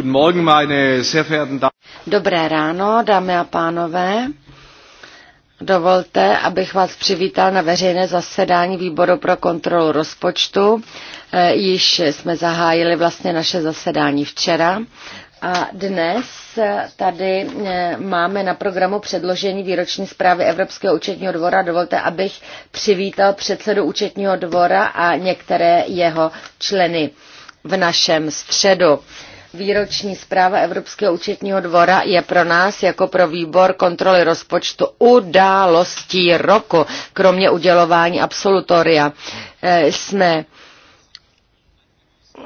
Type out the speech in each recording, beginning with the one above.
Guten Morgen, meine sehr verehrten Damen. Dobré ráno, dámy a pánové. Dovolte, abych vás přivítal na veřejné zasedání výboru pro kontrolu rozpočtu. E, již jsme zahájili vlastně naše zasedání včera. A dnes tady e, máme na programu předložení výroční zprávy Evropského účetního dvora. Dovolte, abych přivítal předsedu účetního dvora a některé jeho členy v našem středu. Výroční zpráva Evropského účetního dvora je pro nás jako pro výbor kontroly rozpočtu událostí roku, kromě udělování absolutoria. Eh, jsme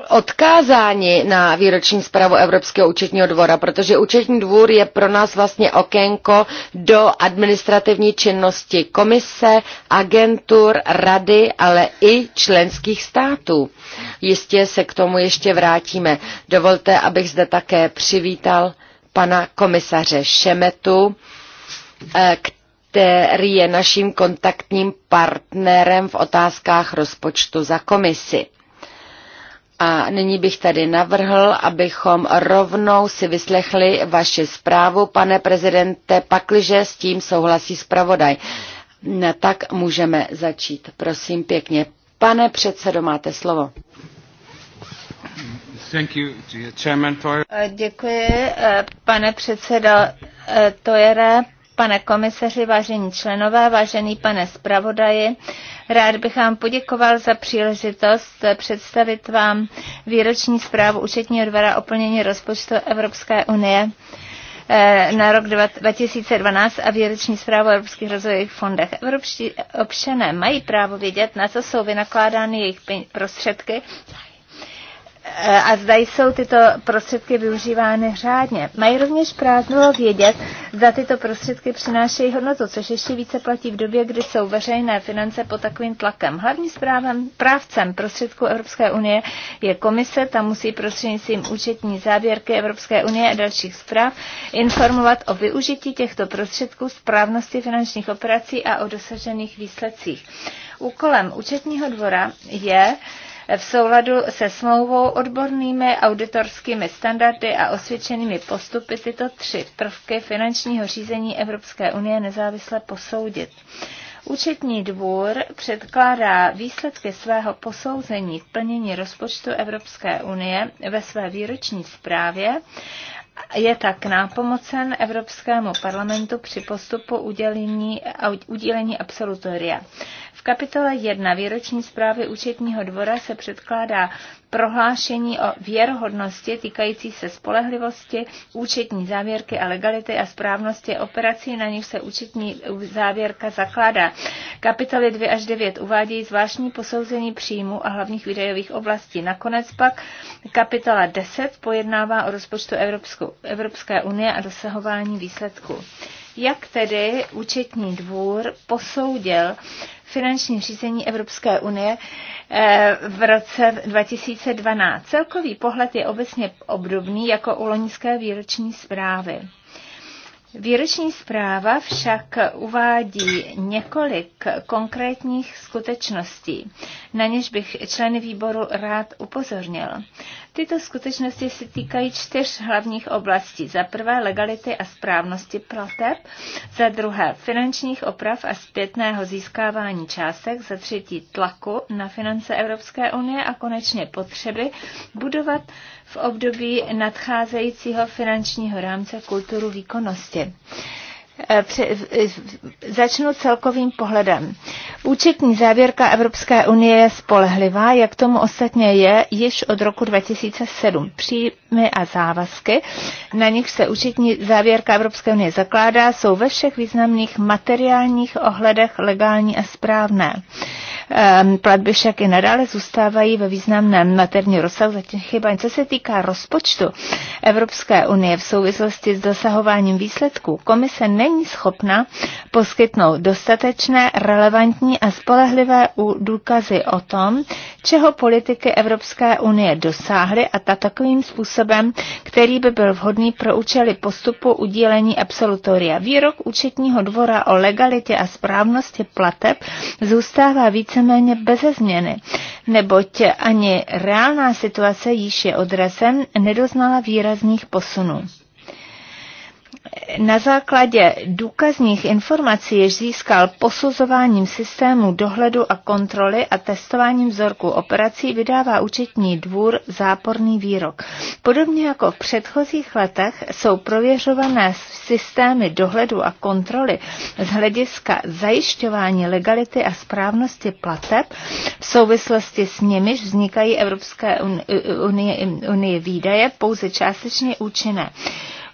odkázáni na výroční zprávu Evropského účetního dvora, protože účetní dvůr je pro nás vlastně okénko do administrativní činnosti komise, agentur, rady, ale i členských států. Jistě se k tomu ještě vrátíme. Dovolte, abych zde také přivítal pana komisaře Šemetu, eh, který je naším kontaktním partnerem v otázkách rozpočtu za komisi. A nyní bych tady navrhl, abychom rovnou si vyslechli vaši zprávu, pane prezidente, pakliže s tím souhlasí zpravodaj. Tak můžeme začít. Prosím pěkně. Pane předsedo, máte slovo. Děkuji, eh, pane předsedo eh, Tojere pane komisaři, vážení členové, vážený pane zpravodaji. Rád bych vám poděkoval za příležitost představit vám výroční zprávu účetního dvora o plnění rozpočtu Evropské unie eh, na rok 2012 a výroční zprávu o Evropských rozvojových fondech. Evropští občané mají právo vědět, na co jsou vynakládány jejich prostředky E, a zda jsou tyto prostředky využívány řádně. Mají rovněž právo vědět, zda tyto prostředky přinášejí hodnotu, což ještě více platí v době, kdy jsou veřejné finance pod takovým tlakem. Hlavním správem, právcem prostředků Evropské unie je komise, ta musí prostřednictvím účetní závěrky Evropské unie a dalších zpráv informovat o využití těchto prostředků, správnosti finančních operací a o dosažených výsledcích. Úkolem účetního dvora je v souladu se smlouvou odbornými auditorskými standardy a osvědčenými postupy tyto tři prvky finančního řízení Evropské unie nezávisle posoudit. Účetní dvůr předkládá výsledky svého posouzení k plnění rozpočtu Evropské unie ve své výroční zprávě je tak nápomocen Evropskému parlamentu při postupu udělení, udělení absolutoria kapitole 1 výroční zprávy účetního dvora se předkládá prohlášení o věrohodnosti týkající se spolehlivosti, účetní závěrky a legality a správnosti operací, na nich se účetní závěrka zakládá. Kapitoly 2 až 9 uvádějí zvláštní posouzení příjmu a hlavních výdajových oblastí. Nakonec pak kapitola 10 pojednává o rozpočtu Evropskou, Evropské unie a dosahování výsledků. Jak tedy účetní dvůr posoudil finanční řízení Evropské unie eh, v roce 2012. Celkový pohled je obecně obdobný jako u loňské výroční zprávy. Výroční zpráva však uvádí několik konkrétních skutečností, na něž bych členy výboru rád upozornil. Tyto skutečnosti se týkají čtyř hlavních oblastí. Za prvé legality a správnosti plateb, za druhé finančních oprav a zpětného získávání částek, za třetí tlaku na finance Evropské unie a konečně potřeby budovat v období nadcházejícího finančního rámce kulturu výkonnosti. Eh, eh, začnu celkovým pohledem. Účetní závěrka Evropské unie je spolehlivá, jak tomu ostatně je již od roku 2007. Příjmy a závazky, na nich se účetní závěrka Evropské unie zakládá, jsou ve všech významných materiálních ohledech legální a správné. Ehm, platby však i nadále zůstávají ve významném materní rozsahu zatím chyba. Co se týká rozpočtu Evropské unie v souvislosti s dosahováním výsledků, komise není schopna poskytnout dostatečné, relevantní a spolehlivé důkazy o tom, čeho politiky Evropské unie dosáhly a ta takovým způsobem, který by byl vhodný pro účely postupu udílení absolutoria. Výrok účetního dvora o legalitě a správnosti plateb zůstává více víceméně beze změny, neboť ani reálná situace již je odrazem nedoznala výrazných posunů na základě důkazních informací, jež získal posuzováním systému dohledu a kontroly a testováním vzorku operací, vydává účetní dvůr záporný výrok. Podobně jako v předchozích letech jsou prověřované systémy dohledu a kontroly z hlediska zajišťování legality a správnosti plateb v souvislosti s nimiž vznikají Evropské unie, unie výdaje pouze částečně účinné.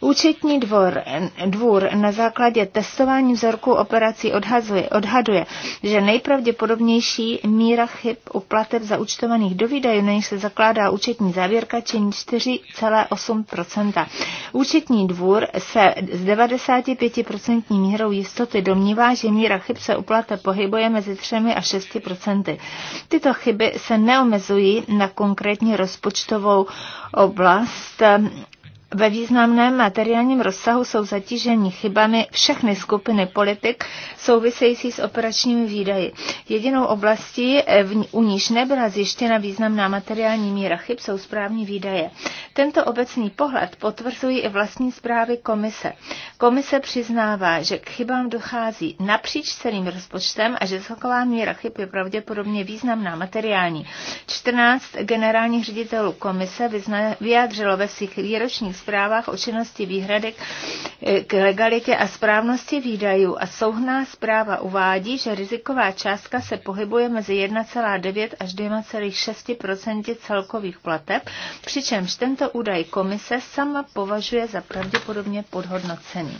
Účetní dvor, dvůr na základě testování vzorků operací odhazuje, odhaduje, že nejpravděpodobnější míra chyb u plateb zaúčtovaných do výdajů, na se zakládá účetní závěrka, činí 4,8 Účetní dvůr se z 95% mírou jistoty domnívá, že míra chyb se u plateb pohybuje mezi 3 a 6 Tyto chyby se neomezují na konkrétní rozpočtovou oblast ve významném materiálním rozsahu jsou zatíženi chybami všechny skupiny politik související s operačními výdaji. Jedinou oblastí, eh, u níž nebyla zjištěna významná materiální míra chyb, jsou správní výdaje. Tento obecný pohled potvrzují i vlastní zprávy komise. Komise přiznává, že k chybám dochází napříč celým rozpočtem a že celková míra chyb je pravděpodobně významná materiální. 14 generálních ředitelů komise vyjádřilo ve svých výročních zprávách o činnosti výhradek eh, k legalitě a správnosti výdajů a souhná zpráva uvádí, že riziková částka se pohybuje mezi 1,9 až 2,6 celkových plateb, přičemž tento údaj komise sama považuje za pravděpodobně podhodnocený.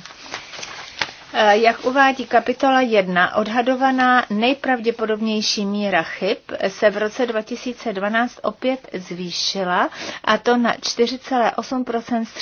Eh, jak uvádí kapitola 1, odhadovaná nejpravděpodobnější míra chyb se v roce 2012 opět zvýšila, a to na 4,8 z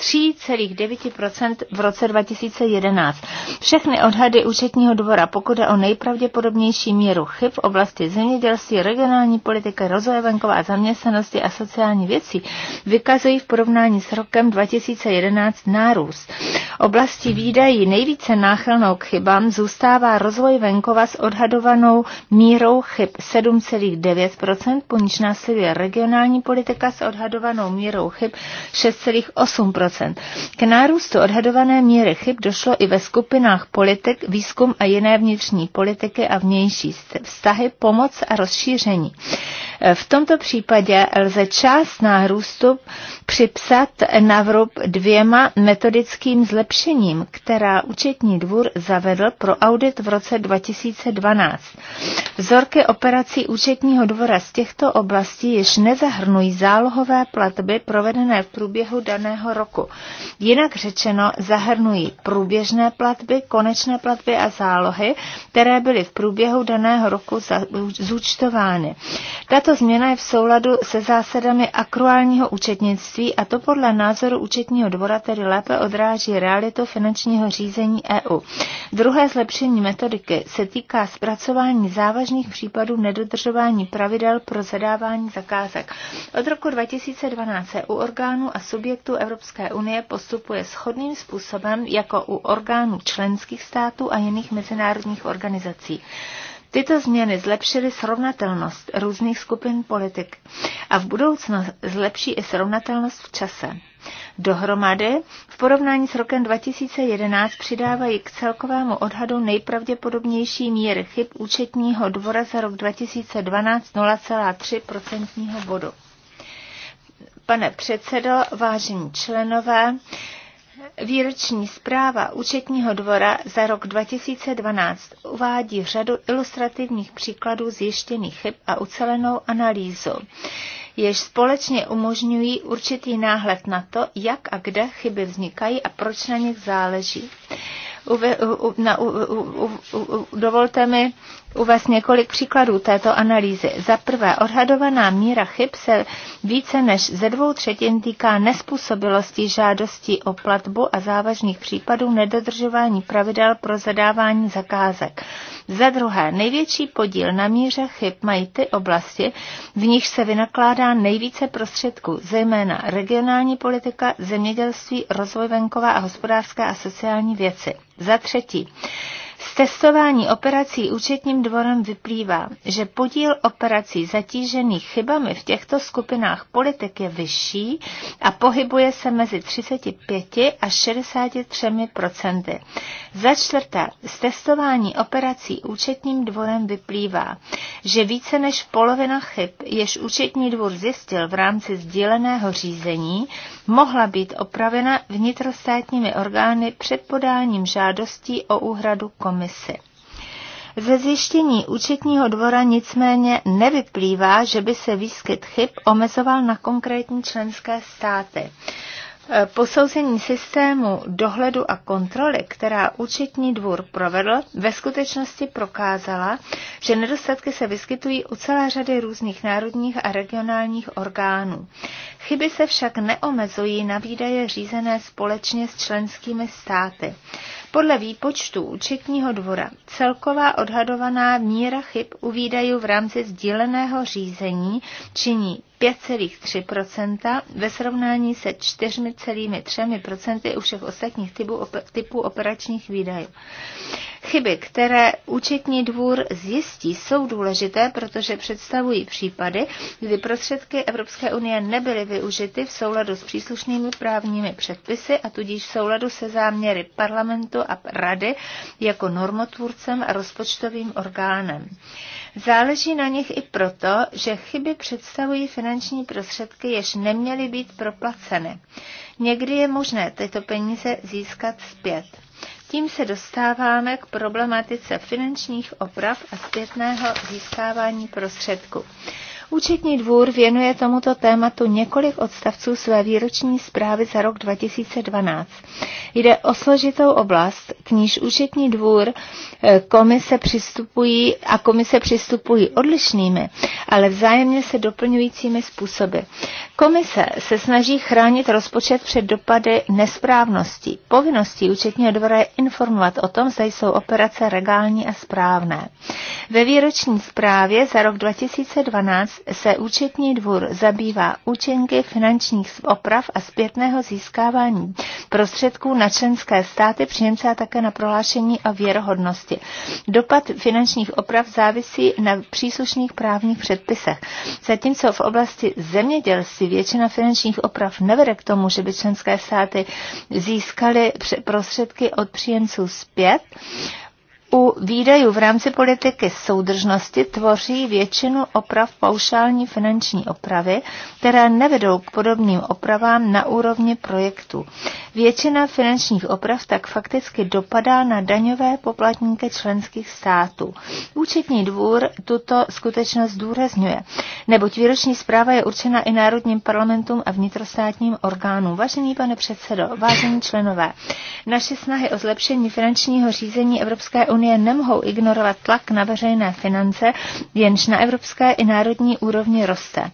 3,9% v roce 2011. Všechny odhady účetního dvora, pokud je o nejpravděpodobnější míru chyb v oblasti zemědělství, regionální politiky, rozvoje venkova a zaměstnanosti a sociální věcí, vykazují v porovnání s rokem 2011 nárůst. Oblasti výdají nejvíce náchylnou k chybám zůstává rozvoj venkova s odhadovanou mírou chyb 7,9%, po následuje regionální politika s odhadovanou mírou chyb 6,8%. K nárůstu odhadované míry chyb došlo i ve skupinách politik, výzkum a jiné vnitřní politiky a vnější vztahy, pomoc a rozšíření. E, v tomto případě lze část nárůstu připsat vrub dvěma metodickým zlepšením, která účetní dvůr zavedl pro audit v roce 2012. Vzorky operací účetního dvora z těchto oblastí již nezahrnují zálohové platby provedené v průběhu daného roku přebytku. Jinak řečeno zahrnují průběžné platby, konečné platby a zálohy, které byly v průběhu daného roku zúčtovány. Tato změna je v souladu se zásadami akruálního účetnictví a to podle názoru účetního dvora tedy lépe odráží realitu finančního řízení EU. Druhé zlepšení metodiky se týká zpracování závažných případů nedodržování pravidel pro zadávání zakázek. Od roku 2012 se u orgánů a subjektů Evropské unie postupuje shodným způsobem jako u orgánů členských států a jiných mezinárodních organizací. Tyto změny zlepšily srovnatelnost různých skupin politik a v budoucnu zlepší i srovnatelnost v čase. Dohromady v porovnání s rokem 2011 přidávají k celkovému odhadu nejpravděpodobnější míry chyb účetního dvora za rok 2012 0,3 procentního bodu. Pane předsedo, vážení členové, Výroční zpráva účetního dvora za rok 2012 uvádí řadu ilustrativních příkladů zjištěných chyb a ucelenou analýzu, jež společně umožňují určitý náhled na to, jak a kde chyby vznikají a proč na nich záleží uve, u, na, u, u, u, dovolte mi uvést několik příkladů této analýzy. Za prvé, odhadovaná míra chyb se více než ze dvou třetin týká nespůsobilosti žádostí o platbu a závažných případů nedodržování pravidel pro zadávání zakázek. Za druhé, největší podíl na míře chyb mají ty oblasti, v nich se vynakládá nejvíce prostředků, zejména regionální politika, zemědělství, rozvoj venkova a hospodářské a sociální věci. Za třetí, z testování operací účetním dvorem vyplývá, že podíl operací zatížených chybami v těchto skupinách politik je vyšší a pohybuje se mezi 35 a 63 procenty. Za čtvrté, z testování operací účetním dvorem vyplývá, že více než polovina chyb, jež účetní dvůr zjistil v rámci sdíleného řízení, mohla být opravena vnitrostátními orgány před podáním žádostí o úhradu komisi. Ze zjištění účetního dvora nicméně nevyplývá, že by se výskyt chyb omezoval na konkrétní členské státy. E, posouzení systému dohledu a kontroly, která účetní dvůr provedl, ve skutečnosti prokázala, že nedostatky se vyskytují u celé řady různých národních a regionálních orgánů. Chyby se však neomezují na výdaje řízené společně s členskými státy. Podle výpočtu účetního dvora celková odhadovaná míra chyb u výdajů v rámci sdíleného řízení činí 5,3% ve srovnání se 4,3% u všech ostatních typů, typů operačních výdajů. Chyby, které účetní dvůr zjistí, jsou důležité, protože představují případy, kdy prostředky Evropské unie nebyly využity v souladu s příslušnými právními předpisy a tudíž v souladu se záměry parlamentu a rady jako normotvůrcem a rozpočtovým orgánem. Záleží na nich i proto, že chyby představují finanční prostředky, jež neměly být proplaceny. Někdy je možné tyto peníze získat zpět. Tím se dostáváme k problematice finančních oprav a zpětného získávání prostředků. Účetní dvůr věnuje tomuto tématu několik odstavců své výroční zprávy za rok 2012. Jde o složitou oblast, k níž účetní dvůr eh, komise přistupují a komise přistupují odlišnými, ale vzájemně se doplňujícími způsoby. Komise se snaží chránit rozpočet před dopady nesprávností. Povinností účetního dvora je informovat o tom, zda jsou operace regální a správné. Ve výroční zprávě za rok 2012 se účetní dvůr zabývá účinky finančních oprav a zpětného získávání prostředků na členské státy, příjemce a také na prohlášení o věrohodnosti. Dopad finančních oprav závisí na příslušných právních předpisech. Zatímco v oblasti zemědělství většina finančních oprav nevede k tomu, že by členské státy získaly prostředky od příjemců zpět, u výdajů v rámci politiky soudržnosti tvoří většinu oprav paušální finanční opravy, které nevedou k podobným opravám na úrovni projektu. Většina finančních oprav tak fakticky dopadá na daňové poplatníky členských států. Účetní dvůr tuto skutečnost zdůrazňuje, neboť výroční zpráva je určena i národním parlamentům a vnitrostátním orgánům. Vážený pane předsedo, vážení členové, naše snahy o zlepšení finančního řízení Evropské unie unie nemohou ignorovat tlak na veřejné finance, jenž na evropské i národní úrovni roste.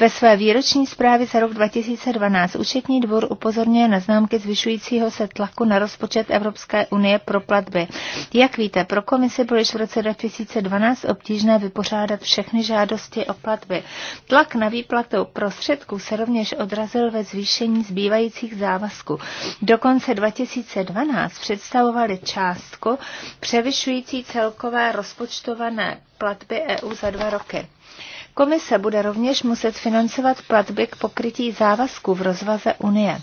Ve své výroční zprávě za rok 2012 účetní dvor upozorňuje na známky zvyšujícího se tlaku na rozpočet Evropské unie pro platby. Jak víte, pro komisi bylo již v roce 2012 obtížné vypořádat všechny žádosti o platby. Tlak na výplatu prostředků se rovněž odrazil ve zvýšení zbývajících závazků. Do konce 2012 představovali částku, přev převyšující celkové rozpočtované platby EU za dva roky. Komise bude rovněž muset financovat platby k pokrytí závazků v rozvaze Unie.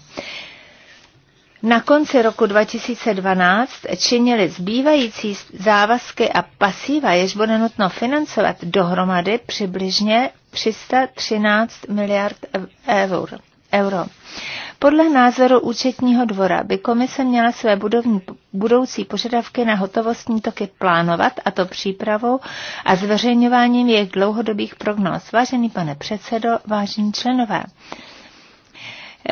Na konci roku 2012 činili zbývající závazky a pasíva, jež bude nutno financovat dohromady přibližně 313 miliard eur euro. Podle názoru účetního dvora by komise měla své budovní, budoucí požadavky na hotovostní toky plánovat, a to přípravou a zveřejňováním jejich dlouhodobých prognóz. Vážený pane předsedo, vážení členové,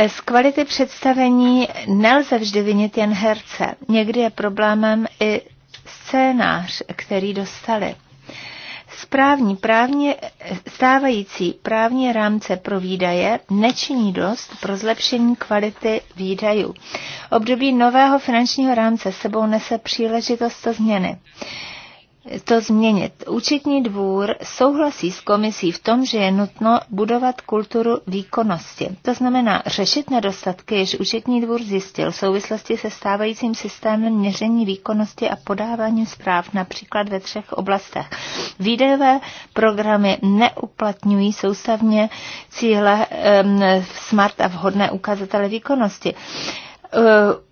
z kvality představení nelze vždy vinit jen herce. Někdy je problémem i scénář, který dostali. Správní právně, stávající právní rámce pro výdaje nečiní dost pro zlepšení kvality výdajů. Období nového finančního rámce sebou nese příležitost změny to změnit. Účetní dvůr souhlasí s komisí v tom, že je nutno budovat kulturu výkonnosti. To znamená řešit nedostatky, jež účetní dvůr zjistil v souvislosti se stávajícím systémem měření výkonnosti a podáváním zpráv, například ve třech oblastech. Výdejové programy neuplatňují soustavně cíle um, smart a vhodné ukazatele výkonnosti e,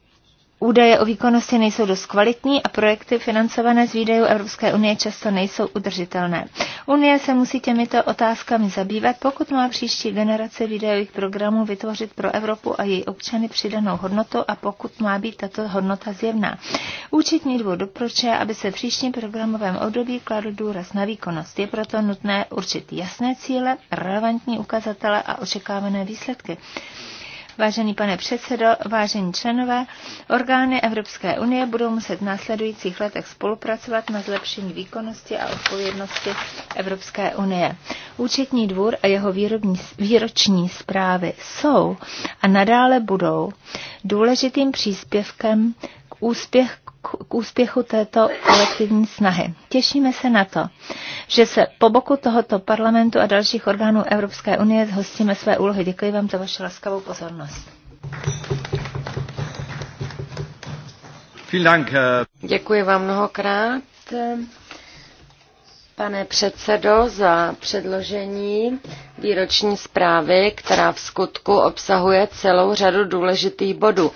Údaje o výkonnosti nejsou dost kvalitní a projekty financované z výdajů Evropské unie často nejsou udržitelné. Unie se musí těmito otázkami zabývat, pokud má příští generace výdajových programů vytvořit pro Evropu a její občany přidanou hodnotu a pokud má být tato hodnota zjevná. Účetní dvou doporučuje, aby se v příštím programovém období kladl důraz na výkonnost. Je proto nutné určit jasné cíle, relevantní ukazatele a očekávané výsledky. Vážený pane předsedo, vážení členové, orgány Evropské unie budou muset v následujících letech spolupracovat na zlepšení výkonnosti a odpovědnosti Evropské unie. Účetní dvůr a jeho výrobní, výroční zprávy jsou a nadále budou důležitým příspěvkem k úspěch k úspěchu této kolektivní snahy. Těšíme se na to, že se po boku tohoto parlamentu a dalších orgánů Evropské unie zhostíme své úlohy. Děkuji vám za vaši laskavou pozornost. Děkuji vám mnohokrát pane předsedo, za předložení výroční zprávy, která v skutku obsahuje celou řadu důležitých bodů.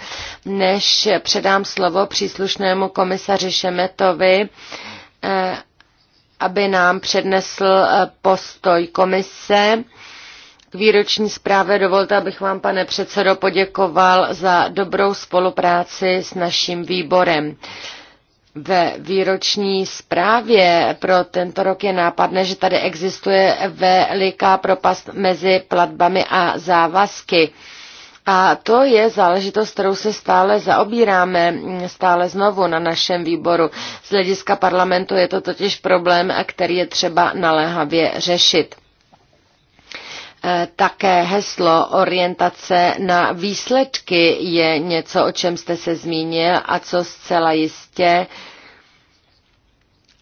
Než předám slovo příslušnému komisaři Šemetovi, eh, aby nám přednesl eh, postoj komise, k výroční zprávě dovolte, abych vám, pane předsedo, poděkoval za dobrou spolupráci s naším výborem ve výroční zprávě pro tento rok je nápadné, že tady existuje veliká propast mezi platbami a závazky. A to je záležitost, kterou se stále zaobíráme, stále znovu na našem výboru. Z hlediska parlamentu je to totiž problém, který je třeba naléhavě řešit. Eh, také heslo orientace na výsledky je něco, o čem jste se zmínil a co zcela jistě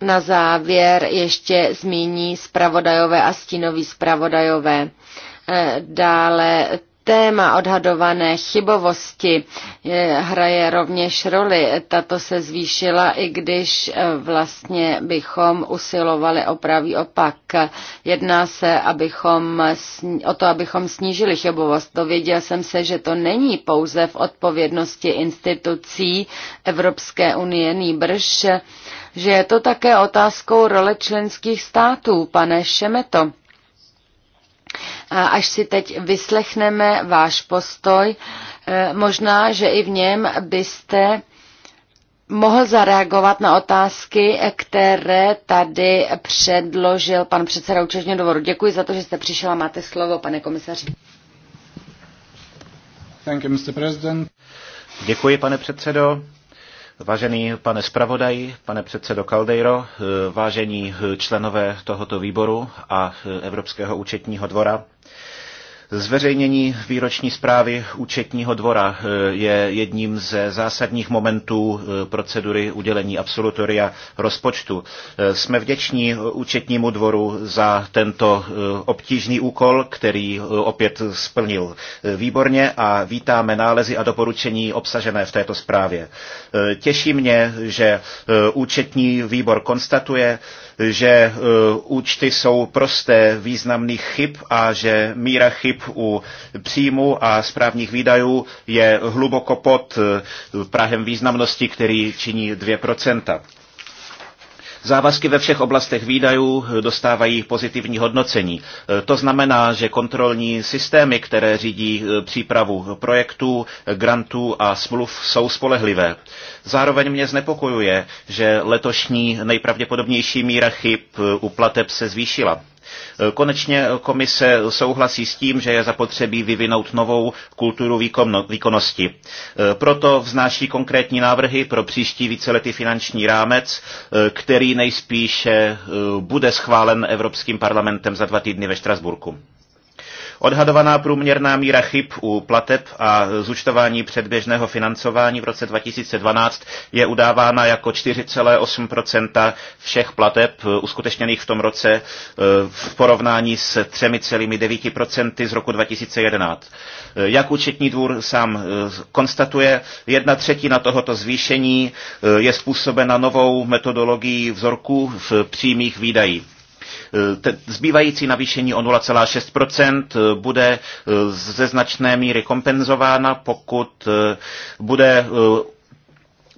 na závěr ještě zmíní zpravodajové a stínoví zpravodajové. Eh, dále Téma odhadované chybovosti eh, hraje rovněž roli. Tato se zvýšila, i když eh, vlastně bychom usilovali o pravý opak. Jedná se abychom, o to, abychom snížili chybovost. Dověděl jsem se, že to není pouze v odpovědnosti institucí Evropské unie, nýbrž že je to také otázkou role členských států, pane Šemeto. Až si teď vyslechneme váš postoj, e, možná, že i v něm byste mohl zareagovat na otázky, které tady předložil pan předseda účetního dvoru. Děkuji za to, že jste přišel a máte slovo, pane komisaři. Thank you, Mr. President. Děkuji, pane předsedo. Vážený pane zpravodaj, pane předsedo Caldeiro, e, vážení členové tohoto výboru a e, Evropského účetního dvora, Zveřejnění výroční zprávy účetního dvora eh, je jedním ze zásadních momentů eh, procedury udělení absolutoria rozpočtu. Eh, jsme vděční účetnímu dvoru za tento obtížný úkol, který opět splnil výborně a vítáme nálezy a doporučení obsažené v této zprávě. Těší mě, že účetní výbor konstatuje, že e, účty jsou prosté významných chyb a že míra chyb u příjmu a správních výdajů je hluboko pod e, Prahem významnosti, který činí 2%. Závazky ve všech oblastech výdajů dostávají pozitivní hodnocení. E, to znamená, že kontrolní systémy, které řídí e, přípravu projektů, grantů a smluv, jsou spolehlivé. Zároveň mě znepokojuje, že letošní nejpravděpodobnější míra chyb e, u plateb se zvýšila. Eh, konečně eh, komise souhlasí s tím, že je zapotřebí vyvinout novou kulturu výkonnosti. Eh, proto vznáší konkrétní návrhy pro příští víceletý finanční rámec, který nejspíše bude schválen Evropským parlamentem za dva týdny ve Štrasburku. Odhadovaná průměrná míra chyb u plateb a zúčtování předběžného financování v roce 2012 je udávána jako 4,8 všech plateb uskutečněných v tom roce e, v porovnání s 3,9 z roku 2011. E, jak účetní dvůr sám e, konstatuje, jedna třetina tohoto zvýšení je způsobena novou metodologií vzorků v přímých výdajích. Eh, zbývající navýšení o 0,6% eh, bude eh, ze značné míry kompenzována, pokud bude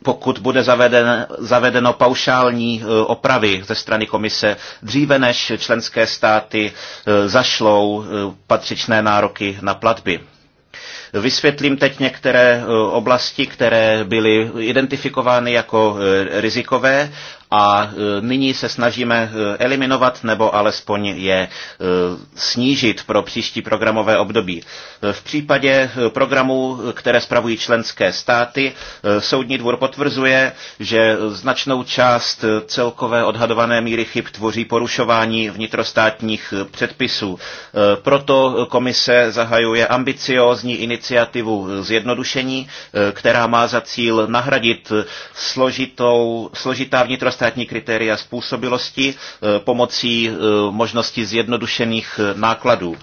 pokud bude zaveden, zavedeno paušální opravy ze strany komise dříve, než členské státy zašlou patřičné nároky na platby. Vysvětlím teď některé oblasti, které byly identifikovány jako rizikové a e, nyní se snažíme e, eliminovat nebo alespoň je e, snížit pro příští programové období. V případě programů, které spravují členské státy, Soudní dvůr potvrzuje, že značnou část celkové odhadované míry chyb tvoří porušování vnitrostátních předpisů. Proto komise zahajuje ambiciózní iniciativu zjednodušení, která má za cíl nahradit složitou, složitá vnitrostátní státní kritéria způsobilosti eh, pomocí eh, možnosti zjednodušených eh, nákladů.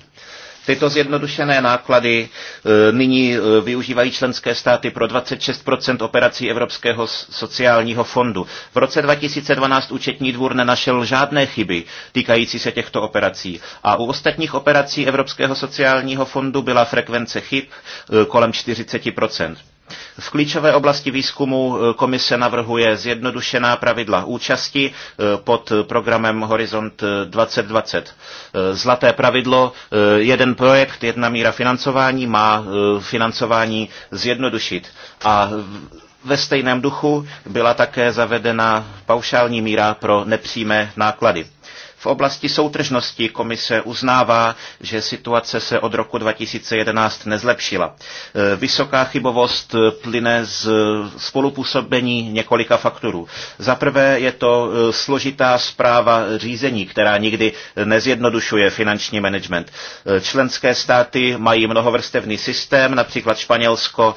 Tyto zjednodušené náklady nyní využívají členské státy pro 26 operací Evropského sociálního fondu. V roce 2012 účetní dvůr nenašel žádné chyby týkající se těchto operací. A u ostatních operací Evropského sociálního fondu byla frekvence chyb kolem 40 v klíčové oblasti výzkumu eh, komise navrhuje zjednodušená pravidla účasti eh, pod programem Horizont 2020. Eh, zlaté pravidlo, jeden projekt, jedna míra financování má financování zjednodušit. A ve stejném duchu byla také zavedena paušální míra pro nepřímé náklady. V oblasti soutržnosti komise uznává, že situace se od roku 2011 nezlepšila. E, vysoká chybovost plyne z spolupůsobení několika faktorů. Za prvé je to e, složitá zpráva řízení, která nikdy nezjednodušuje finanční management. E, členské státy mají mnohovrstevný systém, například Španělsko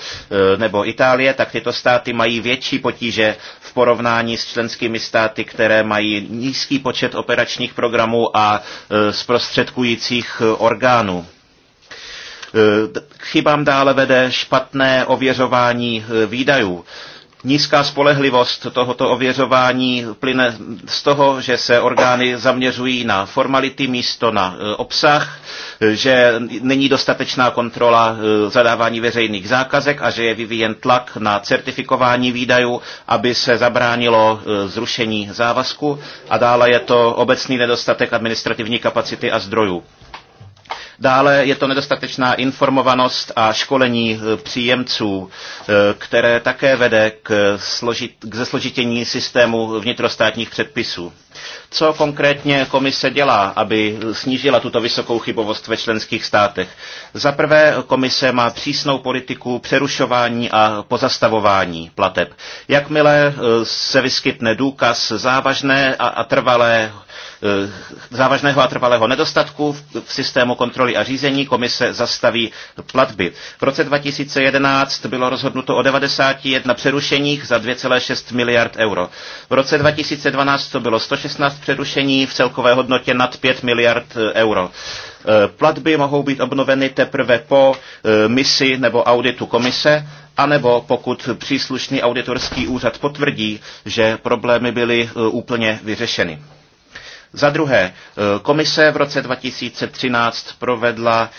nebo Itálie, tak tyto státy mají větší potíže v porovnání s členskými státy, které mají nízký počet operačních programů a e, zprostředkujících orgánů. E, chybám dále vede špatné ověřování e, výdajů. Nízká spolehlivost tohoto ověřování plyne z toho, že se orgány zaměřují na formality místo na e, obsah, e, že není dostatečná kontrola e, zadávání veřejných zákazek a že je vyvíjen tlak na certifikování výdajů, aby se zabránilo zrušení závazku a dále je to obecný nedostatek administrativní kapacity a zdrojů. Dále je to nedostatečná informovanost a školení eh, příjemců, eh, které také vede k, složit, k zesložitění systému vnitrostátních předpisů. Co konkrétně komise dělá, aby snížila tuto vysokou chybovost ve členských státech? Za prvé, komise má přísnou politiku přerušování a pozastavování plateb. Jakmile e, se vyskytne důkaz závažné a, a trvalé e, závažného a trvalého nedostatku v systému kontroly a řízení komise zastaví platby. V roce 2011 bylo rozhodnuto o 91 přerušeních za 2,6 miliard euro. V roce 2012 to bylo 116 přerušení v celkové hodnotě nad 5 miliard eh, euro. Eh, platby mohou být obnoveny teprve po eh, misi nebo auditu komise, anebo pokud příslušný auditorský úřad potvrdí, že problémy byly úplně vyřešeny. Za druhé, komise v roce 2013 provedla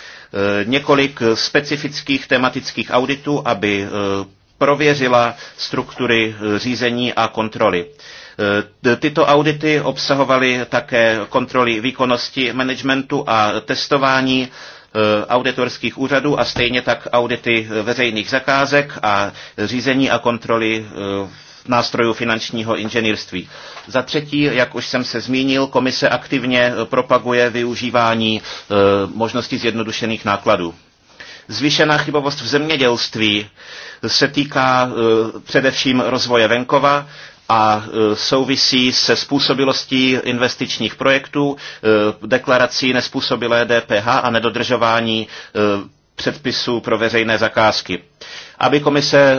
několik specifických tematických auditů, aby prověřila struktury eh, řízení a kontroly. Eh, tyto audity obsahovaly také kontroly výkonnosti managementu a testování eh, auditorských úřadů a stejně tak audity veřejných zakázek a řízení a kontroly nástrojů finančního inženýrství. Za třetí, jak už jsem se zmínil, komise aktivně propaguje využívání možností zjednodušených nákladů. Zvýšená chybovost v zemědělství se týká eh, především rozvoje venkova a eh, souvisí se způsobilostí investičních projektů, eh, deklarací nespůsobilé DPH a nedodržování předpisů pro veřejné zakázky. Aby komise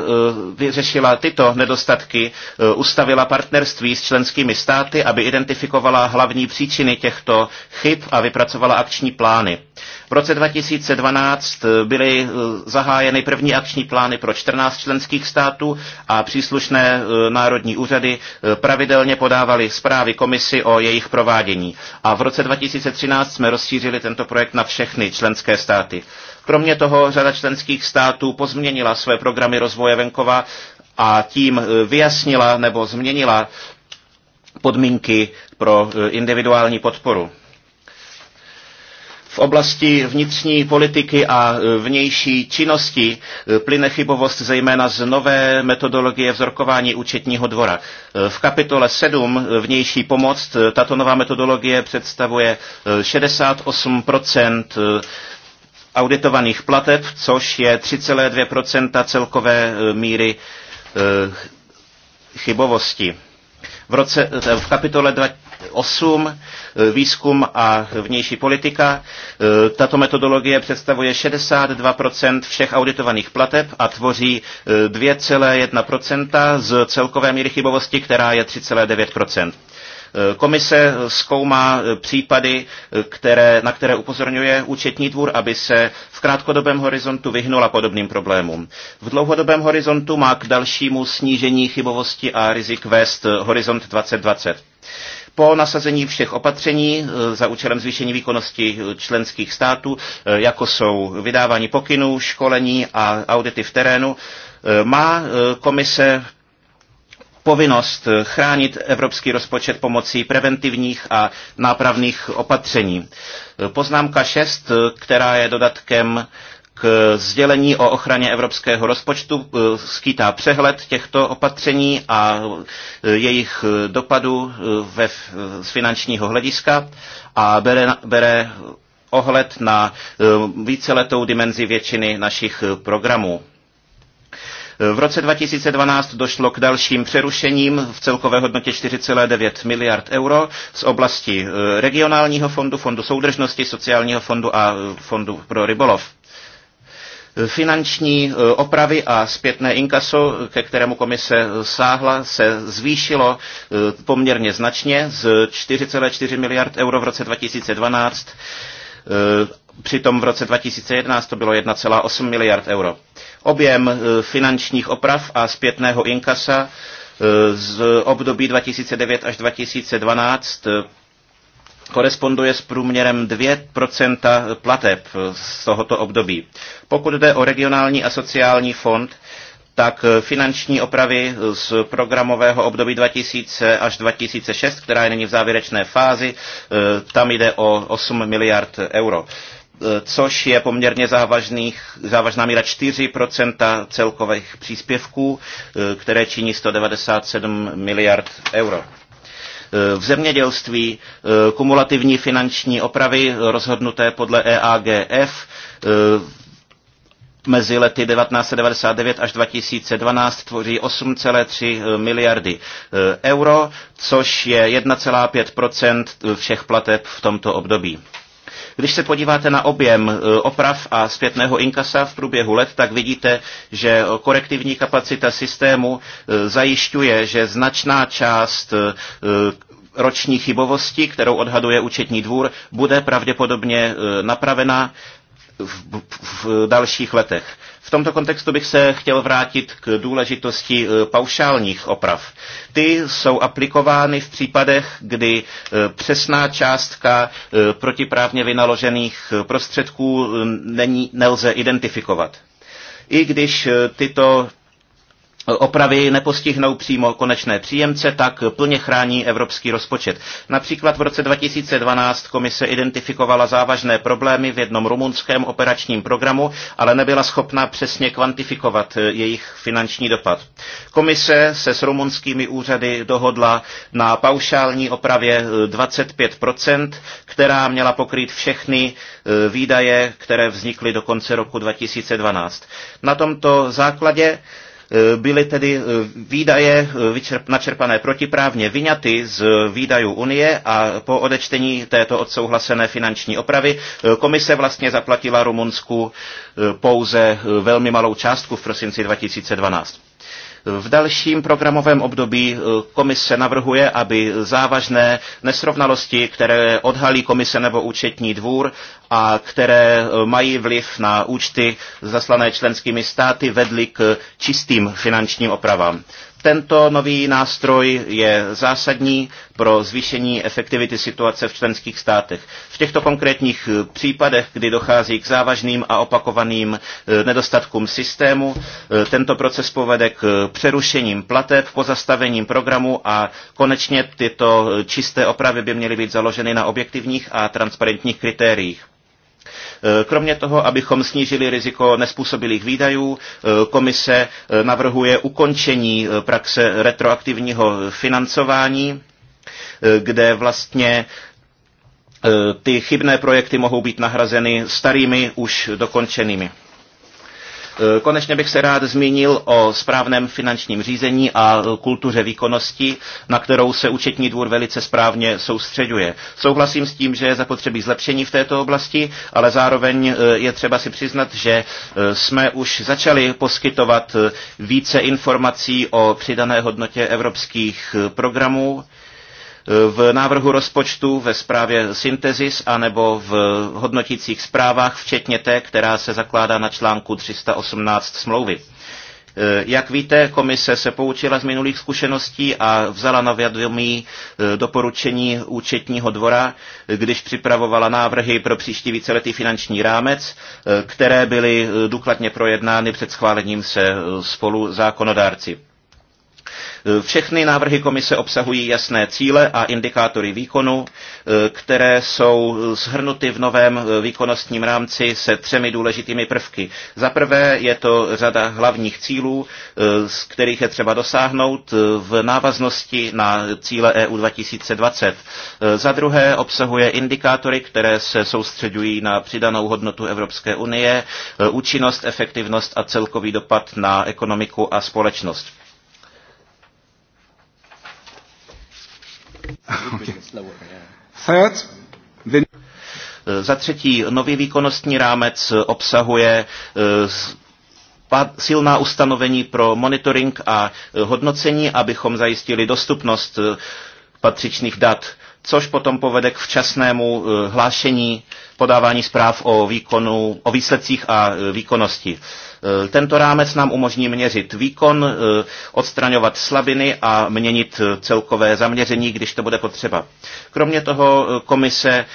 vyřešila tyto nedostatky, ustavila partnerství s členskými státy, aby identifikovala hlavní příčiny těchto chyb a vypracovala akční plány. V roce 2012 eh, byly eh, zahájeny první akční plány pro 14 členských států a příslušné eh, národní úřady pravidelně podávaly zprávy komisi o jejich provádění. A v roce 2013 jsme rozšířili tento projekt na všechny členské státy. Kromě toho řada členských států pozměnila své programy rozvoje venkova a tím vyjasnila nebo změnila podmínky pro individuální podporu. V oblasti vnitřní politiky a e, vnější činnosti e, plyne chybovost zejména z nové metodologie vzorkování účetního dvora. E, v kapitole 7 vnější pomoc tato nová metodologie představuje 68 auditovaných plateb, což je 3,2 celkové míry chybovosti. V, roce, v kapitole 8, eh, výzkum a vnější politika. Eh, tato metodologie představuje 62% všech auditovaných plateb a tvoří 2,1% eh, z celkové míry chybovosti, která je 3,9%. Komise zkoumá případy, které, na které upozorňuje účetní dvůr, aby se v krátkodobém horizontu vyhnula podobným problémům. V dlouhodobém horizontu má k dalšímu snížení chybovosti a rizik vést Horizont 2020. Po nasazení všech opatření e, za účelem zvýšení výkonnosti e, členských států, e, jako jsou vydávání pokynů, školení a audity v terénu, má komise povinnost chránit evropský rozpočet pomocí preventivních a nápravných opatření. Poznámka 6, která je dodatkem k sdělení o ochraně evropského rozpočtu eh, skýtá přehled těchto opatření a eh, jejich eh, dopadu ve, z finančního hlediska a bere, bere ohled na víceletou dimenzi většiny našich programů. V roce 2012 došlo k dalším přerušením v celkové hodnotě 4,9 miliard euro z oblasti regionálního fondu, fondu soudržnosti, sociálního fondu a fondu pro rybolov. Finanční eh, opravy a zpětné inkaso, ke kterému komise sáhla, se zvýšilo eh, poměrně značně z 4,4 miliard euro v roce 2012. Eh, přitom v roce 2011 to bylo 1,8 miliard euro. Objem finančních oprav a zpětného inkasa z období 2009 až 2012 koresponduje s průměrem 2% plateb z tohoto období. Pokud jde o regionální a sociální fond, tak finanční opravy z programového období 2000 až 2006, která je nyní v závěrečné fázi, eh, tam jde o 8 miliard euro eh, což je poměrně závažných, závažná míra 4% celkových příspěvků, eh, které činí 197 miliard euro. Eh, v zemědělství eh, kumulativní finanční opravy rozhodnuté podle EAGF eh, mezi lety 1999 až 2012 tvoří 8,3 miliardy euro, což je 1,5 všech plateb v tomto období. Když se podíváte na objem e, oprav a zpětného inkasa v průběhu let, tak vidíte, že korektivní kapacita systému e, zajišťuje, že značná část e, roční chybovosti, kterou odhaduje účetní dvůr, bude pravděpodobně napravena v, v dalších letech. V tomto kontextu bych se chtěl vrátit k důležitosti eh, paušálních oprav. Ty jsou aplikovány v případech, kdy eh, přesná částka eh, protiprávně vynaložených prostředků není, nelze identifikovat. I když tyto opravy nepostihnou přímo konečné příjemce, tak plně chrání evropský rozpočet. Například v roce 2012 komise identifikovala závažné problémy v jednom rumunském operačním programu, ale nebyla schopna přesně kvantifikovat jejich finanční dopad. Komise se s rumunskými úřady dohodla na paušální opravě 25%, která měla pokrýt všechny e, výdaje, které vznikly do konce roku 2012. Na tomto základě Eh, byly tedy eh, výdaje eh, načerpané protiprávně vyňaty z výdajů Unie a po odečtení této odsouhlasené finanční opravy komise vlastně zaplatila Rumunsku pouze velmi malou částku v prosinci 2012. V dalším programovém období eh, komise navrhuje, aby závažné nesrovnalosti, které odhalí komise nebo účetní dvůr a které eh, mají vliv na účty zaslané členskými státy, vedly k čistým finančním opravám. Tento nový nástroj je zásadní pro zvýšení efektivity situace v členských státech. V těchto konkrétních eh, případech, kdy dochází k závažným a opakovaným eh, nedostatkům systému, eh, tento proces povede k přerušením plateb, pozastavením programu a konečně tyto čisté opravy by měly být založeny na objektivních a transparentních kritériích. Eh, kromě toho, abychom snížili riziko nespůsobilých výdajů, eh, komise eh, navrhuje ukončení praxe retroaktivního financování, kde vlastně ty chybné projekty mohou být nahrazeny starými, už dokončenými. Eh, konečně bych se rád zmínil o správném finančním řízení a kultuře výkonnosti, na kterou se účetní dvůr velice správně soustředuje. Souhlasím s tím, že je zapotřebí zlepšení v této oblasti, ale zároveň eh, je třeba si přiznat, že eh, jsme už začali poskytovat více informací o přidané hodnotě evropských programů v návrhu rozpočtu, ve zprávě Synthesis anebo v hodnotících zprávách, včetně té, která se zakládá na článku 318 smlouvy. Eh, jak víte, komise se poučila z minulých zkušeností a vzala na vědomí eh, doporučení účetního dvora, když připravovala návrhy pro příští víceletý finanční rámec, eh, které byly důkladně projednány před schválením se spolu zákonodárci. Všechny návrhy komise obsahují jasné cíle a indikátory výkonu, eh, které jsou shrnuty v novém eh, výkonnostním rámci se třemi důležitými prvky. Za prvé je to řada hlavních cílů, eh, z kterých je třeba dosáhnout v návaznosti na cíle EU 2020. Za druhé obsahuje indikátory, které se soustředují na přidanou hodnotu Evropské unie, účinnost, efektivnost a celkový dopad na ekonomiku a společnost. Third, the... Eh, za třetí, nový výkonnostní rámec eh, obsahuje eh, silná ustanovení pro monitoring a hodnocení, abychom zajistili dostupnost patřičných dat což potom povede k včasnému eh, hlášení podávání zpráv o, výkonu, o výsledcích a eh, výkonnosti. Eh, tento rámec nám umožní měřit výkon, odstraňovat slabiny a měnit celkové zaměření, když to bude potřeba. Kromě toho komise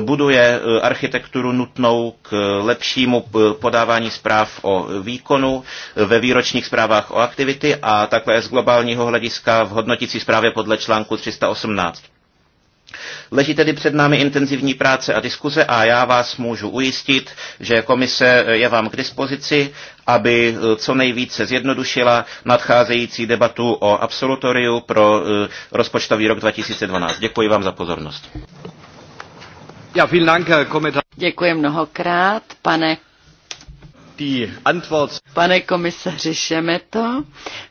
buduje architekturu nutnou k lepšímu podávání zpráv o výkonu ve výročních zprávách o aktivity a také z globálního hlediska v hodnotící zprávě podle článku 318. Leží tedy před námi intenzivní práce a diskuze a já vás můžu ujistit, že komise je vám k dispozici, aby eh, co nejvíce zjednodušila nadcházející debatu o absolutoriu pro eh, rozpočtový rok 2012. Děkuji vám za pozornost. Děkuji mnohokrát, pane Pane komisaři Šemeto,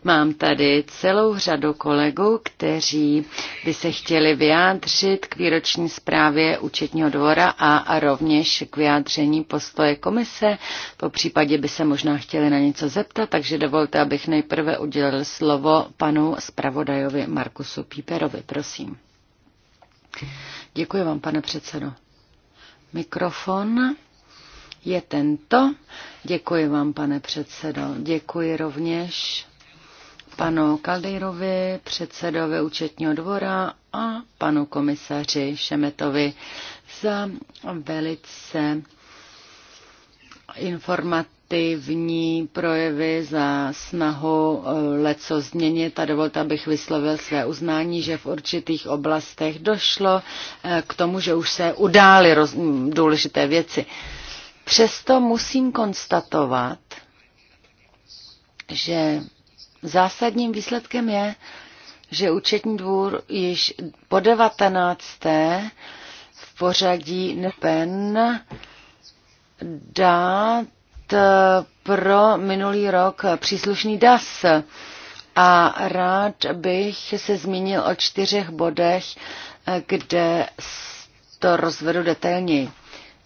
mám tady celou řadu kolegů, kteří by se chtěli vyjádřit k výroční zprávě účetního dvora a, a rovněž k vyjádření postoje komise. Po případě by se možná chtěli na něco zeptat, takže dovolte, abych nejprve udělil slovo panu zpravodajovi Markusu Píperovi. Prosím. Děkuji vám, pane předsedo. Mikrofon je tento. Děkuji vám, pane předsedo. Děkuji rovněž panu Kaldejrovi, předsedovi účetního dvora a panu komisaři Šemetovi za velice informativní projevy za snahu eh, leco změnit a dovolte, abych vyslovil své uznání, že v určitých oblastech došlo eh, k tomu, že už se udály důležité věci. Přesto musím konstatovat, že zásadním výsledkem je, že účetní dvůr již po 19. v pořadí NPEN dát pro minulý rok příslušný DAS. A rád bych se zmínil o čtyřech bodech, kde to rozvedu detailněji.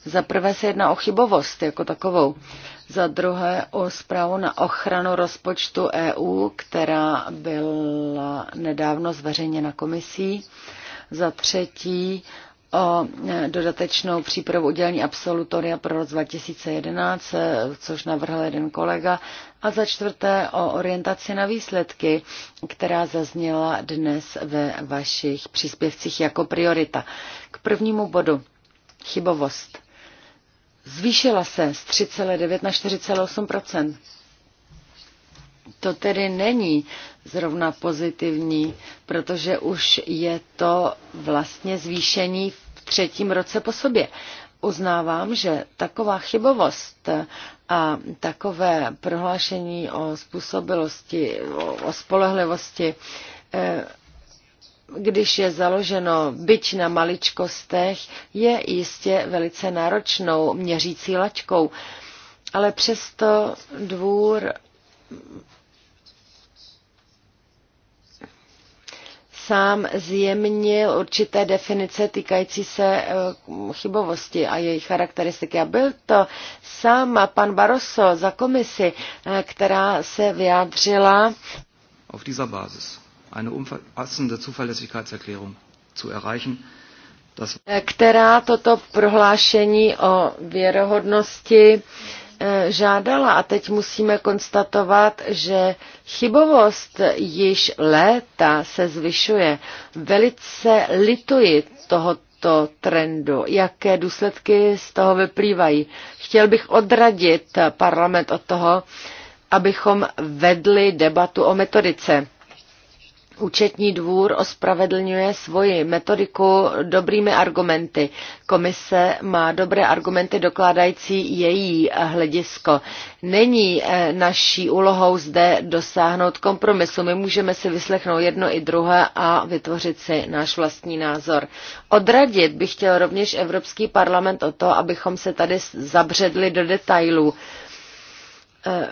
Za prvé se jedná o chybovost jako takovou, za druhé o zprávu na ochranu rozpočtu EU, která byla nedávno zveřejněna komisí, za třetí o e, dodatečnou přípravu udělení absolutoria pro rok 2011, e, což navrhl jeden kolega, a za čtvrté o orientaci na výsledky, která zazněla dnes ve vašich příspěvcích jako priorita. K prvnímu bodu. Chybovost zvýšila se z 3,9 na 4,8 To tedy není zrovna pozitivní, protože už je to vlastně zvýšení v třetím roce po sobě. Uznávám, že taková chybovost a takové prohlášení o způsobilosti, o spolehlivosti eh, když je založeno byť na maličkostech, je jistě velice náročnou měřící laťkou. Ale přesto dvůr sám zjemnil určité definice týkající se eh, chybovosti a jejich charakteristiky. A byl to sám pan Barroso za komisi, eh, která se vyjádřila auf dieser Basis eine umfassende Zuverlässigkeitserklärung zu erreichen, eh, která toto prohlášení o věrohodnosti eh, žádala. A teď musíme konstatovat, že chybovost již léta se zvyšuje. Velice lituji tohoto trendu. Jaké důsledky z toho vyplývají? Chtěl bych odradit parlament od toho, abychom vedli debatu o metodice Účetní dvůr ospravedlňuje svoji metodiku dobrými argumenty. Komise má dobré argumenty dokládající její hledisko. Není eh, naší úlohou zde dosáhnout kompromisu. My můžeme si vyslechnout jedno i druhé a vytvořit si náš vlastní názor. Odradit bych chtěl rovněž Evropský parlament o to, abychom se tady zabředli do detailů eh,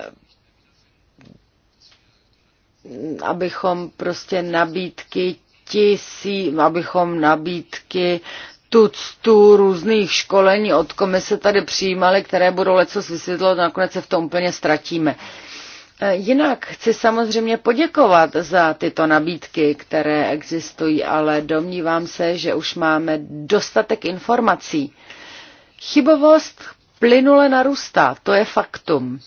abychom prostě nabídky tisí, abychom nabídky tuctu různých školení od komise tady přijímali, které budou leco vysvětlovat, nakonec se v tom úplně ztratíme. E, jinak chci samozřejmě poděkovat za tyto nabídky, které existují, ale domnívám se, že už máme dostatek informací. Chybovost plynule narůstá, to je faktum.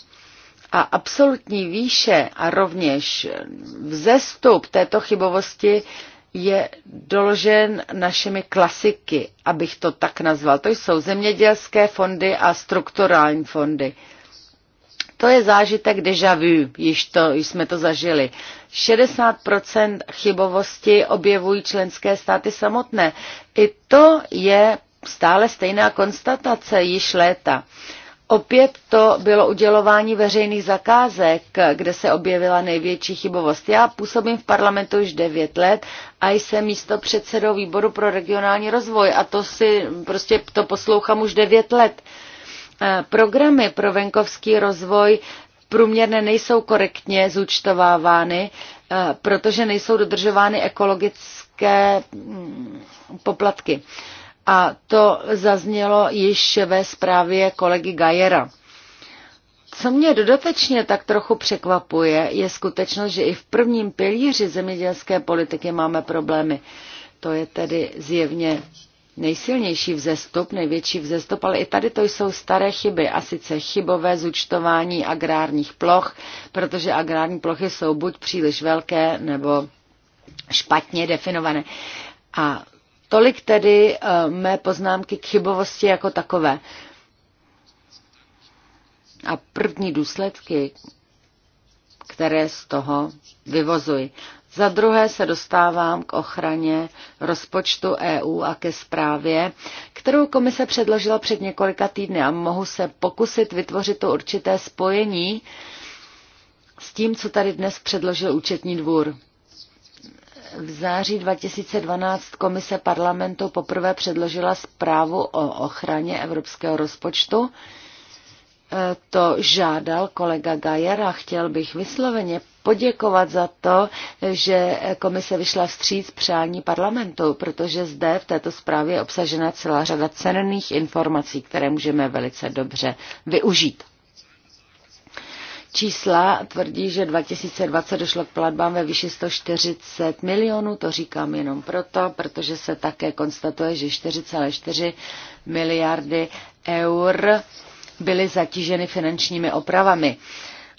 A absolutní výše a rovněž vzestup této chybovosti je doložen našimi klasiky, abych to tak nazval. To jsou zemědělské fondy a strukturální fondy. To je zážitek deja vu, již, to, již jsme to zažili. 60% chybovosti objevují členské státy samotné. I to je stále stejná konstatace již léta. Uh, Opět to bylo udělování veřejných zakázek, kde se objevila největší chybovost. Já působím v parlamentu už 9 let a jsem místo předsedou výboru pro regionální rozvoj a to si prostě to poslouchám už 9 let. Eh, programy pro venkovský rozvoj průměrně nejsou korektně zúčtovávány, eh, protože nejsou dodržovány ekologické mm, poplatky. A to zaznělo již ve zprávě kolegy Gajera. Co mě dodatečně tak trochu překvapuje, je skutečnost, že i v prvním pilíři zemědělské politiky máme problémy. To je tedy zjevně nejsilnější vzestup, největší vzestup, ale i tady to jsou staré chyby, a sice chybové zúčtování agrárních ploch, protože agrární plochy jsou buď příliš velké nebo špatně definované. A Tolik tedy eh, mé poznámky k chybovosti jako takové. A první důsledky, které z toho vyvozuji. Za druhé se dostávám k ochraně rozpočtu EU a ke zprávě, kterou komise předložila před několika týdny a mohu se pokusit vytvořit to určité spojení s tím, co tady dnes předložil účetní dvůr. V září 2012 komise parlamentu poprvé předložila zprávu o ochraně evropského rozpočtu. E, to žádal kolega Gajer a chtěl bych vysloveně poděkovat za to, že komise vyšla vstříc přání parlamentu, protože zde v této zprávě je obsažena celá řada cenných informací, které můžeme velice dobře využít. Čísla tvrdí, že 2020 došlo k platbám ve výši 140 milionů, to říkám jenom proto, protože se také konstatuje, že 4,4 miliardy eur byly zatíženy finančními opravami.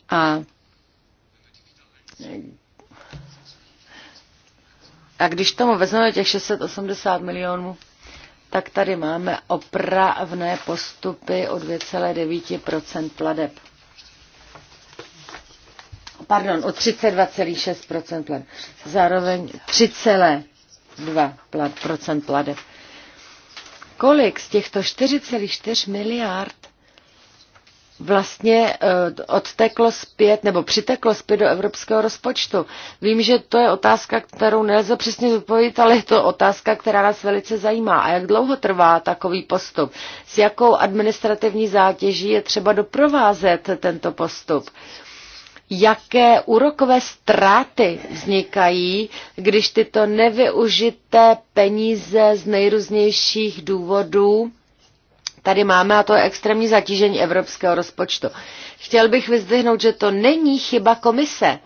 A a když tomu vezmeme těch 680 milionů, tak tady máme opravné postupy o 2,9 pladeb pardon, o 32,6 plat. Zároveň 3,2 plat, Kolik z těchto 4,4 miliard vlastně eh, odteklo zpět nebo přiteklo zpět do evropského rozpočtu. Vím, že to je otázka, kterou nelze přesně zodpovědět, ale je to otázka, která nás velice zajímá. A jak dlouho trvá takový postup? S jakou administrativní zátěží je třeba doprovázet tento postup? jaké úrokové ztráty vznikají, když tyto nevyužité peníze z nejrůznějších důvodů tady máme a to je extrémní zatížení evropského rozpočtu. Chtěl bych vyzdvihnout, že to není chyba komise.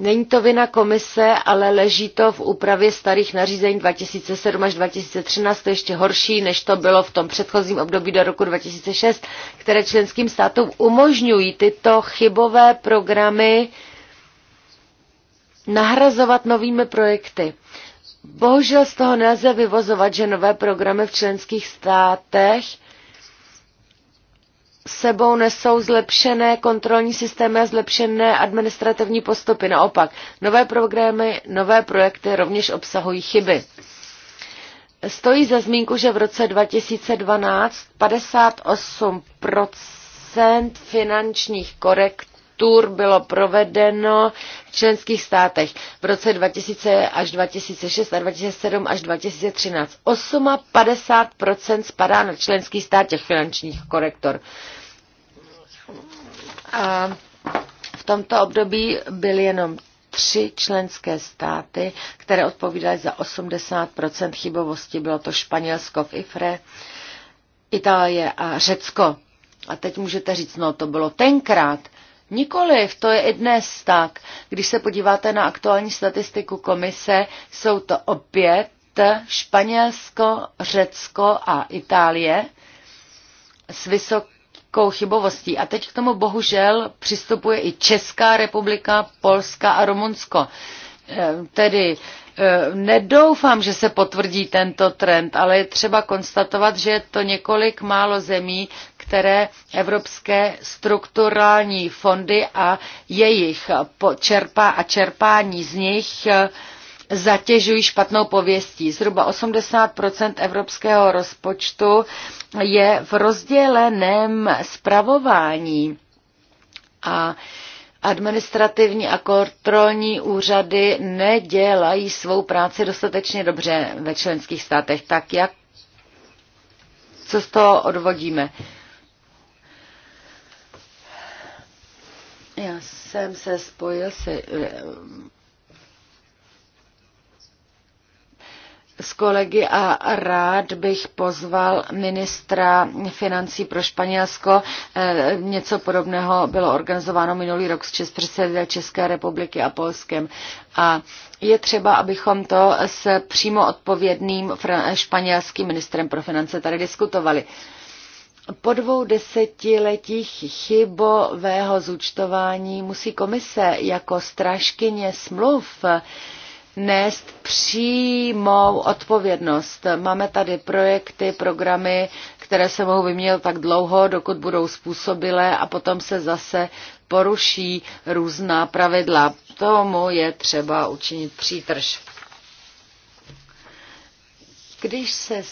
Není to vina komise, ale leží to v úpravě starých nařízení 2007 až 2013, to je ještě horší, než to bylo v tom předchozím období do roku 2006, které členským státům umožňují tyto chybové programy nahrazovat novými projekty. Bohužel z toho nelze vyvozovat, že nové programy v členských státech sebou nesou zlepšené kontrolní systémy a zlepšené administrativní postupy. Naopak, nové programy, nové projekty rovněž obsahují chyby. Stojí za zmínku, že v roce 2012 58 finančních korekt tur bylo provedeno v členských státech v roce 2000 až 2006 a 2007 až 2013. 58% spadá na členský stát těch finančních korektor. A v tomto období byly jenom tři členské státy, které odpovídaly za 80 chybovosti. Bylo to Španělsko v IFRE, Itálie a Řecko. A teď můžete říct, no to bylo tenkrát. Nikoliv, to je i dnes tak. Když se podíváte na aktuální statistiku komise, jsou to opět Španělsko, Řecko a Itálie s vysokou chybovostí. A teď k tomu bohužel přistupuje i Česká republika, Polska a Rumunsko. Ehm, tedy ehm, nedoufám, že se potvrdí tento trend, ale je třeba konstatovat, že je to několik málo zemí, které evropské strukturální fondy a jejich čerpa a čerpání z nich ehm, zatěžují špatnou pověstí. Zhruba 80 evropského rozpočtu je v rozděleném spravování. A uh, administrativní a kontrolní úřady nedělají svou práci dostatečně dobře ve členských státech. Tak jak, co z toho odvodíme? Já jsem se spojil se eh, s kolegy a rád bych pozval ministra financí pro Španělsko. Eh, něco podobného bylo organizováno minulý rok s předsedel České republiky a Polskem. A je třeba, abychom to s přímo odpovědným španělským ministrem pro finance tady diskutovali. Po dvou desetiletích chybového zúčtování musí komise jako strážkyně smluv nést přímou odpovědnost. Máme tady projekty, programy, které se mohou vyměnit tak dlouho, dokud budou způsobilé a potom se zase poruší různá pravidla. Tomu je třeba učinit přítrž. Když se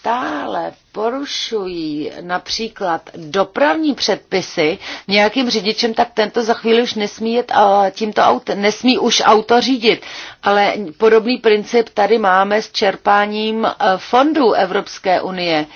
stále porušují například dopravní předpisy nějakým řidičem, tak tento za chvíli už nesmí, jet, a tímto auto, nesmí už auto řídit. Ale podobný princip tady máme s čerpáním eh, fondů Evropské unie.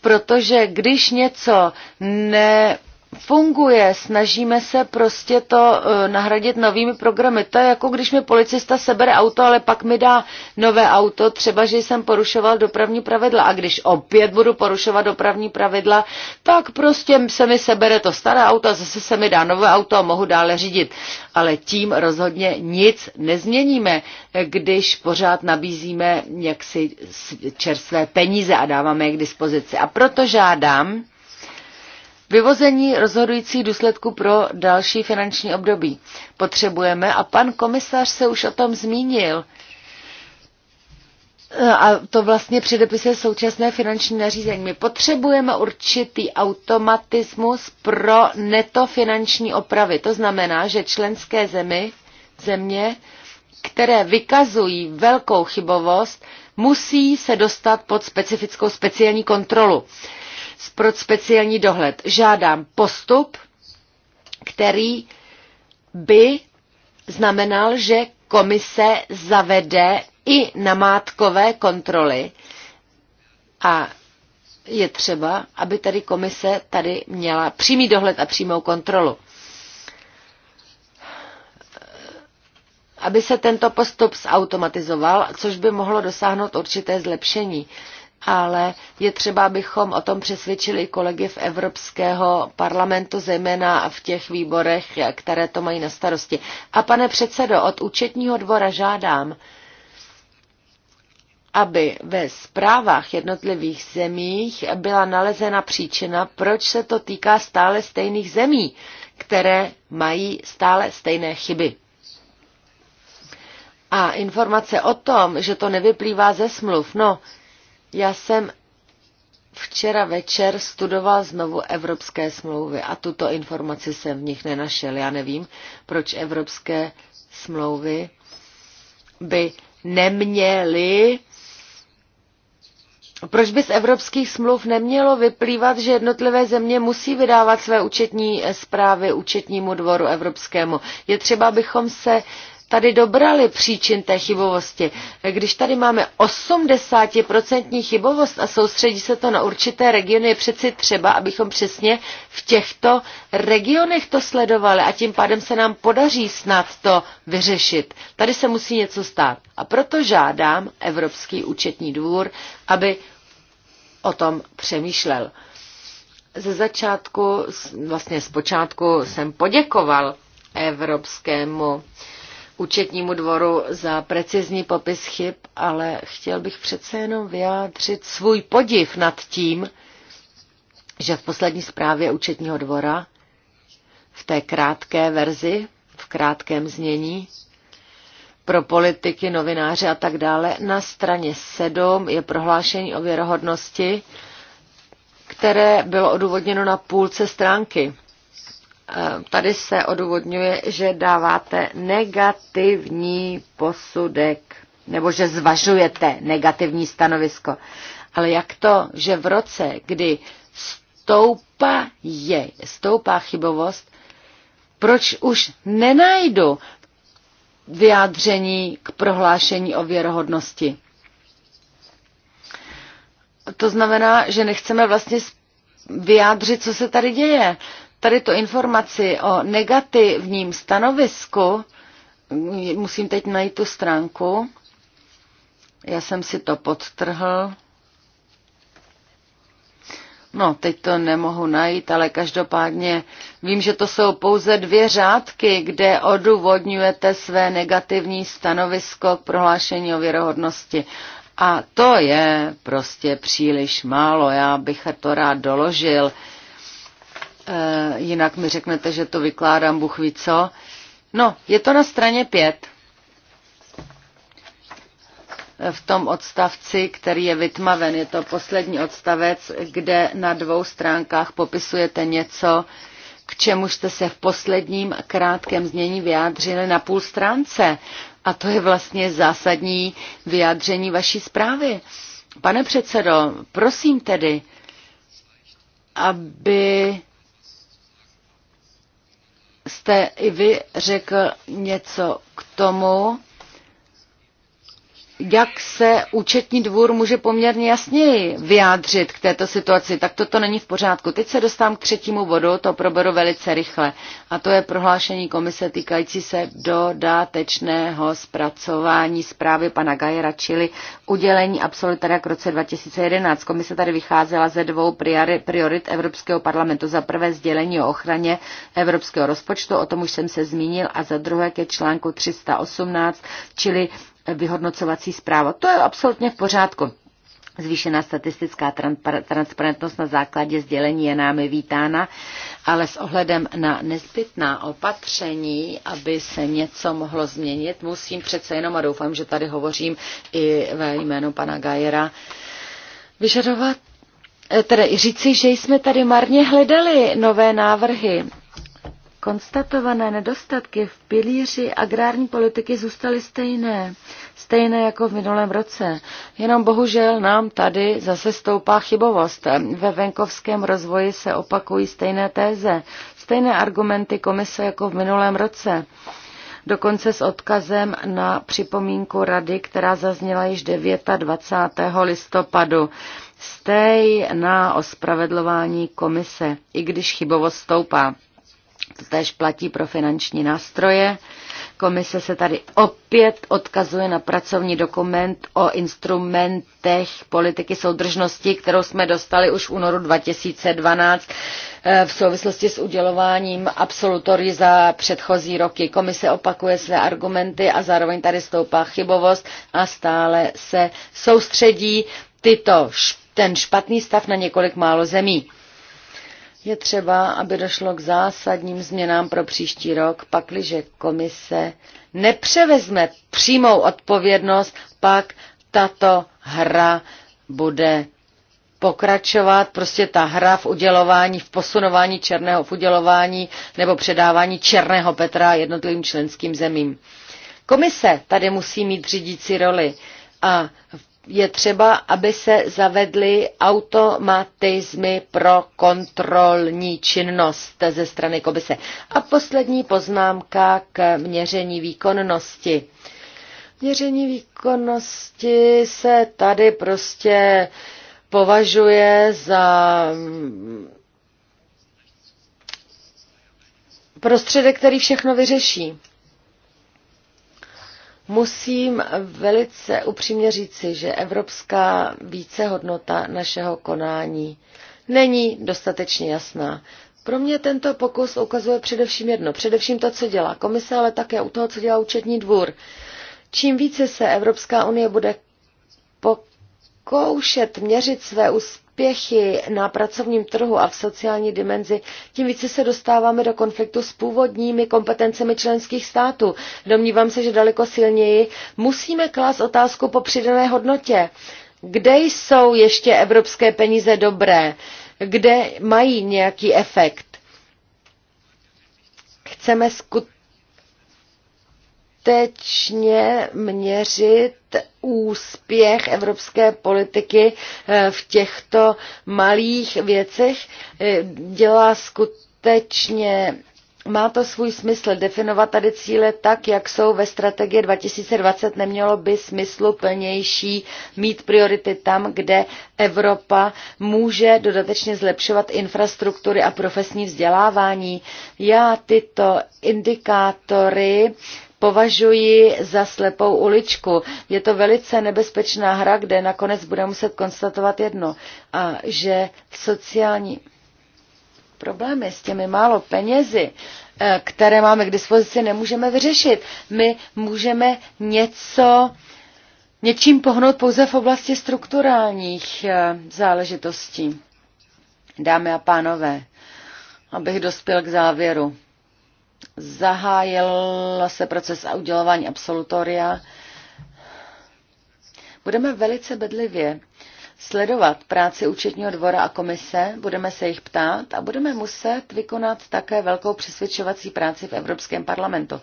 Protože když něco ne, funguje. Snažíme se prostě to eh, nahradit novými programy. To je jako když mi policista sebere auto, ale pak mi dá nové auto, třeba že jsem porušoval dopravní pravidla. A když opět budu porušovat dopravní pravidla, tak prostě se mi sebere to staré auto a zase se mi dá nové auto a mohu dále řídit. Ale tím rozhodně nic nezměníme, když pořád nabízíme jaksi čerstvé peníze a dáváme je k dispozici. A proto žádám, vyvození rozhodujících důsledků pro další finanční období. Potřebujeme, a pan komisař se už o tom zmínil, a to vlastně předepisuje současné finanční nařízení. My potřebujeme určitý automatismus pro netofinanční opravy. To znamená, že členské zemi, země, které vykazují velkou chybovost, musí se dostat pod specifickou speciální kontrolu pro speciální dohled. Žádám postup, který by znamenal, že komise zavede i namátkové kontroly a je třeba, aby tady komise tady měla přímý dohled a přímou kontrolu. Aby se tento postup zautomatizoval, což by mohlo dosáhnout určité zlepšení ale je třeba, abychom o tom přesvědčili kolegy v Evropského parlamentu, zejména v těch výborech, které to mají na starosti. A pane předsedo, od účetního dvora žádám, aby ve zprávách jednotlivých zemích byla nalezena příčina, proč se to týká stále stejných zemí, které mají stále stejné chyby. A informace o tom, že to nevyplývá ze smluv, no, já jsem včera večer studoval znovu evropské smlouvy a tuto informaci jsem v nich nenašel. Já nevím, proč evropské smlouvy by neměly proč by z evropských smluv nemělo vyplývat, že jednotlivé země musí vydávat své účetní eh, zprávy účetnímu dvoru evropskému? Je třeba, abychom se tady dobrali příčin té chybovosti. Když tady máme 80% chybovost a soustředí se to na určité regiony, je přeci třeba, abychom přesně v těchto regionech to sledovali a tím pádem se nám podaří snad to vyřešit. Tady se musí něco stát. A proto žádám Evropský účetní dvůr, aby o tom přemýšlel. Ze začátku, vlastně z počátku jsem poděkoval Evropskému účetnímu dvoru za precizní popis chyb, ale chtěl bych přece jenom vyjádřit svůj podiv nad tím, že v poslední zprávě účetního dvora v té krátké verzi, v krátkém znění, pro politiky, novináře a tak dále. Na straně 7 je prohlášení o věrohodnosti, které bylo odůvodněno na půlce stránky. Eh, tady se odůvodňuje, že dáváte negativní posudek, nebo že zvažujete negativní stanovisko. Ale jak to, že v roce, kdy stoupá, je, stoupá chybovost, proč už nenajdu vyjádření k prohlášení o věrohodnosti? To znamená, že nechceme vlastně vyjádřit, co se tady děje tady tu informaci o negativním stanovisku, musím teď najít tu stránku, já jsem si to podtrhl. No, teď to nemohu najít, ale každopádně vím, že to jsou pouze dvě řádky, kde odůvodňujete své negativní stanovisko k prohlášení o věrohodnosti. A to je prostě příliš málo, já bych to rád doložil. Eh, jinak mi řeknete, že to vykládám, Bůh ví co. No, je to na straně 5. Eh, v tom odstavci, který je vytmaven, je to poslední odstavec, kde na dvou stránkách popisujete něco, k čemu jste se v posledním krátkém znění vyjádřili na půl stránce. A to je vlastně zásadní vyjádření vaší zprávy. Pane předsedo, prosím tedy, aby jste i vy řekl něco k tomu, jak se účetní dvůr může poměrně jasněji vyjádřit k této situaci, tak toto není v pořádku. Teď se dostám k třetímu bodu, to proberu velice rychle. A to je prohlášení komise týkající se dodatečného zpracování zprávy pana Gajera, čili udělení absolutaria k roce 2011. Komise tady vycházela ze dvou priorit Evropského parlamentu. Za prvé sdělení o ochraně evropského rozpočtu, o tom už jsem se zmínil, a za druhé ke článku 318, čili vyhodnocovací zpráva. To je absolutně v pořádku. Zvýšená statistická transparentnost na základě sdělení je námi vítána, ale s ohledem na nezbytná opatření, aby se něco mohlo změnit, musím přece jenom, a doufám, že tady hovořím i ve jménu pana Gajera, vyžadovat, eh, tedy říci, že jsme tady marně hledali nové návrhy Konstatované nedostatky v pilíři agrární politiky zůstaly stejné, stejné jako v minulém roce. Jenom bohužel nám tady zase stoupá chybovost. Ve venkovském rozvoji se opakují stejné téze, stejné argumenty komise jako v minulém roce. Dokonce s odkazem na připomínku rady, která zazněla již 29. listopadu. Stej na ospravedlování komise, i když chybovost stoupá. To též platí pro finanční nástroje. Komise se tady opět odkazuje na pracovní dokument o instrumentech politiky soudržnosti, kterou jsme dostali už v únoru 2012 eh, v souvislosti s udělováním absolutory za předchozí roky. Komise opakuje své argumenty a zároveň tady stoupá chybovost a stále se soustředí tyto, ten špatný stav na několik málo zemí je třeba, aby došlo k zásadním změnám pro příští rok, pakliže komise nepřevezme přímou odpovědnost, pak tato hra bude pokračovat, prostě ta hra v udělování, v posunování černého, v udělování nebo předávání černého Petra jednotlivým členským zemím. Komise tady musí mít řídící roli a v je třeba, aby se zavedly automatizmy pro kontrolní činnost ze strany komise. A poslední poznámka k měření výkonnosti. Měření výkonnosti se tady prostě považuje za mm, prostředek, který všechno vyřeší. Musím velice upřímně říci, že evropská vícehodnota našeho konání není dostatečně jasná. Pro mě tento pokus ukazuje především jedno, především to, co dělá komise, ale také u toho, co dělá účetní dvůr. Čím více se Evropská unie bude pokoušet měřit své úspěchy, úspěchy na pracovním trhu a v sociální dimenzi, tím více se dostáváme do konfliktu s původními kompetencemi členských států. Domnívám se, že daleko silněji musíme klást otázku po přidané hodnotě. Kde jsou ještě evropské peníze dobré? Kde mají nějaký efekt? Chceme skutečně skutečně měřit úspěch evropské politiky eh, v těchto malých věcech. Eh, dělá skutečně má to svůj smysl definovat tady cíle tak, jak jsou ve strategii 2020. Nemělo by smyslu plnější mít priority tam, kde Evropa může dodatečně zlepšovat infrastruktury a profesní vzdělávání. Já tyto indikátory považuji za slepou uličku. Je to velice nebezpečná hra, kde nakonec budeme muset konstatovat jedno, a že sociální problémy s těmi málo penězi, eh, které máme k dispozici, nemůžeme vyřešit. My můžeme něco něčím pohnout pouze v oblasti strukturálních eh, záležitostí. Dámy a pánové, abych dospěl k závěru. Zahájil se proces a udělování absolutoria. Budeme velice bedlivě sledovat práci účetního dvora a komise, budeme se jich ptát a budeme muset vykonat také velkou přesvědčovací práci v Evropském parlamentu.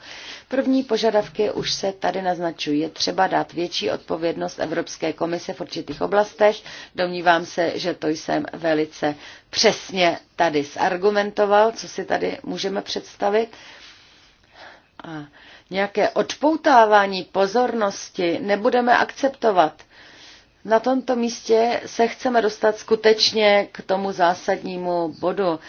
První požadavky už se tady naznačují. Je třeba dát větší odpovědnost Evropské komise v určitých oblastech. Domnívám se, že to jsem velice přesně tady zargumentoval, co si tady můžeme představit. A nějaké odpoutávání pozornosti nebudeme akceptovat na tomto místě se chceme dostat skutečně k tomu zásadnímu bodu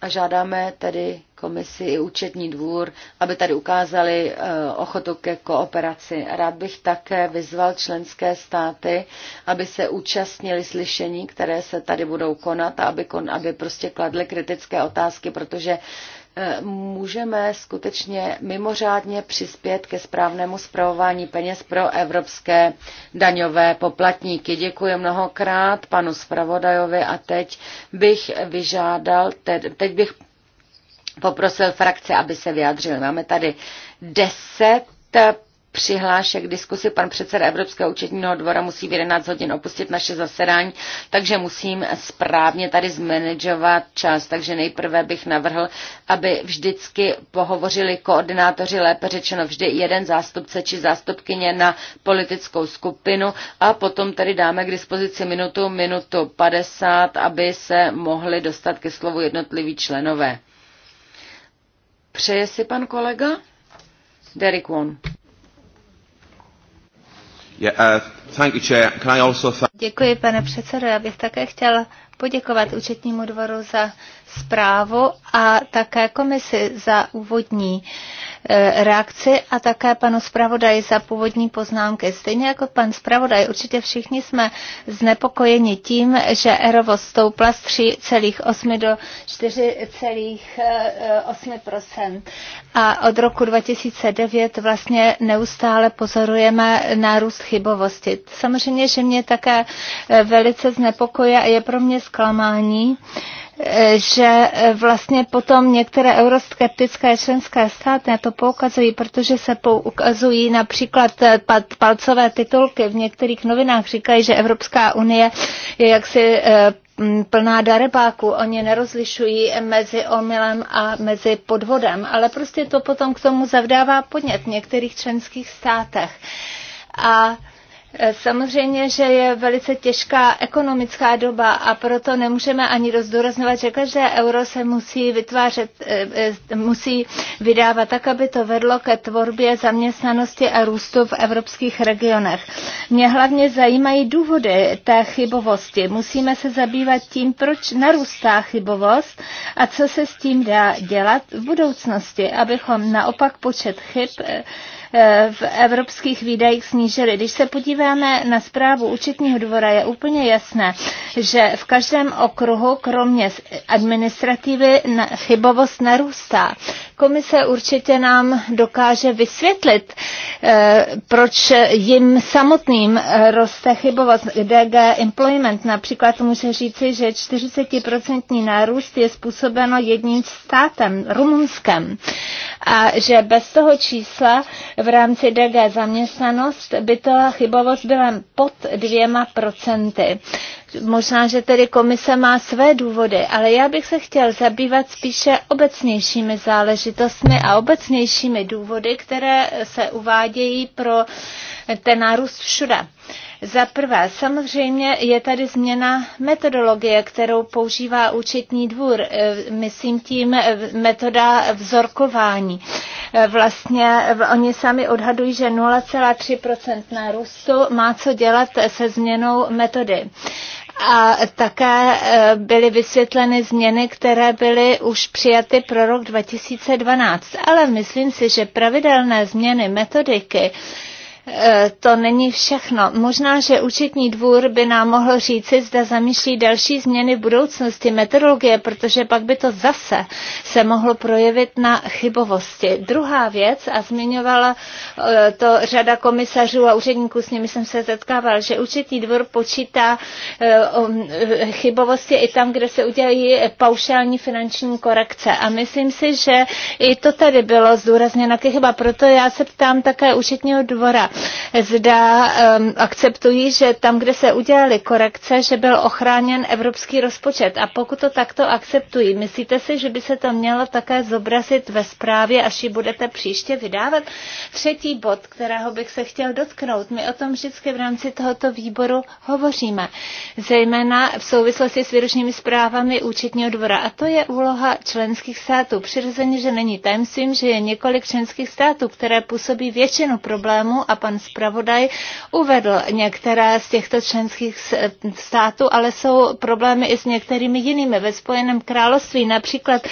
a žádáme tedy komisi i účetní dvůr, aby tady ukázali eh, ochotu ke kooperaci. Rád bych také vyzval členské státy, aby se účastnili slyšení, které se tady budou konat a aby, kon, aby prostě kladly kritické otázky, protože můžeme skutečně mimořádně přispět ke správnému zpravování peněz pro evropské daňové poplatníky. Děkuji mnohokrát panu zpravodajovi a teď bych vyžádal, teď bych poprosil frakce, aby se vyjádřili. Máme tady deset přihlášek k diskusi. Pan předseda Evropského účetního dvora musí v 11 hodin opustit naše zasedání, takže musím správně tady zmanagovat čas. Takže nejprve bych navrhl, aby vždycky pohovořili koordinátoři, lépe řečeno vždy jeden zástupce či zástupkyně na politickou skupinu a potom tady dáme k dispozici minutu, minutu 50, aby se mohli dostat ke slovu jednotliví členové. Přeje si pan kolega? Derek Wong. Uh, Děkuji, pane předsedo. Já bych také chtěl poděkovat účetnímu dvoru za zprávu a také komisi za úvodní E, reakci a také panu zpravodaji za původní poznámky. Stejně jako pan zpravodaj, určitě všichni jsme znepokojeni tím, že Erovo stoupla z 3,8 do 4,8 A od roku 2009 vlastně neustále pozorujeme nárůst chybovosti. Samozřejmě, že mě také e, velice znepokoje a je pro mě zklamání, že eh, vlastně potom některé euroskeptické členské státy na to poukazují, protože se poukazují například eh, palcové titulky v některých novinách, říkají, že Evropská unie je jaksi eh, plná darebáku, Oni nerozlišují mezi omylem a mezi podvodem, ale prostě to potom k tomu zavdává podnět v některých členských státech. A Samozřejmě, že je velice těžká ekonomická doba a proto nemůžeme ani rozdůrazňovat, že každé euro se musí vytvářet, eh, eh, musí vydávat tak, aby to vedlo ke tvorbě zaměstnanosti a růstu v evropských regionech. Mě hlavně zajímají důvody té chybovosti. Musíme se zabývat tím, proč narůstá chybovost a co se s tím dá dělat v budoucnosti, abychom naopak počet chyb eh, Eh, v evropských výdajích snížily. Když se podíváme na zprávu účetního dvora, je úplně jasné, že v každém okruhu, kromě administrativy, chybovost narůstá. Komise určitě nám dokáže vysvětlit, eh, proč jim samotným eh, roste chybovost DG Employment. Například může říci, že 40% nárůst je způsobeno jedním státem, Rumunskem. A že bez toho čísla v rámci DG zaměstnanost by ta chybovost byla pod dvěma procenty. Možná, že tedy komise má své důvody, ale já bych se chtěl zabývat spíše obecnějšími záležitostmi a obecnějšími důvody, které se uvádějí pro ten nárůst všude. Za prvé, samozřejmě je tady změna metodologie, kterou používá účetní dvůr, eh, myslím tím eh, metoda vzorkování. Eh, vlastně oni sami odhadují, že 0,3% nárůstu má co dělat se změnou metody a také e, byly vysvětleny změny, které byly už přijaty pro rok 2012. Ale myslím si, že pravidelné změny metodiky E, to není všechno. Možná, že účetní dvůr by nám mohl říci, zda zamýšlí další změny v budoucnosti meteorologie, protože pak by to zase se mohlo projevit na chybovosti. Druhá věc, a zmiňovala e, to řada komisařů a úředníků, s nimi jsem se setkával, že účetní dvůr počítá e, chybovosti i tam, kde se udělají paušální finanční korekce. A myslím si, že i to tady bylo zdůrazněno chyba. Proto já se ptám také účetního dvora zda um, akceptují, že tam, kde se udělaly korekce, že byl ochráněn evropský rozpočet. A pokud to takto akceptují, myslíte si, že by se to mělo také zobrazit ve zprávě, až ji budete příště vydávat? Třetí bod, kterého bych se chtěl dotknout, my o tom vždycky v rámci tohoto výboru hovoříme, zejména v souvislosti s výročními zprávami účetního dvora. A to je úloha členských států. Přirozeně, že není tajemstvím, že je několik členských států, které působí většinu problémů a pan zpravodaj uvedl některé z těchto členských států, ale jsou problémy i s některými jinými. Ve Spojeném království například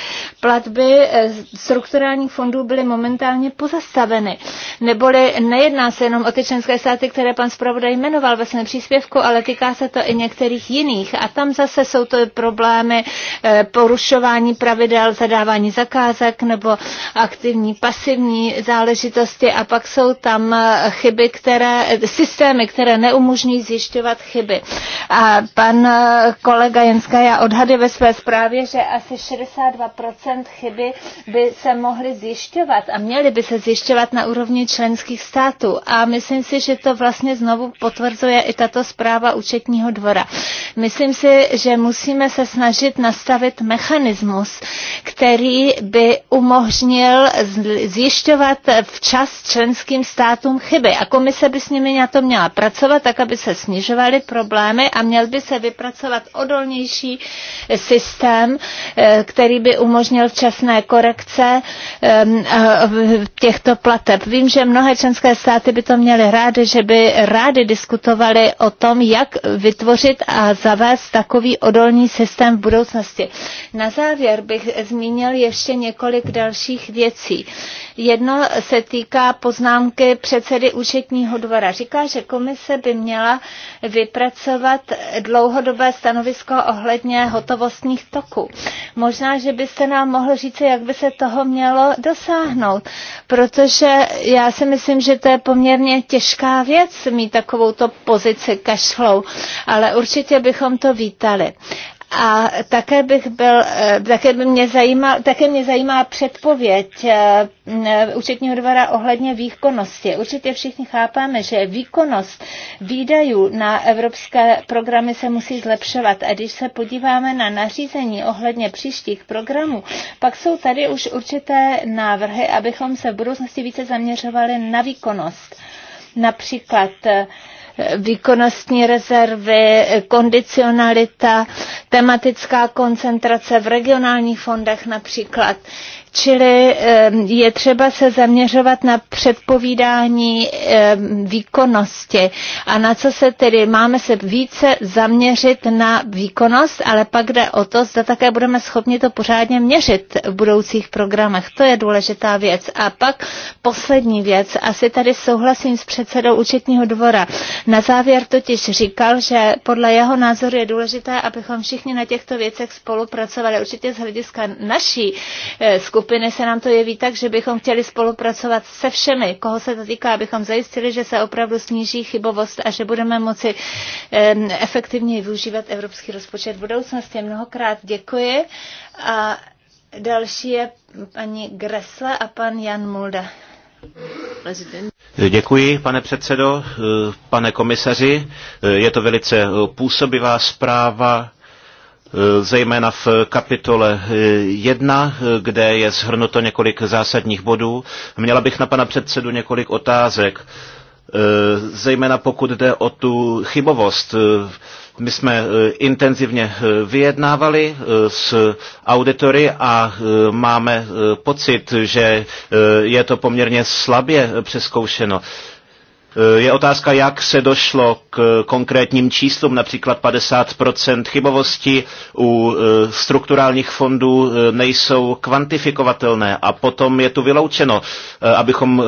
platby eh, strukturálních fondů byly momentálně pozastaveny. Neboli nejedná se jenom o ty členské státy, které pan zpravodaj jmenoval ve svém příspěvku, ale týká se to i některých jiných. A tam zase jsou to problémy eh, porušování pravidel, zadávání zakázek nebo aktivní, pasivní záležitosti a pak jsou tam eh, chyby, které, systémy, které neumožní zjišťovat chyby. A pan kolega Jenská já odhady ve své zprávě, že asi 62% chyby by se mohly zjišťovat a měly by se zjišťovat na úrovni členských států. A myslím si, že to vlastně znovu potvrzuje i tato zpráva účetního dvora. Myslím si, že musíme se snažit nastavit mechanismus, který by umožnil zjišťovat včas členským státům chyby a komise by s nimi na to měla pracovat, tak aby se snižovaly problémy a měl by se vypracovat odolnější systém, eh, který by umožnil včasné korekce eh, těchto plateb. Vím, že mnohé členské státy by to měly rády, že by rády diskutovali o tom, jak vytvořit a zavést takový odolný systém v budoucnosti. Na závěr bych zmínil ještě několik dalších věcí. Jedno se týká poznámky předsedy účetního dvora. Říká, že komise by měla vypracovat dlouhodobé stanovisko ohledně hotovostních toků. Možná, že byste nám mohl říct, jak by se toho mělo dosáhnout, protože já si myslím, že to je poměrně těžká věc mít takovouto pozici kašlou, ale určitě bychom to vítali. A také bych byl, eh, také by mě zajímal, také mě zajímá předpověď eh, eh, účetního dvora ohledně výkonnosti. Určitě všichni chápáme, že výkonnost výdajů na evropské programy se musí zlepšovat. A když se podíváme na nařízení ohledně příštích programů, pak jsou tady už určité návrhy, abychom se v budoucnosti více zaměřovali na výkonnost. Například výkonnostní rezervy, kondicionalita, tematická koncentrace v regionálních fondech například. Čili je třeba se zaměřovat na předpovídání výkonnosti a na co se tedy máme se více zaměřit na výkonnost, ale pak jde o to, zda také budeme schopni to pořádně měřit v budoucích programech. To je důležitá věc. A pak poslední věc, asi tady souhlasím s předsedou účetního dvora. Na závěr totiž říkal, že podle jeho názoru je důležité, abychom všichni na těchto věcech spolupracovali. Určitě z hlediska naší eh, skupiny skupiny se nám to jeví tak, že bychom chtěli spolupracovat se všemi, koho se to týká, abychom zajistili, že se opravdu sníží chybovost a že budeme moci efektivněji využívat evropský rozpočet v budoucnosti. Mnohokrát děkuji a další je paní Gresle a pan Jan Mulda. Děkuji, pane předsedo, eh, pane komisaři. Eh, je to velice eh, působivá zpráva Eh, zejména v kapitole 1, eh, eh, kde je shrnuto několik zásadních bodů. Měla bych na pana předsedu několik otázek, zejména pokud jde o tu chybovost. My jsme intenzivně vyjednávali s auditory a máme pocit, že je to poměrně slabě přeskoušeno. Eh, je otázka, jak se došlo k konkrétním číslům, například 50% chybovosti u eh, strukturálních fondů eh, nejsou kvantifikovatelné a potom je tu vyloučeno, abychom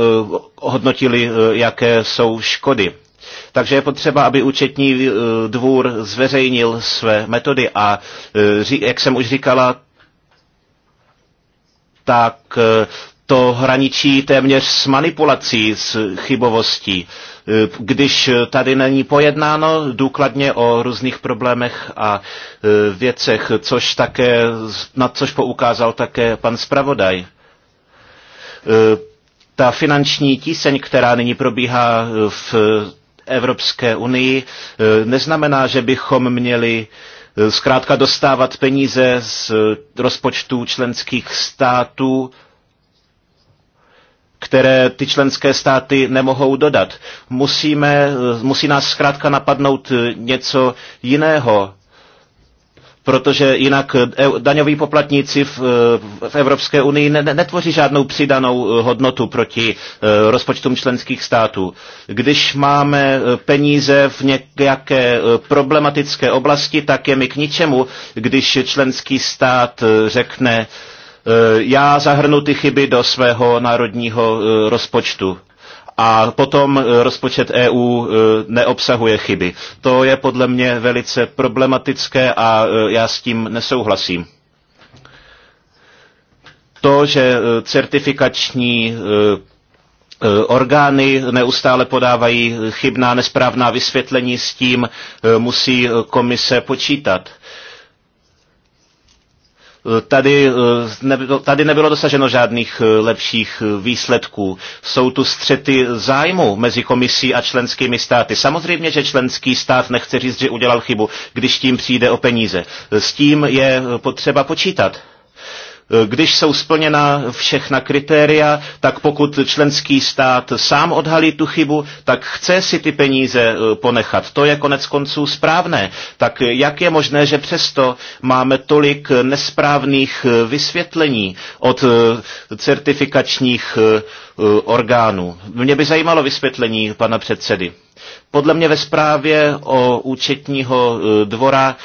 hodnotili, jaké jsou škody. Takže je potřeba, aby účetní dvůr zveřejnil své metody a, jak jsem už říkala, tak to hraničí téměř s manipulací, s chybovostí, když tady není pojednáno důkladně o různých problémech a e, věcech, což také, na což poukázal také pan zpravodaj. E, ta finanční tíseň, která nyní probíhá v Evropské unii, e, neznamená, že bychom měli zkrátka dostávat peníze z rozpočtů členských států, které ty členské státy nemohou dodat. Musíme, musí nás zkrátka napadnout něco jiného, protože jinak daňoví poplatníci v, v Evropské unii netvoří žádnou přidanou hodnotu proti eh, rozpočtům členských států. Když máme eh, peníze v nějaké eh, problematické oblasti, tak je mi k ničemu, když členský stát řekne, Eh, já zahrnu ty chyby do svého národního eh, rozpočtu a potom eh, rozpočet EU neobsahuje chyby. To je podle mě velice problematické a já s tím nesouhlasím. To, že certifikační Orgány neustále podávají chybná, nesprávná vysvětlení, s tím musí komise počítat. Tady, eh, tady nebylo dosaženo žádných eh, lepších eh, výsledků. Jsou tu střety zájmu mezi komisí a členskými státy. Samozřejmě, že členský stát nechce říct, že udělal chybu, když tím přijde o peníze. S tím je potřeba počítat. Když jsou splněna všechna kritéria, tak pokud členský stát sám odhalí tu chybu, tak chce si ty peníze eh, ponechat. To je konec konců správné. Tak jak je možné, že přesto máme tolik nesprávných eh, vysvětlení od eh, certifikačních orgánů? Mě by zajímalo vysvětlení pana předsedy. Podle mě ve zprávě o účetního dvora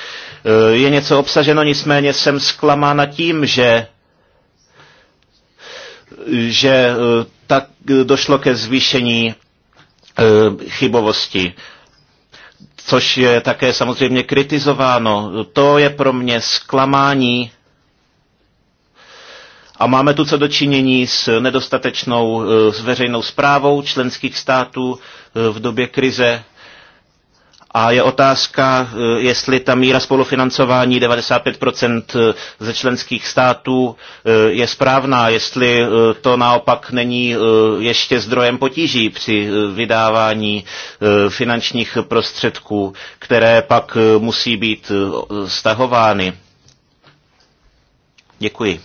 Eh, je něco obsaženo, nicméně jsem zklamána tím, že že eh, tak došlo ke zvýšení eh, chybovosti, což je také samozřejmě kritizováno. To je pro mě zklamání a máme tu co dočinění s nedostatečnou s veřejnou zprávou členských států v době krize a je otázka, eh, jestli ta míra spolufinancování 95% eh, ze členských států eh, je správná, jestli to naopak není ještě zdrojem potíží při vydávání finančních prostředků, které pak musí být stahovány. Děkuji.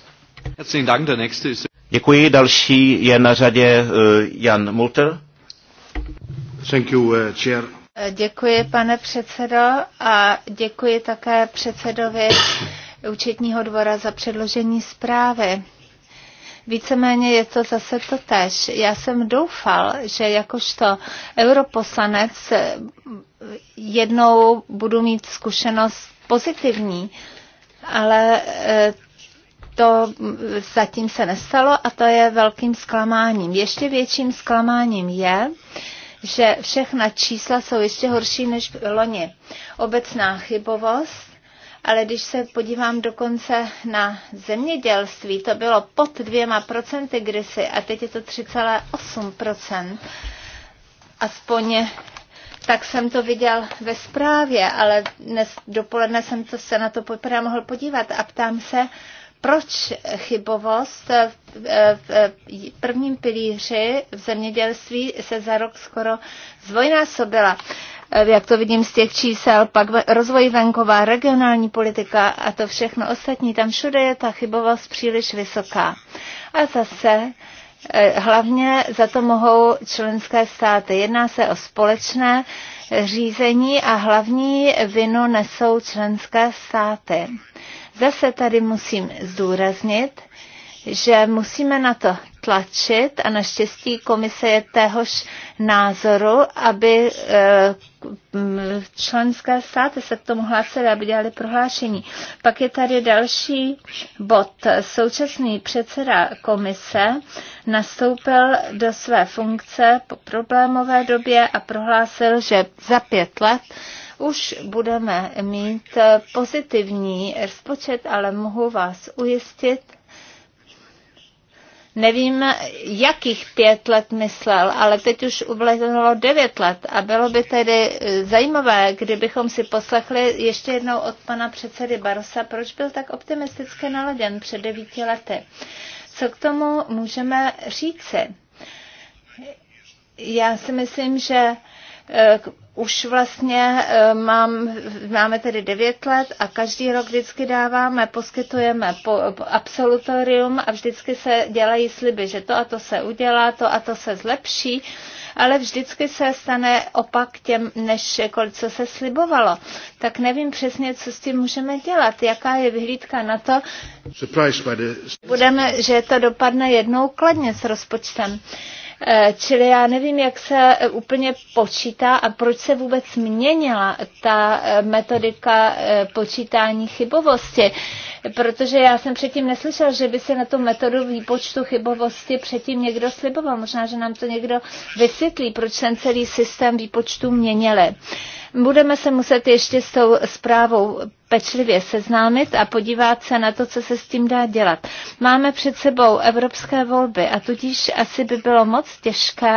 Děkuji. Další je na řadě Jan Multer. Thank you, uh, chair. Děkuji, pane předsedo, a děkuji také předsedovi účetního dvora za předložení zprávy. Víceméně je to zase to tež. Já jsem doufal, že jakožto europoslanec jednou budu mít zkušenost pozitivní, ale e, to zatím se nestalo a to je velkým zklamáním. Ještě větším zklamáním je, že všechna čísla jsou ještě horší než v loni. Obecná chybovost ale když se podívám dokonce na zemědělství, to bylo pod dvěma procenty kdysi a teď je to 3,8%. Aspoň tak jsem to viděl ve zprávě, ale dnes dopoledne jsem to se na to poprvé mohl podívat a ptám se, proč chybovost v prvním pilíři v zemědělství se za rok skoro zdvojnásobila eh, jak to vidím z těch čísel, pak rozvoj venkova, regionální politika a to všechno ostatní, tam všude je ta chybovost příliš vysoká. A zase eh, hlavně za to mohou členské státy. Jedná se o společné řízení a hlavní vinu nesou členské státy. Zase tady musím zdůraznit, že musíme na to tlačit a naštěstí komise je téhož názoru, aby eh, členské státy se k tomu hlásily, aby dělali prohlášení. Pak je tady další bod. Současný předseda komise nastoupil do své funkce po problémové době a prohlásil, že za pět let už budeme mít pozitivní rozpočet, ale mohu vás ujistit, Nevím, jakých pět let myslel, ale teď už uplynulo devět let a bylo by tedy zajímavé, kdybychom si poslechli ještě jednou od pana předsedy Barosa, proč byl tak optimisticky naladěn před devíti lety. Co k tomu můžeme říci? Já si myslím, že Eh, už vlastně eh, mám, máme tedy 9 let a každý rok vždycky dáváme, poskytujeme po, absolutorium a vždycky se dělají sliby, že to a to se udělá, to a to se zlepší, ale vždycky se stane opak těm, než co se slibovalo. Tak nevím přesně, co s tím můžeme dělat, jaká je vyhlídka na to, Budeme, že to dopadne jednou kladně s rozpočtem. Uh, Eh, čili já nevím, jak se eh, úplně počítá a proč se vůbec změnila ta eh, metodika počítání chybovosti protože já jsem předtím neslyšel, že by se na tu metodu výpočtu chybovosti předtím někdo sliboval. Možná, že nám to někdo vysvětlí, proč ten celý systém výpočtu měnili. Budeme se muset ještě s tou zprávou pečlivě seznámit a podívat se na to, co se s tím dá dělat. Máme před sebou evropské volby a tudíž asi by bylo moc těžké,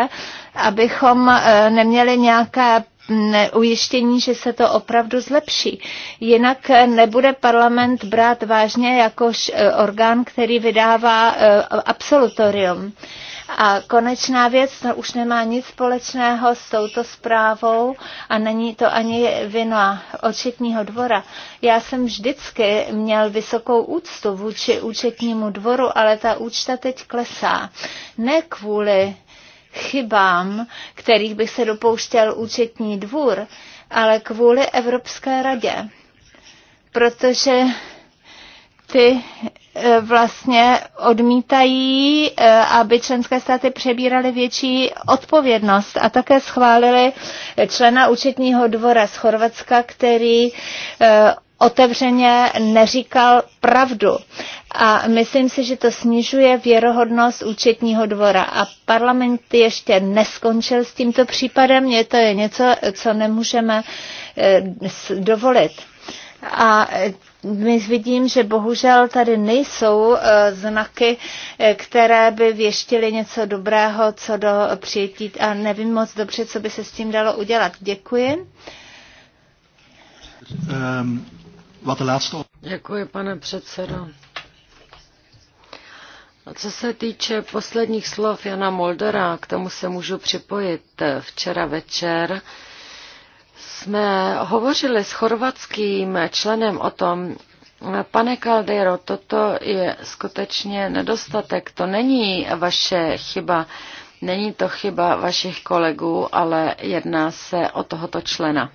abychom eh, neměli nějaké ujištění, že se to opravdu zlepší. Jinak nebude parlament brát vážně jakož e, orgán, který vydává e, absolutorium. A konečná věc to no, už nemá nic společného s touto zprávou a není to ani vina očetního dvora. Já jsem vždycky měl vysokou úctu vůči účetnímu dvoru, ale ta účta teď klesá. Ne kvůli chybám, kterých by se dopouštěl účetní dvůr, ale kvůli Evropské radě. Protože ty eh, vlastně odmítají, eh, aby členské státy přebíraly větší odpovědnost a také schválili člena účetního dvora z Chorvatska, který eh, otevřeně neříkal pravdu a myslím si, že to snižuje věrohodnost účetního dvora. A parlament ještě neskončil s tímto případem, je to je něco, co nemůžeme e, dovolit. A e, my vidím, že bohužel tady nejsou e, znaky, které by věštily něco dobrého co do přijetí a nevím moc dobře, co by se s tím dalo udělat. Děkuji. Ehm, Děkuji, pane předsedo. Co se týče posledních slov Jana Moldera, k tomu se můžu připojit. Včera večer jsme hovořili s chorvatským členem o tom, Pane Caldero, toto je skutečně nedostatek. To není vaše chyba, není to chyba vašich kolegů, ale jedná se o tohoto člena,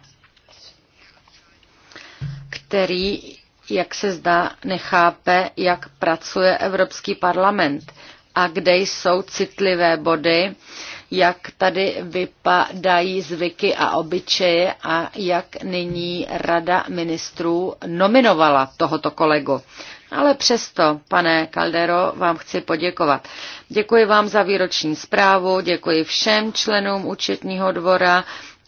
který jak se zdá, nechápe, jak pracuje Evropský parlament a kde jsou citlivé body, jak tady vypadají zvyky a obyčeje a jak nyní Rada ministrů nominovala tohoto kolegu. Ale přesto, pane Caldero, vám chci poděkovat. Děkuji vám za výroční zprávu, děkuji všem členům účetního dvora,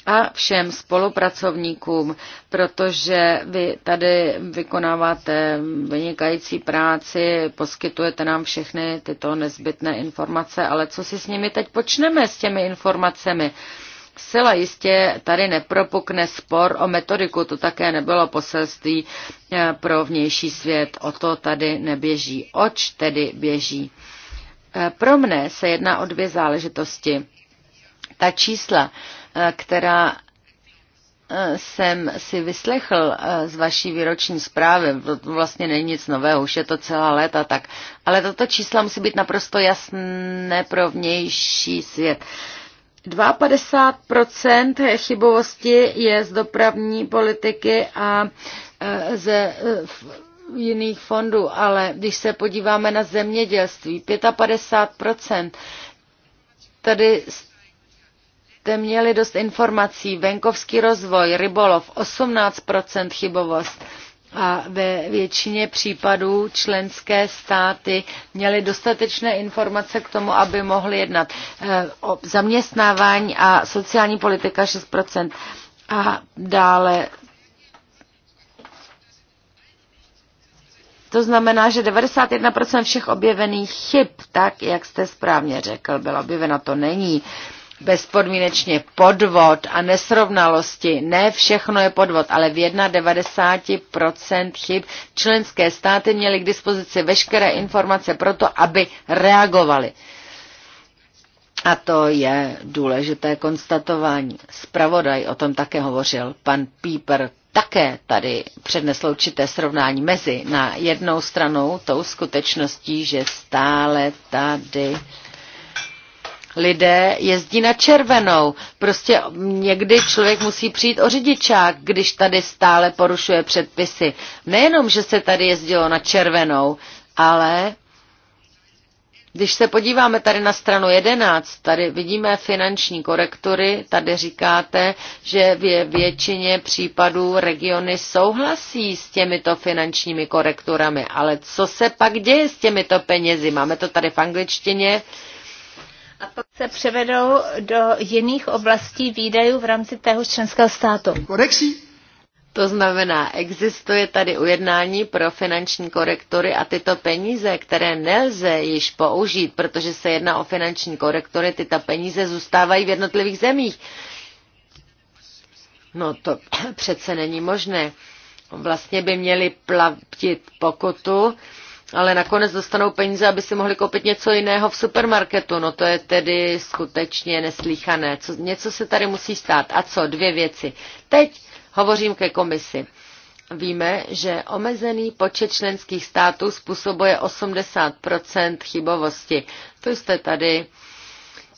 a všem spolupracovníkům, protože vy tady vykonáváte vynikající práci, poskytujete nám všechny tyto nezbytné informace, ale co si s nimi teď počneme, s těmi informacemi? Zcela jistě tady nepropukne spor o metodiku, to také nebylo poselství eh, pro vnější svět, o to tady neběží. Oč tedy běží? Eh, pro mne se jedná o dvě záležitosti. Ta čísla, která eh, jsem si vyslechl eh, z vaší výroční zprávy, to vlastně není nic nového, už je to celá léta tak, ale toto čísla musí být naprosto jasné pro vnější svět. 52% chybovosti je z dopravní politiky a eh, ze jiných fondů, ale když se podíváme na zemědělství, 55%, tady jste měli dost informací. Venkovský rozvoj, rybolov, 18% chybovost. A ve většině případů členské státy měly dostatečné informace k tomu, aby mohly jednat. E, o zaměstnávání a sociální politika 6%. A dále To znamená, že 91% všech objevených chyb, tak jak jste správně řekl, bylo objeveno, to není bezpodmínečně podvod a nesrovnalosti. Ne všechno je podvod, ale v 91% chyb členské státy měly k dispozici veškeré informace pro to, aby reagovaly. A to je důležité konstatování. Spravodaj o tom také hovořil. Pan Píper také tady přednesl určité srovnání mezi na jednou stranou tou skutečností, že stále tady lidé jezdí na červenou. Prostě někdy člověk musí přijít o řidičák, když tady stále porušuje předpisy. Nejenom, že se tady jezdilo na červenou, ale když se podíváme tady na stranu 11, tady vidíme finanční korektury, tady říkáte, že v většině případů regiony souhlasí s těmito finančními korekturami, ale co se pak děje s těmito penězi? Máme to tady v angličtině, a pak se převedou do jiných oblastí výdajů v rámci tého členského státu. Korekcí? To znamená, existuje tady ujednání pro finanční korektory a tyto peníze, které nelze již použít, protože se jedná o finanční korektory, tyto peníze zůstávají v jednotlivých zemích. No to přece není možné. Vlastně by měli platit pokutu ale nakonec dostanou peníze, aby si mohli koupit něco jiného v supermarketu. No to je tedy skutečně neslíchané. Co, něco se tady musí stát. A co? Dvě věci. Teď hovořím ke komisi. Víme, že omezený počet členských států způsobuje 80 chybovosti. To jste tady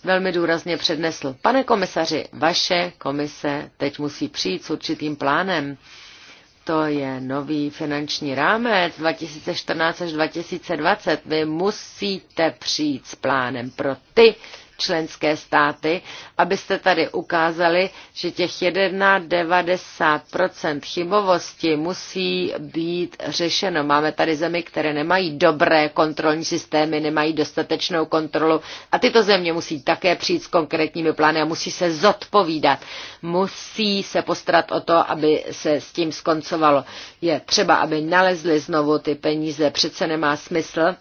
velmi důrazně přednesl. Pane komisaři, vaše komise teď musí přijít s určitým plánem to je nový finanční rámec 2014 až 2020. Vy musíte přijít s plánem pro ty členské státy, abyste tady ukázali, že těch 91% chybovosti musí být řešeno. Máme tady zemi, které nemají dobré kontrolní systémy, nemají dostatečnou kontrolu a tyto země musí také přijít s konkrétními plány a musí se zodpovídat. Musí se postarat o to, aby se s tím skoncovalo. Je třeba, aby nalezli znovu ty peníze. Přece nemá smysl,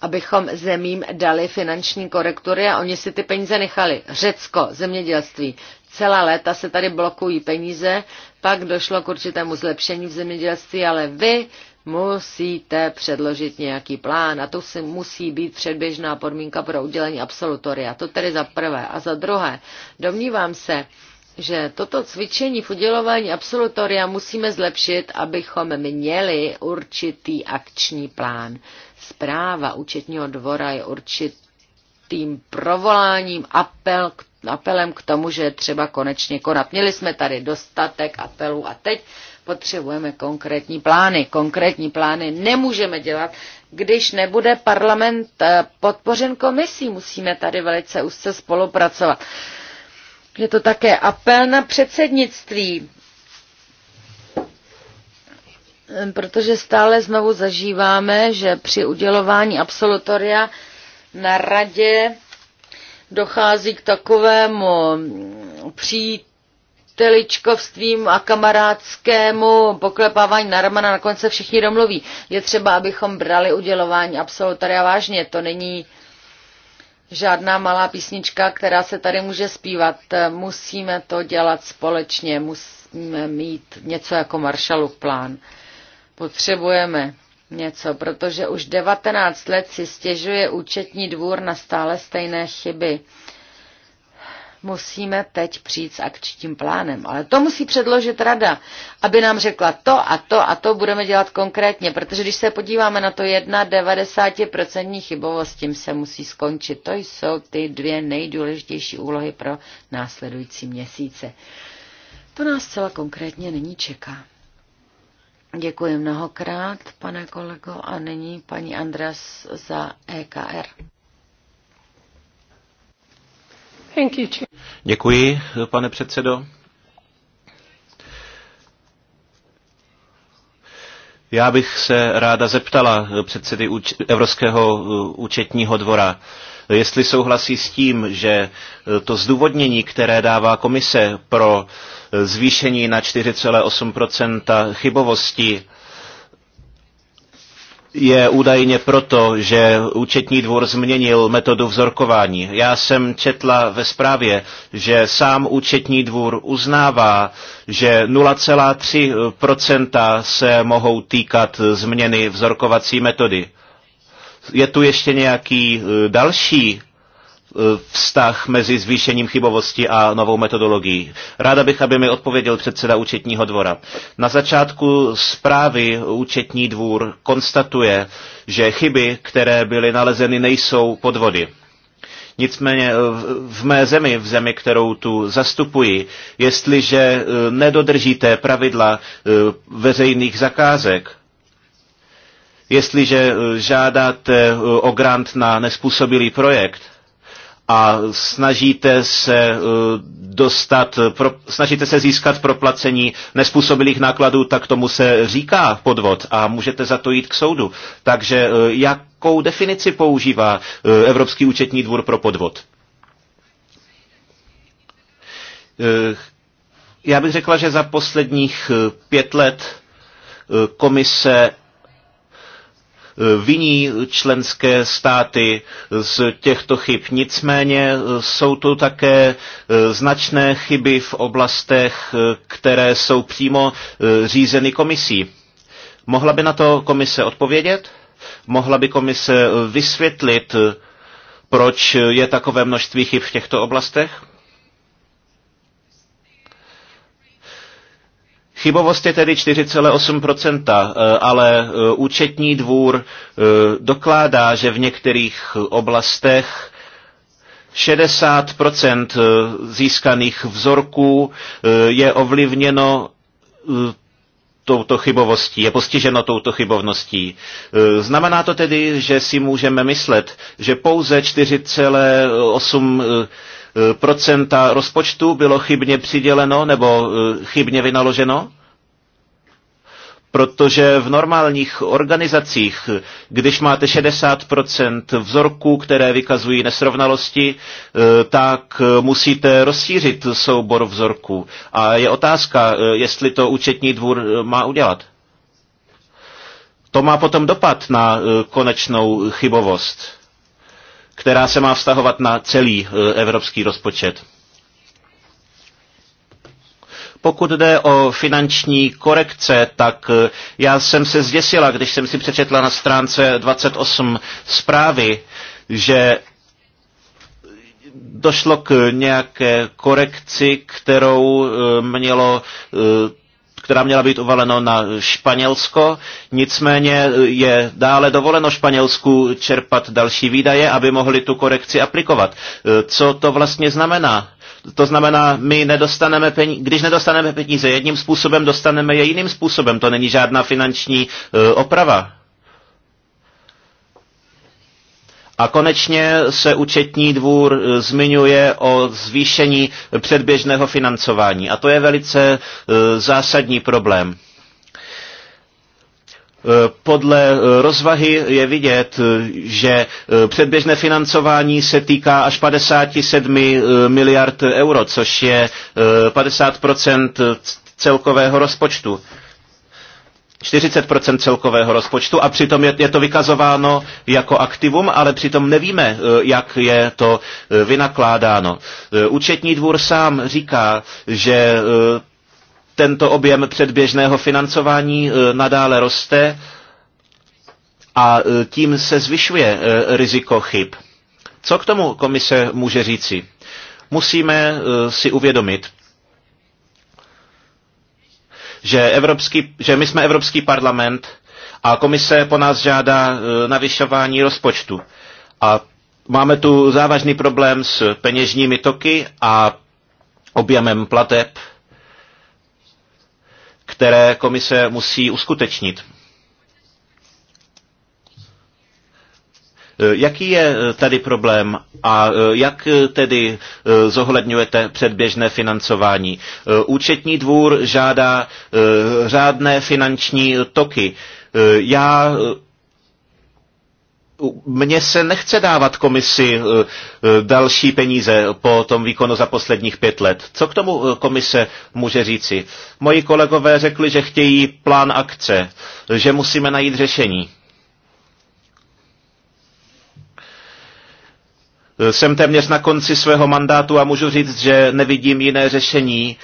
abychom zemím dali finanční korektury a oni si ty peníze nechali. Řecko, zemědělství. Celá léta se tady blokují peníze, pak došlo k určitému zlepšení v zemědělství, ale vy musíte předložit nějaký plán a to si musí být předběžná podmínka pro udělení absolutoria. To tedy za prvé. A za druhé, domnívám se, že toto cvičení v udělování absolutoria musíme zlepšit, abychom měli určitý akční plán. Zpráva účetního dvora je určitým provoláním, apel, apelem k tomu, že je třeba konečně konat. Měli jsme tady dostatek apelů a teď potřebujeme konkrétní plány. Konkrétní plány nemůžeme dělat, když nebude parlament eh, podpořen komisí. Musíme tady velice úzce spolupracovat. Uh, je to také apel na předsednictví, protože stále znovu zažíváme, že při udělování absolutoria na radě dochází k takovému příteličkovstvím a kamarádskému poklepávání na ramena, nakonec se všichni domluví. Je třeba, abychom brali udělování absolutoria vážně, to není žádná malá písnička, která se tady může zpívat. Musíme to dělat společně, musíme mít něco jako Marshallův plán. Potřebujeme něco, protože už 19 let si stěžuje účetní dvůr na stále stejné chyby musíme teď přijít s akčním plánem. Ale to musí předložit rada, aby nám řekla to a to a to budeme dělat konkrétně, protože když se podíváme na to 1,90% chybovost, tím se musí skončit. To jsou ty dvě nejdůležitější úlohy pro následující měsíce. To nás celá konkrétně není čeká. Děkuji mnohokrát, pane kolego, a nyní paní Andras za EKR. Děkuji, pane předsedo. Já bych se ráda zeptala předsedy Evropského uh, účetního dvora, jestli souhlasí s tím, že uh, to zdůvodnění, které dává komise pro uh, zvýšení na 4,8 chybovosti, je údajně proto, že účetní dvůr změnil metodu vzorkování. Já jsem četla ve zprávě, že sám účetní dvůr uznává, že 0,3% se mohou týkat změny vzorkovací metody. Je tu ještě nějaký eh, další E, vztah mezi zvýšením chybovosti a novou metodologií. Ráda bych, aby mi odpověděl předseda účetního dvora. Na začátku zprávy účetní dvůr konstatuje, že chyby, které byly nalezeny, nejsou podvody. Nicméně e, v mé zemi, v zemi, kterou tu zastupuji, jestliže e, nedodržíte pravidla veřejných zakázek, jestliže žádáte o grant na nespůsobilý projekt, a snažíte se eh, dostat, pro, snažíte se získat proplacení nespůsobilých nákladů, tak tomu se říká podvod a můžete za to jít k soudu. Takže eh, jakou definici používá eh, Evropský účetní dvůr pro podvod? Já bych řekla, že za posledních pět let komise viní členské státy z těchto chyb. Nicméně e, jsou tu také e, značné chyby v oblastech, e, které jsou přímo řízeny komisí. Mohla by na to komise odpovědět? Mohla by komise vysvětlit, proč je takové množství chyb v těchto oblastech? Chybovost je tedy 4,8%, eh, ale eh, účetní dvůr eh, dokládá, že v některých oblastech 60% získaných vzorků je ovlivněno touto chybovostí, je postiženo touto chybovností. Znamená to tedy, že si můžeme myslet, že pouze 4,8 procenta rozpočtu bylo chybně přiděleno nebo eh, chybně vynaloženo? Protože v normálních organizacích, když máte 60% vzorků, které vykazují nesrovnalosti, eh, tak eh, musíte rozšířit soubor vzorků. A je otázka, jestli to účetní dvůr má udělat. To má potom dopad na konečnou chybovost která se má vztahovat na celý e, evropský rozpočet. Pokud jde o finanční korekce, tak e, já jsem se zděsila, když jsem si přečetla na stránce 28 zprávy, že došlo k nějaké korekci, kterou e, mělo která měla být uvaleno na Španělsko. Nicméně e, je dále dovoleno Španělsku čerpat další výdaje, aby mohli tu korekci aplikovat. E, co to vlastně znamená? To znamená, my nedostaneme peníze, když nedostaneme peníze jedním způsobem, dostaneme je jiným způsobem. To není žádná finanční e, oprava. A konečně se účetní dvůr eh, zmiňuje o zvýšení předběžného financování. A to je velice eh, zásadní problém. Eh, podle rozvahy je vidět, že předběžné financování se týká až 57 miliard euro, což je 50 celkového rozpočtu. 40% celkového rozpočtu a přitom je, je to vykazováno jako aktivum, ale přitom nevíme, eh, jak je to eh, vynakládáno. Eh, účetní dvůr sám říká, že tento objem předběžného financování nadále roste a tím se zvyšuje riziko chyb. Co k tomu komise může říci? Musíme si uvědomit, že, Evropský, že my jsme Evropský parlament a komise po nás žádá e, navyšování rozpočtu. A máme tu závažný problém s peněžními toky a objemem plateb, které komise musí uskutečnit. Eh, jaký je eh, tedy problém a eh, jak tedy zohledňujete předběžné financování? Účetní dvůr žádá řádné finanční toky. Já mně se nechce dávat komisi další peníze po tom výkonu za posledních pět let. Co k tomu komise může říci? Moji kolegové řekli, že chtějí plán akce, že musíme najít řešení. Eh, jsem téměř na konci svého mandátu a můžu říct, že nevidím jiné řešení,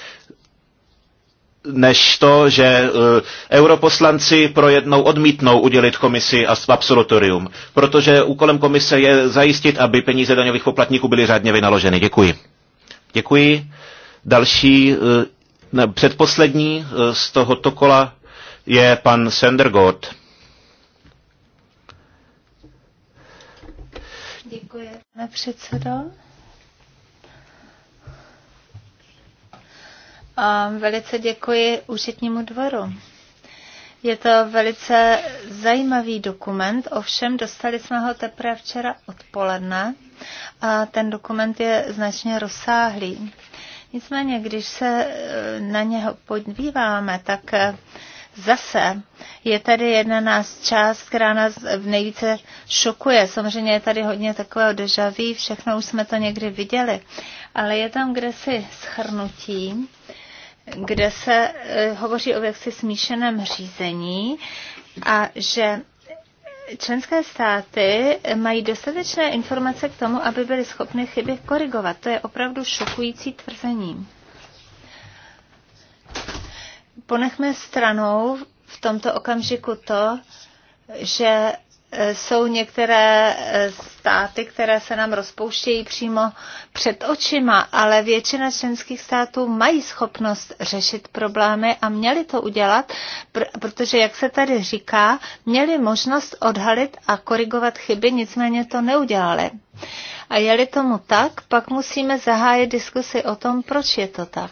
než to, že eh, europoslanci pro jednou odmítnou udělit komisi a absolutorium. Protože úkolem komise je zajistit, aby peníze daňových poplatníků byly řádně vynaloženy. Děkuji. Děkuji. Další, eh, ne, předposlední z tohoto kola je pan Sendergaard. Pane předsedo. A velice děkuji úřednímu dvoru. Je to velice zajímavý dokument, ovšem dostali jsme ho teprve včera odpoledne a ten dokument je značně rozsáhlý. Nicméně, když se eh, na něho podíváme, tak eh, Zase je tady jedna nás část, která nás nejvíce šokuje. Samozřejmě je tady hodně takového dežaví, všechno už jsme to někdy viděli, ale je tam kde si schrnutí, kde se eh, hovoří o jaksi smíšeném řízení a že členské státy mají dostatečné informace k tomu, aby byly schopny chyby korigovat. To je opravdu šokující tvrzení ponechme stranou v tomto okamžiku to, že e, jsou některé e, státy, které se nám rozpouštějí přímo před očima, ale většina členských států mají schopnost řešit problémy a měli to udělat, protože, jak se tady říká, měli možnost odhalit a korigovat chyby, nicméně to neudělali. A je-li tomu tak, pak musíme zahájit diskusi o tom, proč je to tak.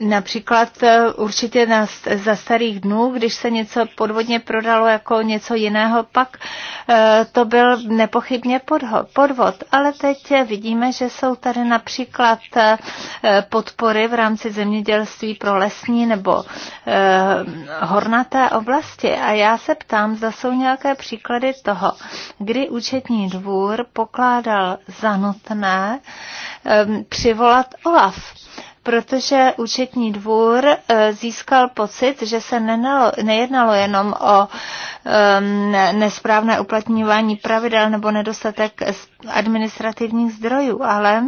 Například eh, určitě na, za starých dnů, když se něco podvodně prodalo jako něco jiného, pak eh, to byl nepochybně podvod. Ale teď vidíme, že jsou tady například eh, podpory v rámci zemědělství pro lesní nebo hornaté oblasti. A já se ptám, zda jsou nějaké příklady toho, kdy účetní dvůr pokládal za nutné přivolat OLAF protože účetní dvůr eh, získal pocit, že se nenalo, nejednalo jenom o ehm, nesprávné uplatňování pravidel nebo nedostatek administrativních zdrojů, ale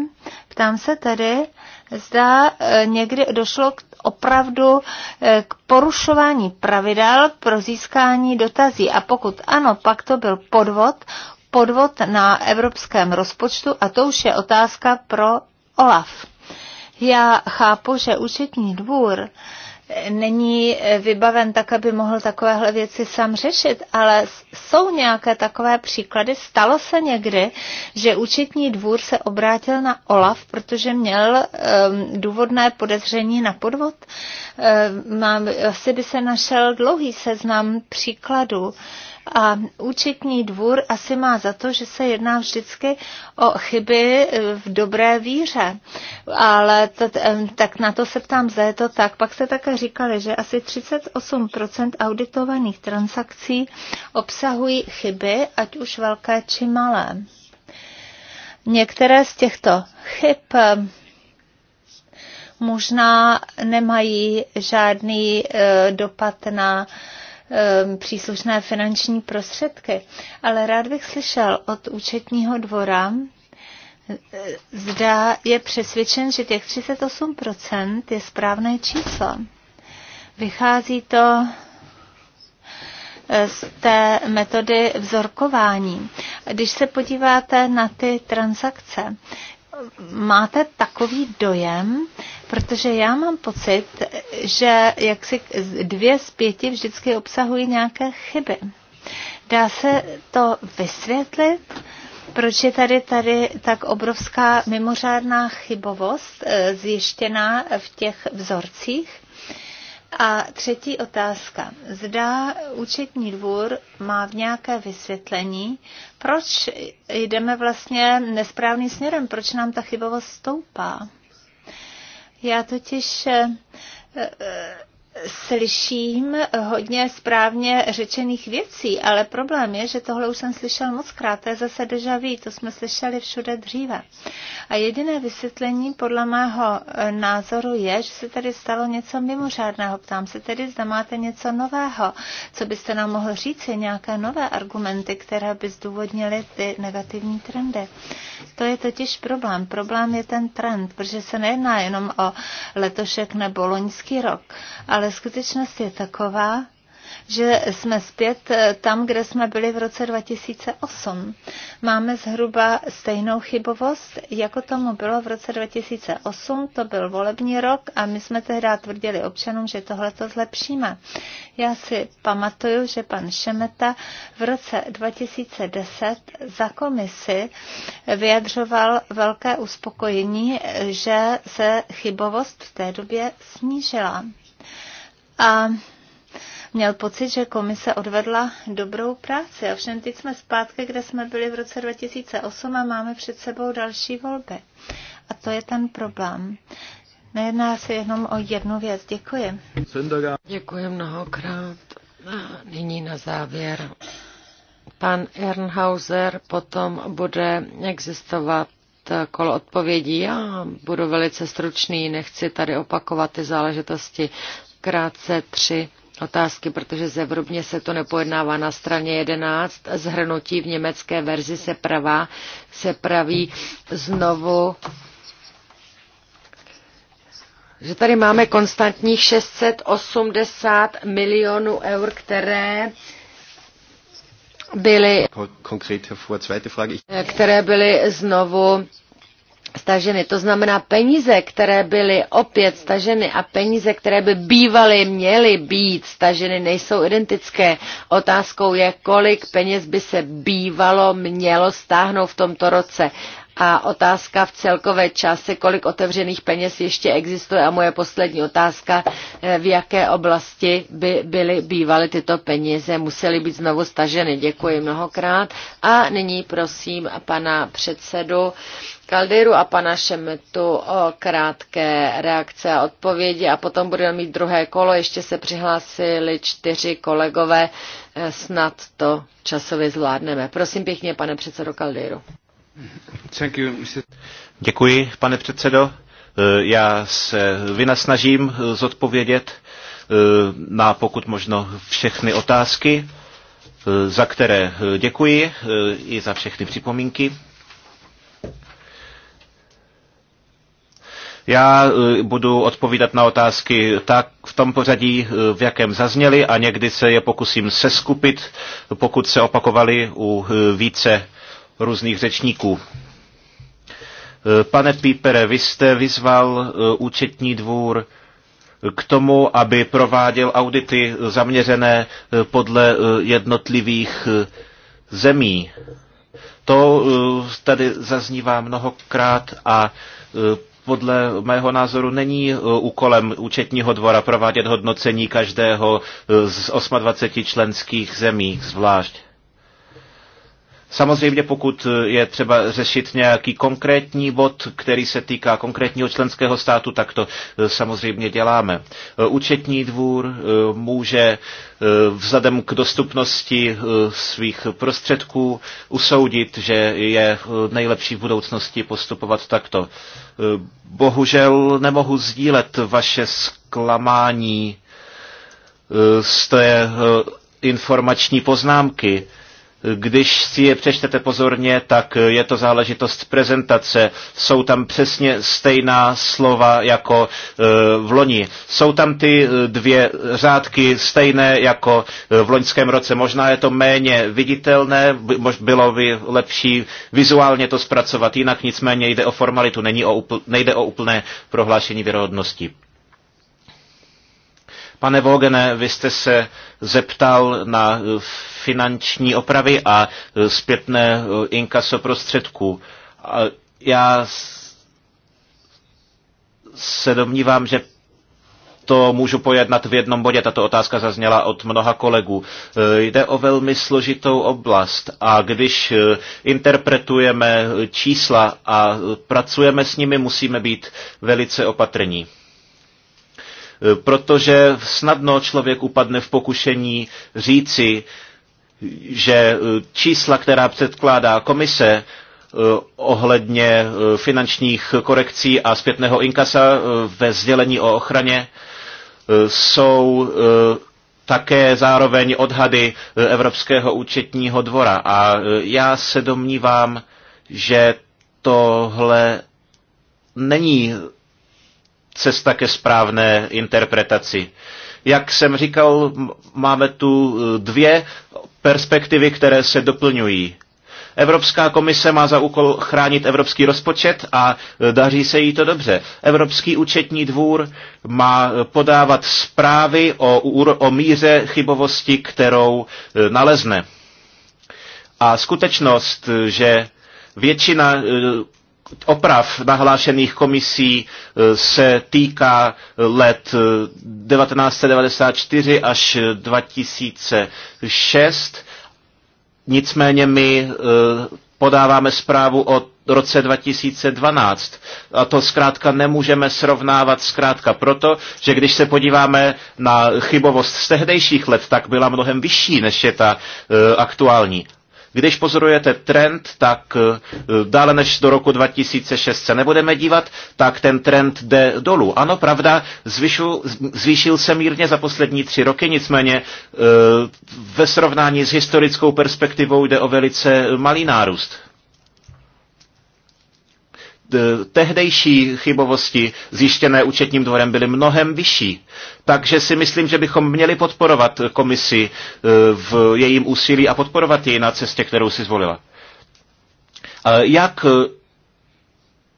ptám se tedy, zda eh, někdy došlo k opravdu eh, k porušování pravidel pro získání dotazí. A pokud ano, pak to byl podvod, podvod na evropském rozpočtu a to už je otázka pro OLAF. Já chápu, že účetní dvůr není vybaven tak, aby mohl takovéhle věci sám řešit, ale jsou nějaké takové příklady. Stalo se někdy, že účetní dvůr se obrátil na OLAF, protože měl um, důvodné podezření na podvod. Um, mám, asi by se našel dlouhý seznam příkladů. A účetní dvůr asi má za to, že se jedná vždycky o chyby eh, v dobré víře. Ale to, eh, tak na to se ptám, zda je to tak. Pak se také říkali, že asi 38% auditovaných transakcí obsahují chyby, ať už velké či malé. Některé z těchto chyb eh, možná nemají žádný dopad na Ehm, příslušné finanční prostředky. Ale rád bych slyšel od účetního dvora, eh, zda je přesvědčen, že těch 38% je správné číslo. Vychází to eh, z té metody vzorkování. Když se podíváte na ty transakce, máte takový dojem, protože já mám pocit, že jak si dvě z pěti vždycky obsahují nějaké chyby. Dá se to vysvětlit? Proč je tady, tady tak obrovská mimořádná chybovost e, zjištěná v těch vzorcích? A třetí otázka. Zda účetní dvůr má v nějaké vysvětlení, proč jdeme vlastně nesprávným směrem, proč nám ta chybovost stoupá. Já totiž eh, eh, slyším hodně správně řečených věcí, ale problém je, že tohle už jsem slyšel moc krát, to je zase deja vu, to jsme slyšeli všude dříve. A jediné vysvětlení podle mého eh, názoru je, že se tady stalo něco mimořádného. Ptám se tedy, zda máte něco nového, co byste nám mohl říct, je nějaké nové argumenty, které by zdůvodnily ty negativní trendy. To je totiž problém. Problém je ten trend, protože se nejedná jenom o letošek nebo loňský rok, ale ale skutečnost je taková, že jsme zpět eh, tam, kde jsme byli v roce 2008. Máme zhruba stejnou chybovost, jako tomu bylo v roce 2008, to byl volební rok a my jsme tehdy tvrdili občanům, že tohle to zlepšíme. Já si pamatuju, že pan Šemeta v roce 2010 za komisi vyjadřoval velké uspokojení, eh, že se chybovost v té době snížila a měl pocit, že komise odvedla dobrou práci. Ovšem teď jsme zpátky, kde jsme byli v roce 2008 a máme před sebou další volby. A to je ten problém. Nejedná se jenom o jednu věc. Děkuji. Děkuji mnohokrát. A nyní na závěr. Pan Ernhauser potom bude existovat kolo odpovědí. Já budu velice stručný, nechci tady opakovat ty záležitosti krátce tři otázky, protože zevrubně se to nepojednává na straně 11. Zhrnutí v německé verzi se pravá, se praví znovu že tady máme konstantních 680 milionů eur, které byly, které byly znovu staženy. To znamená peníze, které byly opět staženy a peníze, které by bývaly měly být staženy, nejsou identické. Otázkou je, kolik peněz by se bývalo mělo stáhnout v tomto roce. A otázka v celkové čase, kolik otevřených peněz ještě existuje. A moje poslední otázka, eh, v jaké oblasti by byly bývaly tyto peníze, musely být znovu staženy. Děkuji mnohokrát. A nyní prosím pana předsedu Kalderu a pana Šemetu o krátké reakce a odpovědi a potom budeme mít druhé kolo. Ještě se přihlásili čtyři kolegové, eh, snad to časově zvládneme. Prosím pěkně, pane předsedo Kalderu. Děkuji, pane předsedo. E, já se vynasnažím e, zodpovědět e, na pokud možno všechny otázky, za které děkuji i za všechny připomínky. Já budu odpovídat na otázky tak v tom pořadí, v jakém zazněly a někdy se je pokusím seskupit, pokud se opakovaly u více různých řečníků. E, pane Pípere, vy jste vyzval e, účetní dvůr k tomu, aby prováděl audity zaměřené e, podle jednotlivých zemí. To tady zaznívá mnohokrát a podle mého názoru není úkolem účetního dvora provádět hodnocení každého z 28 členských zemí zvlášť. Samozřejmě pokud eh, je třeba řešit nějaký konkrétní bod, který se týká konkrétního členského státu, tak to eh, samozřejmě děláme. Eh, účetní dvůr může vzhledem k dostupnosti svých prostředků usoudit, že je nejlepší v budoucnosti postupovat takto. Bohužel nemohu sdílet vaše zklamání z té informační poznámky když si je přečtete pozorně, tak je to záležitost prezentace. Jsou tam přesně stejná slova jako e, v loni. Jsou tam ty e, dvě řádky stejné jako e, v loňském roce. Možná je to méně viditelné, bylo by lepší vizuálně to zpracovat. Jinak nicméně jde o formalitu, není o úpl, nejde o úplné prohlášení věrohodnosti. Pane Vogene, vy jste se zeptal na finanční opravy a e, zpětné e, inkaso prostředků. Já se domnívám, že to můžu pojednat v jednom bodě. Tato otázka zazněla od mnoha kolegů. E, jde o velmi složitou oblast a když interpretujeme čísla a pracujeme s nimi, musíme být velice opatrní. Protože snadno člověk upadne v pokušení říci, že e, čísla, která předkládá komise e, ohledně e, finančních korekcí a zpětného inkasa ve sdělení o ochraně, jsou také zároveň odhady Evropského účetního dvora. A já se domnívám, že tohle není cesta ke správné interpretaci. Jak jsem říkal, máme tu dvě perspektivy, které se doplňují. Evropská komise má za úkol chránit evropský rozpočet a e, daří se jí to dobře. Evropský účetní dvůr má e, podávat zprávy o, o míře chybovosti, kterou e, nalezne. A skutečnost, že většina oprav nahlášených komisí e, se týká e, let 1994 e, až 2006. Nicméně my podáváme zprávu o roce 2012. A to zkrátka nemůžeme srovnávat zkrátka proto, že když se podíváme na chybovost z tehdejších let, tak byla mnohem vyšší, než je ta e, aktuální. Když pozorujete trend, tak eh, dále než do roku 2006 se nebudeme dívat, tak ten trend jde dolů. Ano, pravda, zvyšu, zvýšil se mírně za poslední tři roky, nicméně eh, ve srovnání s historickou perspektivou jde o velice malý nárůst. Eh, tehdejší chybovosti zjištěné účetním dvorem byly mnohem vyšší. Takže si myslím, že bychom měli podporovat komisi eh, v jejím úsilí a podporovat ji na cestě, kterou si zvolila. Eh, jak,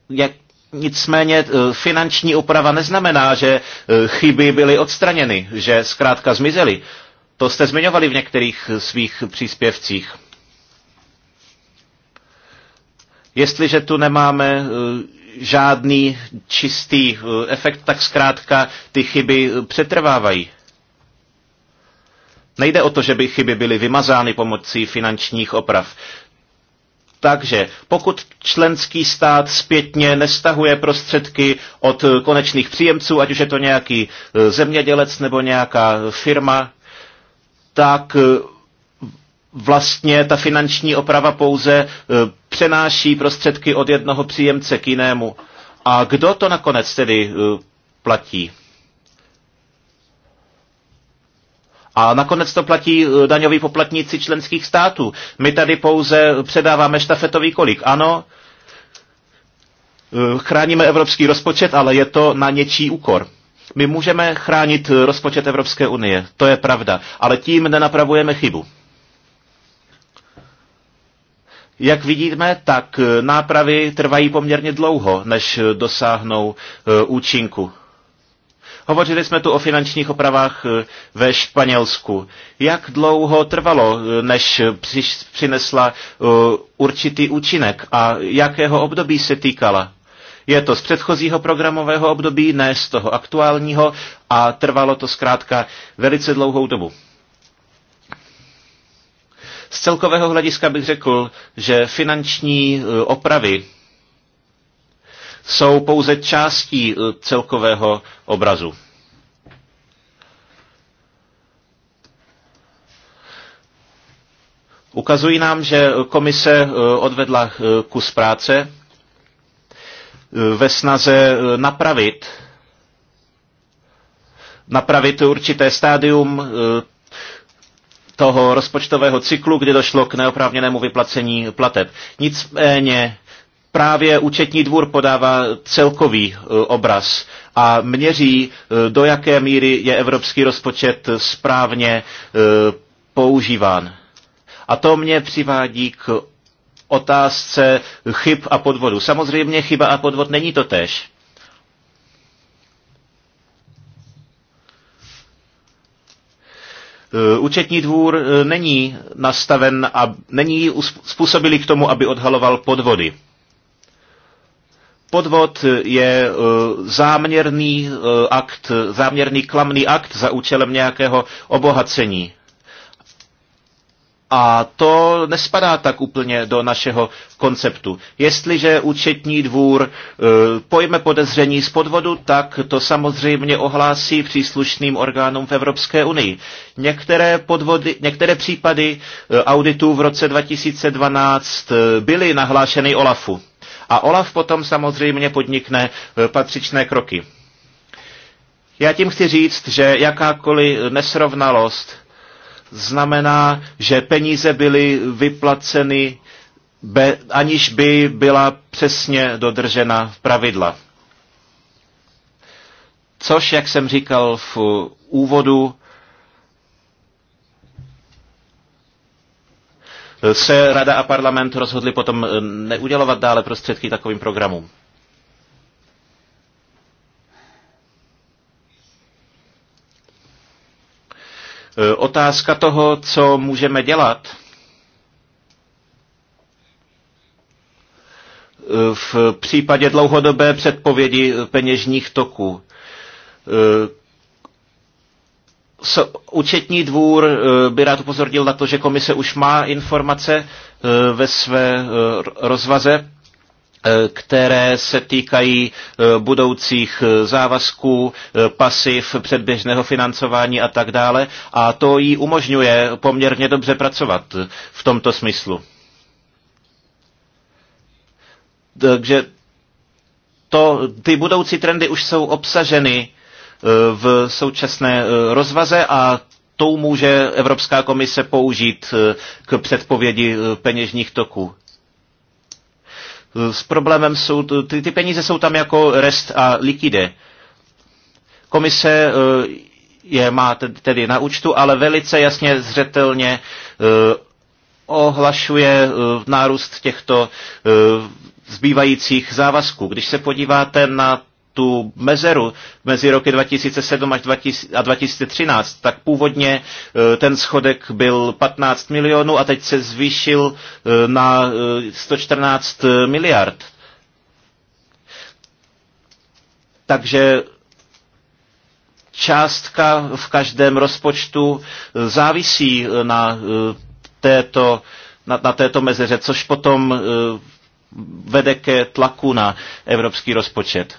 jak Nicméně finanční úprava neznamená, že chyby byly odstraněny, že zkrátka zmizely. To jste zmiňovali v některých svých příspěvcích. Jestliže tu nemáme eh, žádný čistý eh, efekt, tak zkrátka ty chyby eh, přetrvávají. Nejde o to, že by chyby byly vymazány pomocí finančních oprav. Takže pokud členský stát zpětně nestahuje prostředky od konečných příjemců, ať už je to nějaký zemědělec nebo nějaká firma, tak vlastně ta finanční oprava pouze e, přenáší prostředky od jednoho příjemce k jinému. A kdo to nakonec tedy e, platí? A nakonec to platí e, daňoví poplatníci členských států. My tady pouze předáváme štafetový kolik. Ano, chráníme evropský rozpočet, ale je to na něčí úkor. My můžeme chránit rozpočet Evropské unie, to je pravda, ale tím nenapravujeme chybu. Jak vidíme, tak eh, nápravy trvají poměrně dlouho, než eh, dosáhnou eh, účinku. Hovořili jsme tu o finančních opravách ve Španělsku. Jak dlouho trvalo, než přinesla určitý účinek a jakého období se týkala? Je to z předchozího programového období, ne z toho aktuálního a trvalo to zkrátka velice dlouhou dobu. Z celkového hlediska bych řekl, že finanční e, opravy jsou pouze částí e, celkového obrazu. Ukazují nám, že komise e, odvedla kus práce ve snaze napravit napravit určité stádium toho rozpočtového cyklu, kdy došlo k neoprávněnému vyplacení plateb. Nicméně právě účetní dvůr podává celkový e, obraz a měří, e, do jaké míry je evropský rozpočet správně e, používán. A to mě přivádí k otázce chyb a podvodu. Samozřejmě chyba a podvod není to tež. Eh, účetní dvůr eh, není nastaven a není způsobili k tomu, aby odhaloval podvody. Podvod je eh, záměrný akt, záměrný klamný akt za účelem nějakého obohacení. A to nespadá tak úplně do našeho konceptu. Jestliže účetní dvůr e, pojme podezření z podvodu, tak to samozřejmě ohlásí příslušným orgánům v Evropské unii. Některé, podvody, některé případy e, auditů v roce 2012 e, byly nahlášeny OLAFu. A OLAF potom samozřejmě podnikne patřičné kroky. Já tím chci říct, že jakákoliv nesrovnalost znamená, že peníze byly vyplaceny, be, aniž by byla přesně dodržena pravidla. Což, jak jsem říkal v úvodu, se Rada a parlament rozhodli potom neudělovat dále prostředky takovým programům. E, otázka toho, co můžeme dělat, e, v případě dlouhodobé předpovědi peněžních toků. E, účetní dvůr by rád upozornil na to, že komise už má informace ve své rozvaze Eh, které se týkají eh, budoucích eh, závazků, pasiv, předběžného financování a tak dále. A to jí umožňuje poměrně dobře pracovat v tomto smyslu. Takže to, ty budoucí trendy už jsou obsaženy v současné rozvaze a tou může Evropská komise použít k předpovědi peněžních toků. S problémem jsou, ty, ty peníze jsou tam jako rest a likide. Komise eh, je má tedy na účtu, ale velice jasně zřetelně eh, ohlašuje eh, nárůst těchto zbývajících závazků. Když se podíváte na tu mezeru mezi roky 2007 až 2000 a 2013, tak původně e, ten schodek byl 15 milionů a teď se zvýšil e, na 114 e, miliard. Takže částka v každém rozpočtu závisí na této, na, na této mezeře, což potom vede ke tlaku na evropský rozpočet.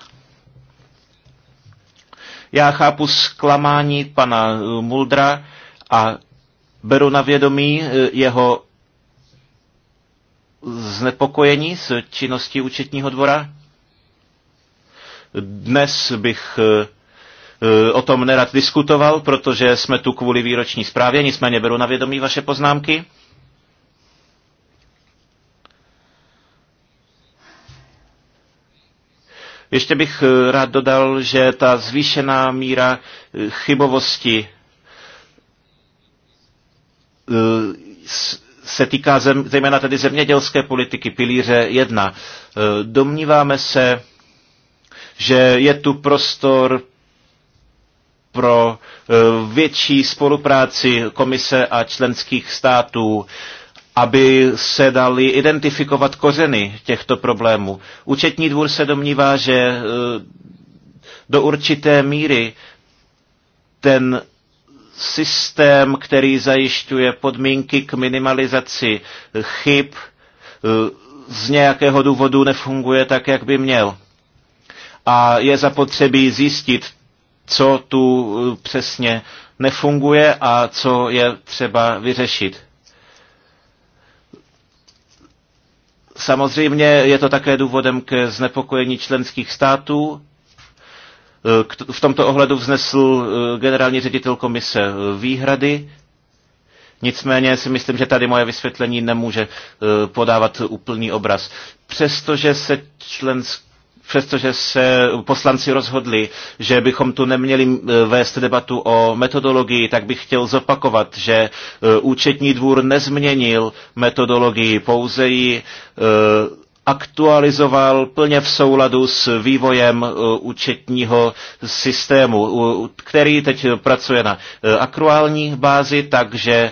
Já chápu zklamání pana eh, Muldra a beru na vědomí eh, jeho znepokojení s činností účetního dvora. Dnes bych eh, o tom nerad diskutoval, protože jsme tu kvůli výroční zprávě, nicméně beru na vědomí vaše poznámky. Ještě bych eh, rád dodal, že ta zvýšená míra eh, chybovosti eh, se týká zem, zejména tedy zemědělské politiky pilíře 1. Domníváme se, že je tu prostor pro větší spolupráci komise a členských států aby se dali identifikovat kořeny těchto problémů. Účetní dvůr se domnívá, že e, do určité míry ten systém, který zajišťuje podmínky k minimalizaci chyb, e, z nějakého důvodu nefunguje tak, jak by měl. A je zapotřebí zjistit, co tu e, přesně nefunguje a co je třeba vyřešit. Samozřejmě je to také důvodem ke znepokojení členských států. V tomto ohledu vznesl eh, generální ředitel komise eh, výhrady. Nicméně si myslím, že tady moje vysvětlení nemůže eh, podávat úplný obraz. Přestože se členské přestože se poslanci rozhodli, že bychom tu neměli eh, vést debatu o metodologii, tak bych chtěl zopakovat, že eh, účetní dvůr nezměnil metodologii, pouze ji eh, aktualizoval plně v souladu s vývojem uh, účetního systému, který teď pracuje na uh, akruální bázi, takže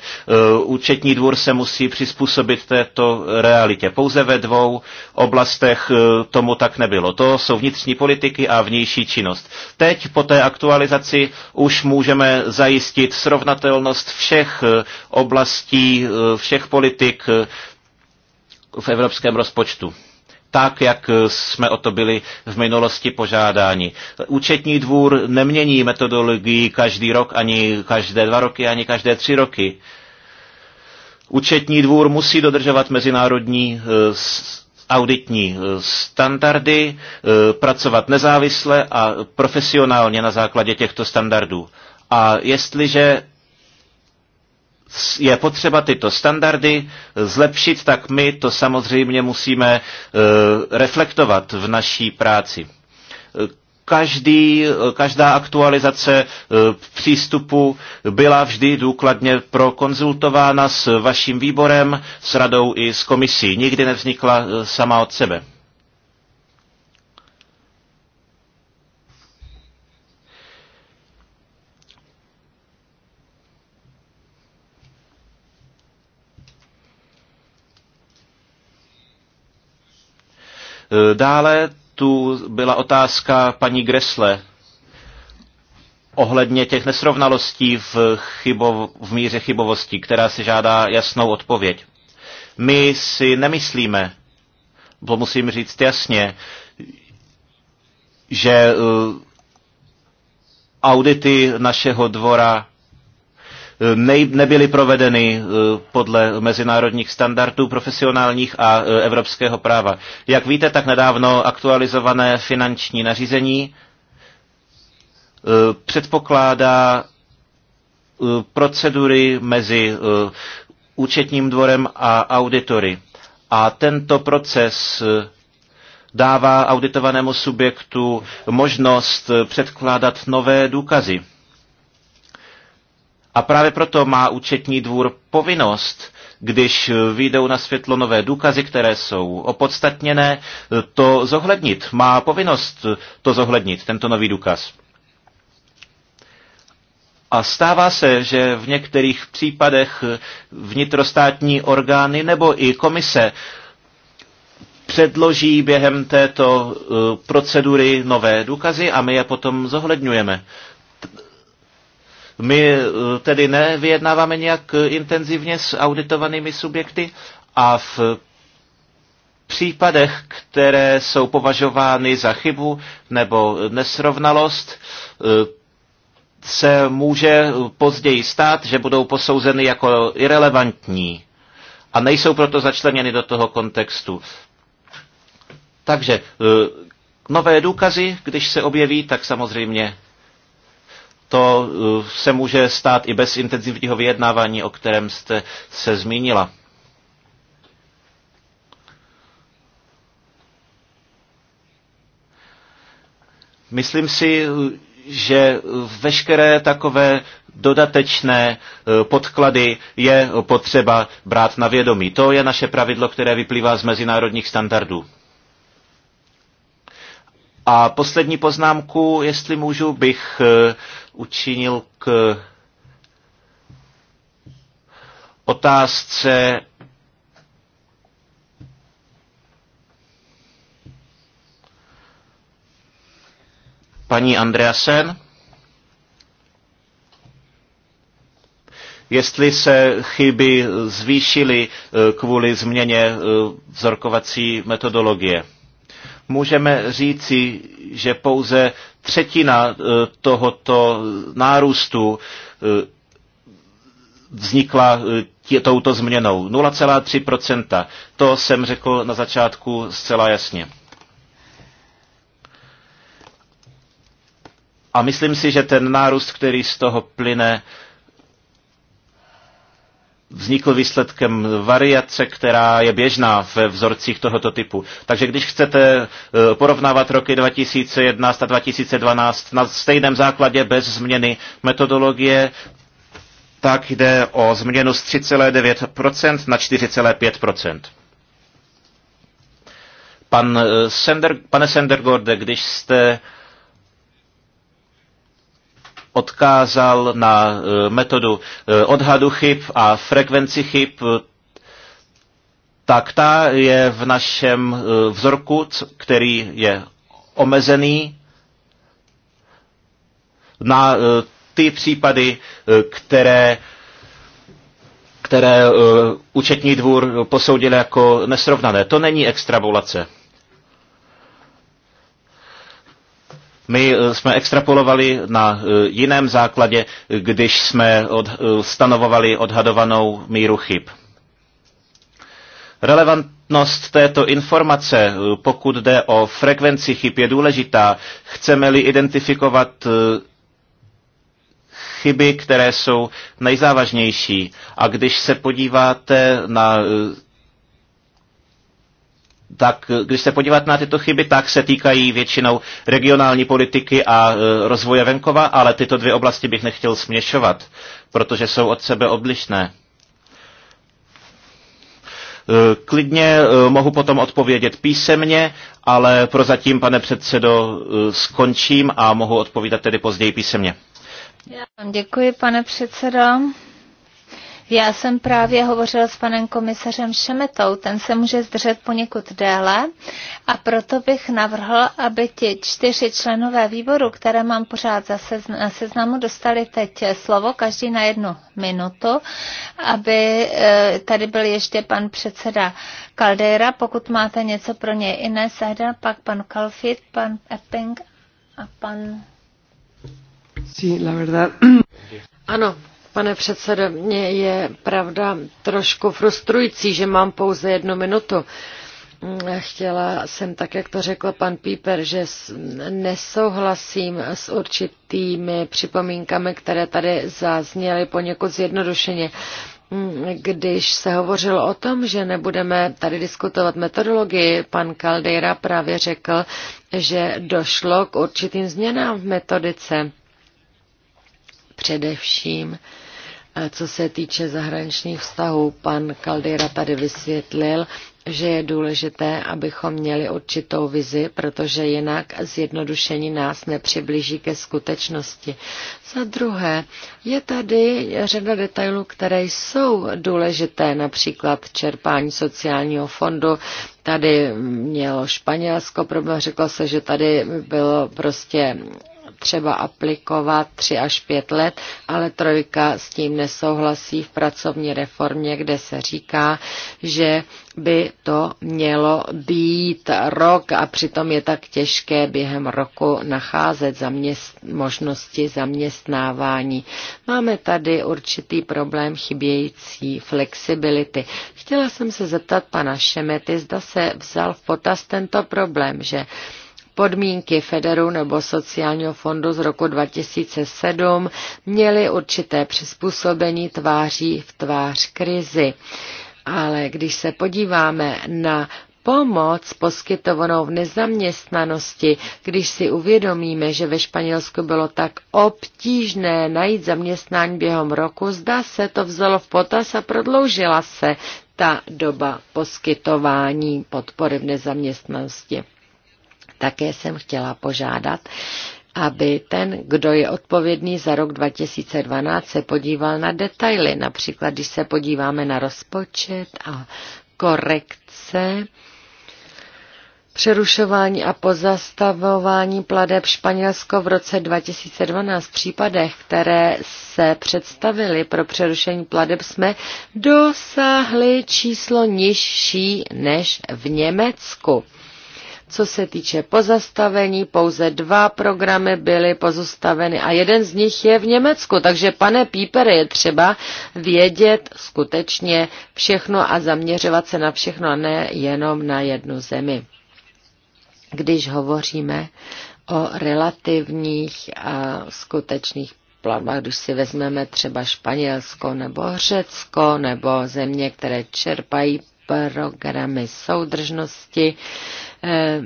uh, účetní dvůr se musí přizpůsobit této realitě. Pouze ve dvou oblastech tomu tak nebylo. To jsou vnitřní politiky a vnější činnost. Teď po té aktualizaci už můžeme zajistit srovnatelnost všech oblastí, všech politik, v evropském rozpočtu tak, jak eh, jsme o to byli v minulosti požádáni. Účetní dvůr nemění metodologii každý rok, ani každé dva roky, ani každé tři roky. Účetní dvůr musí dodržovat mezinárodní eh, auditní eh, standardy, pracovat nezávisle a profesionálně na základě těchto standardů. A jestliže je potřeba tyto standardy zlepšit, tak my to samozřejmě musíme eh, reflektovat v naší práci. Každý, každá aktualizace eh, přístupu byla vždy důkladně prokonzultována s vaším výborem, s radou i s komisí. Nikdy nevznikla eh, sama od sebe. E, dále tu byla otázka paní Gresle ohledně těch nesrovnalostí v, chybo, v míře chybovosti, která si žádá jasnou odpověď. My si nemyslíme, bo musím říct jasně, že e, audity našeho dvora Eh, nebyly provedeny eh, podle mezinárodních standardů profesionálních a eh, evropského práva. Jak víte, tak nedávno aktualizované finanční nařízení předpokládá procedury mezi účetním dvorem a auditory. A tento proces dává auditovanému subjektu možnost předkládat nové důkazy. A právě proto má účetní dvůr povinnost, když vyjdou na světlo nové důkazy, které jsou opodstatněné, to zohlednit. Má povinnost to zohlednit, tento nový důkaz. A stává se, že v některých případech vnitrostátní orgány nebo i komise předloží během této eh, procedury nové důkazy a my je potom zohledňujeme. My eh, tedy nevyjednáváme nějak eh, intenzivně s auditovanými subjekty a v případech, které jsou považovány za chybu nebo nesrovnalost, eh, se může později stát, že budou posouzeny jako irrelevantní a nejsou proto začleněny do toho kontextu. Takže nové důkazy, když se objeví, tak samozřejmě to eh, se může stát i bez intenzivního vyjednávání, o kterém jste se zmínila. Myslím si, že veškeré takové dodatečné eh, podklady je potřeba brát na vědomí. To je naše pravidlo, které vyplývá z mezinárodních standardů. A poslední poznámku, jestli můžu, bych eh, učinil k otázce paní Andreasen. Jestli se chyby zvýšily eh, kvůli změně eh, vzorkovací metodologie můžeme říci, že pouze třetina eh, tohoto nárůstu eh, vznikla eh, tě, touto změnou. 0,3%. To jsem řekl na začátku zcela jasně. A myslím si, že ten nárůst, který z toho plyne, vznikl výsledkem variace, která je běžná ve vzorcích tohoto typu. Takže když chcete eh, porovnávat roky 2011 a 2012 na stejném základě bez změny metodologie, tak jde o změnu z 3,9% na 4,5%. Pan eh, Sender, pane Sendergorde, když jste uh, odkázal na eh, metodu eh, odhadu chyb a frekvenci chyb, tak ta je v našem eh, vzorku, který je omezený na ty případy, které které účetní dvůr posoudil jako nesrovnané. To není extrapolace. My eh, jsme extrapolovali na eh, jiném základě, když jsme od, eh, stanovovali odhadovanou míru chyb. Relevantnost této informace, pokud jde o frekvenci chyb, je důležitá. Chceme-li identifikovat chyby, které jsou nejzávažnější. A když se podíváte na tak když se podívat na tyto chyby, tak se týkají většinou regionální politiky a e, rozvoje venkova, ale tyto dvě oblasti bych nechtěl směšovat, protože jsou od sebe odlišné. E, klidně e, mohu potom odpovědět písemně, ale prozatím, pane předsedo, skončím a mohu odpovídat tedy později písemně. Já vám děkuji, pane předsedo. Já jsem právě hovořila s panem komisařem Šemetou, ten se může zdržet poněkud déle a proto bych navrhl, aby ti čtyři členové výboru, které mám pořád za sezn- na seznamu, dostali teď slovo, každý na jednu minutu, aby eh, tady byl ještě pan předseda Caldera. pokud máte něco pro něj jiné, sehda, pak pan Kalfit, pan Epping a pan... Sí, la verdad. Ano, Pane předsedo, mě je pravda trošku frustrující, že mám pouze jednu minutu. Chtěla jsem, tak jak to řekl pan Píper, že nesouhlasím s určitými připomínkami, které tady zazněly poněkud zjednodušeně když se hovořilo o tom, že nebudeme tady diskutovat metodologii, pan Caldeira právě řekl, že došlo k určitým změnám v metodice. Především co se týče zahraničních vztahů, pan Caldera tady vysvětlil, že je důležité, abychom měli určitou vizi, protože jinak zjednodušení nás nepřiblíží ke skutečnosti. Za druhé, je tady řada detailů, které jsou důležité, například čerpání sociálního fondu. Tady mělo Španělsko problém, řeklo se, že tady bylo prostě třeba aplikovat 3 až 5 let, ale trojka s tím nesouhlasí v pracovní reformě, kde se říká, že by to mělo být rok a přitom je tak těžké během roku nacházet zaměst, možnosti zaměstnávání. Máme tady určitý problém chybějící flexibility. Chtěla jsem se zeptat pana Šemety, zda se vzal v potaz tento problém, že Podmínky Federu nebo sociálního fondu z roku 2007 měly určité přizpůsobení tváří v tvář krizi. Ale když se podíváme na pomoc poskytovanou v nezaměstnanosti, když si uvědomíme, že ve Španělsku bylo tak obtížné najít zaměstnání během roku, zda se to vzalo v potaz a prodloužila se ta doba poskytování podpory v nezaměstnanosti. Také jsem chtěla požádat, aby ten, kdo je odpovědný za rok 2012, se podíval na detaily. Například, když se podíváme na rozpočet a korekce, Přerušování a pozastavování pladeb Španělsko v roce 2012 v případech, které se představily pro přerušení pladeb, jsme dosáhli číslo nižší než v Německu. Co se týče pozastavení, pouze dva programy byly pozastaveny a jeden z nich je v Německu. Takže, pane Píper je třeba vědět skutečně všechno a zaměřovat se na všechno, a ne jenom na jednu zemi. Když hovoříme o relativních a skutečných když si vezmeme třeba Španělsko nebo Řecko nebo země, které čerpají programy soudržnosti, Eh,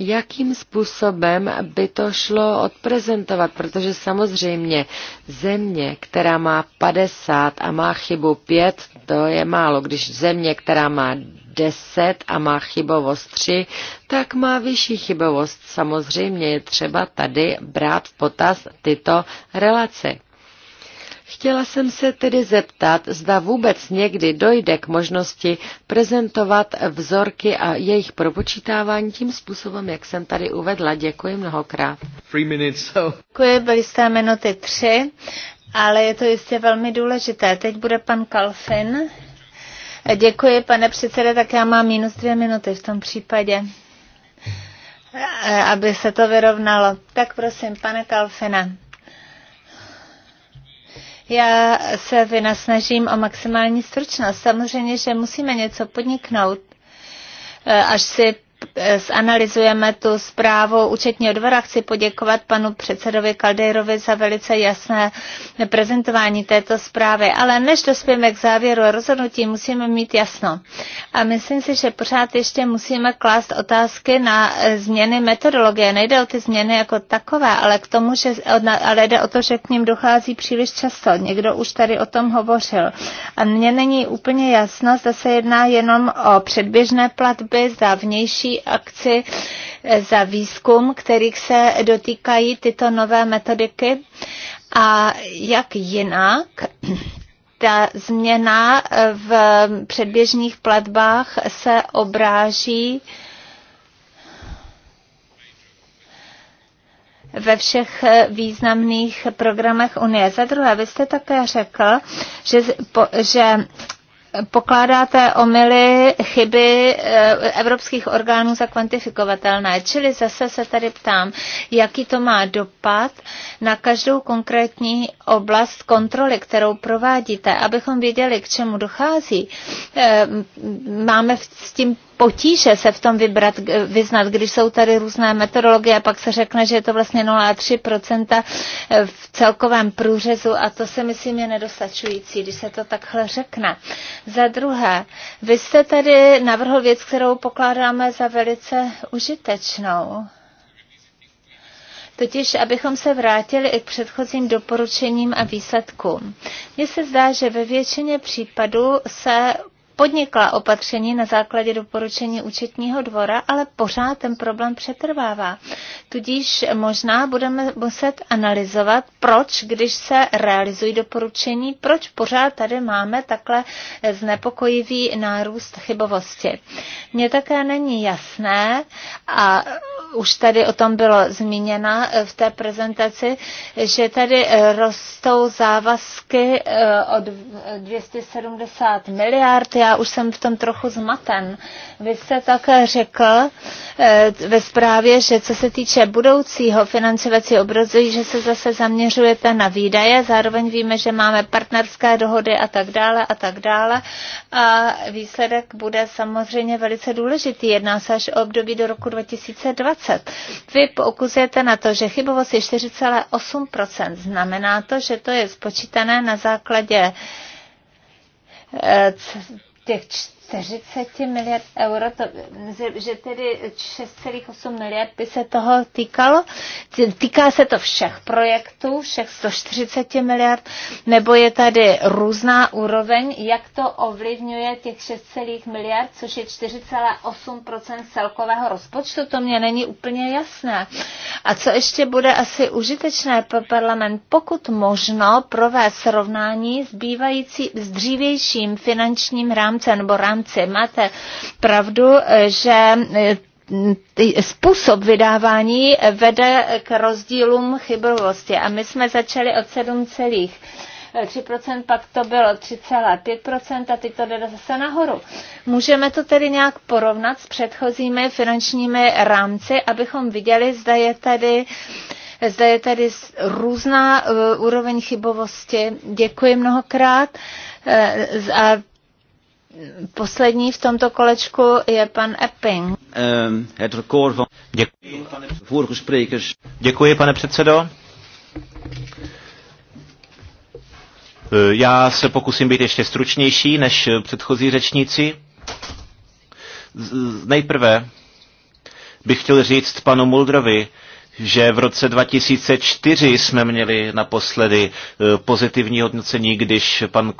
jakým způsobem by to šlo odprezentovat, protože samozřejmě země, která má 50 a má chybu 5, to je málo. Když země, která má 10 a má chybovost 3, tak má vyšší chybovost. Samozřejmě je třeba tady brát v potaz tyto relace. Chtěla jsem se tedy zeptat, zda vůbec někdy dojde k možnosti prezentovat vzorky a jejich propočítávání tím způsobem, jak jsem tady uvedla. Děkuji mnohokrát. Děkuji, byly jste minuty tři, ale je to jistě velmi důležité. Teď bude pan Kalfin. Děkuji, pane předsede, tak já mám minus dvě minuty v tom případě, aby se to vyrovnalo. Tak prosím, pane Kalfina. Já se vynasnažím o maximální stručnost. Samozřejmě, že musíme něco podniknout, eh, až si Eh, zanalizujeme tu zprávu účetního dvora, chci poděkovat panu předsedovi Kaldejrovi za velice jasné prezentování této zprávy. Ale než dospějeme k závěru a rozhodnutí, musíme mít jasno. A myslím si, že pořád ještě musíme klást otázky na eh, změny metodologie. Nejde o ty změny jako takové, ale, k tomu, že, ale jde o to, že k ním dochází příliš často. Někdo už tady o tom hovořil. A mně není úplně jasno, zda se jedná jenom o předběžné platby za vnější další akci eh, za výzkum, kterých se dotýkají tyto nové metodiky. A jak jinak, ta změna v předběžných platbách se obráží ve všech eh, významných programech Unie. Za druhé, vy jste také řekl, že, po, že pokládáte omily chyby eh, evropských orgánů za kvantifikovatelné. Čili zase se tady ptám, jaký to má dopad na každou konkrétní oblast kontroly, kterou provádíte, abychom věděli, k čemu dochází. Eh, máme s tím potíže se v tom vybrat, eh, vyznat, když jsou tady různé metodologie a pak se řekne, že je to vlastně 0,3% eh, v celkovém průřezu a to se myslím je nedostačující, když se to takhle řekne. Za druhé, vy jste tady navrhl věc, kterou pokládáme za velice užitečnou. Totiž, abychom se vrátili i k předchozím doporučením a výsledkům. Mně se zdá, že ve většině případů se podnikla opatření na základě doporučení účetního dvora, ale pořád ten problém přetrvává. Tudíž možná budeme muset analyzovat, proč, když se realizují doporučení, proč pořád tady máme takhle znepokojivý nárůst chybovosti. Mně také není jasné a už tady o tom bylo zmíněna v té prezentaci, že tady rostou závazky eh, od 270 miliard. Já já už jsem v tom trochu zmaten. Vy jste také řekl eh, ve zprávě, že co se týče budoucího financovacího obrazu, že se zase zaměřujete na výdaje, zároveň víme, že máme partnerské dohody a tak dále a tak dále a výsledek bude samozřejmě velice důležitý. Jedná se až o období do roku 2020. Vy poukazujete na to, že chybovost je 4,8%. Znamená to, že to je spočítané na základě eh, těch 40 miliard euro, to, že tedy 6,8 miliard by se toho týkalo. Týká se to všech projektů, všech 140 miliard, nebo je tady různá úroveň, jak to ovlivňuje těch 6, miliard, což je 4,8 celkového rozpočtu, to mě není úplně jasné. A co ještě bude asi užitečné pro parlament, pokud možno provést srovnání s, bývající, s dřívějším finančním rámcem nebo rámcem rámci. Máte pravdu, že eh, způsob vydávání vede k rozdílům chybovosti. A my jsme začali od 7 celých. 3%, pak to bylo 3,5% a teď to jde zase nahoru. Můžeme to tedy nějak porovnat s předchozími finančními rámci, abychom viděli, zda je tady zda je tady různá eh, úroveň chybovosti. Děkuji mnohokrát. Eh, a Poslední v tomto kolečku je pan Epping. Ehm, Děkuji, pane, Děkuji, pane předsedo. Eh, já se pokusím být ještě stručnější než eh, předchozí řečníci. Nejprve bych chtěl říct panu Muldrovi, že v roce 2004 jsme měli naposledy eh, pozitivní hodnocení, když pan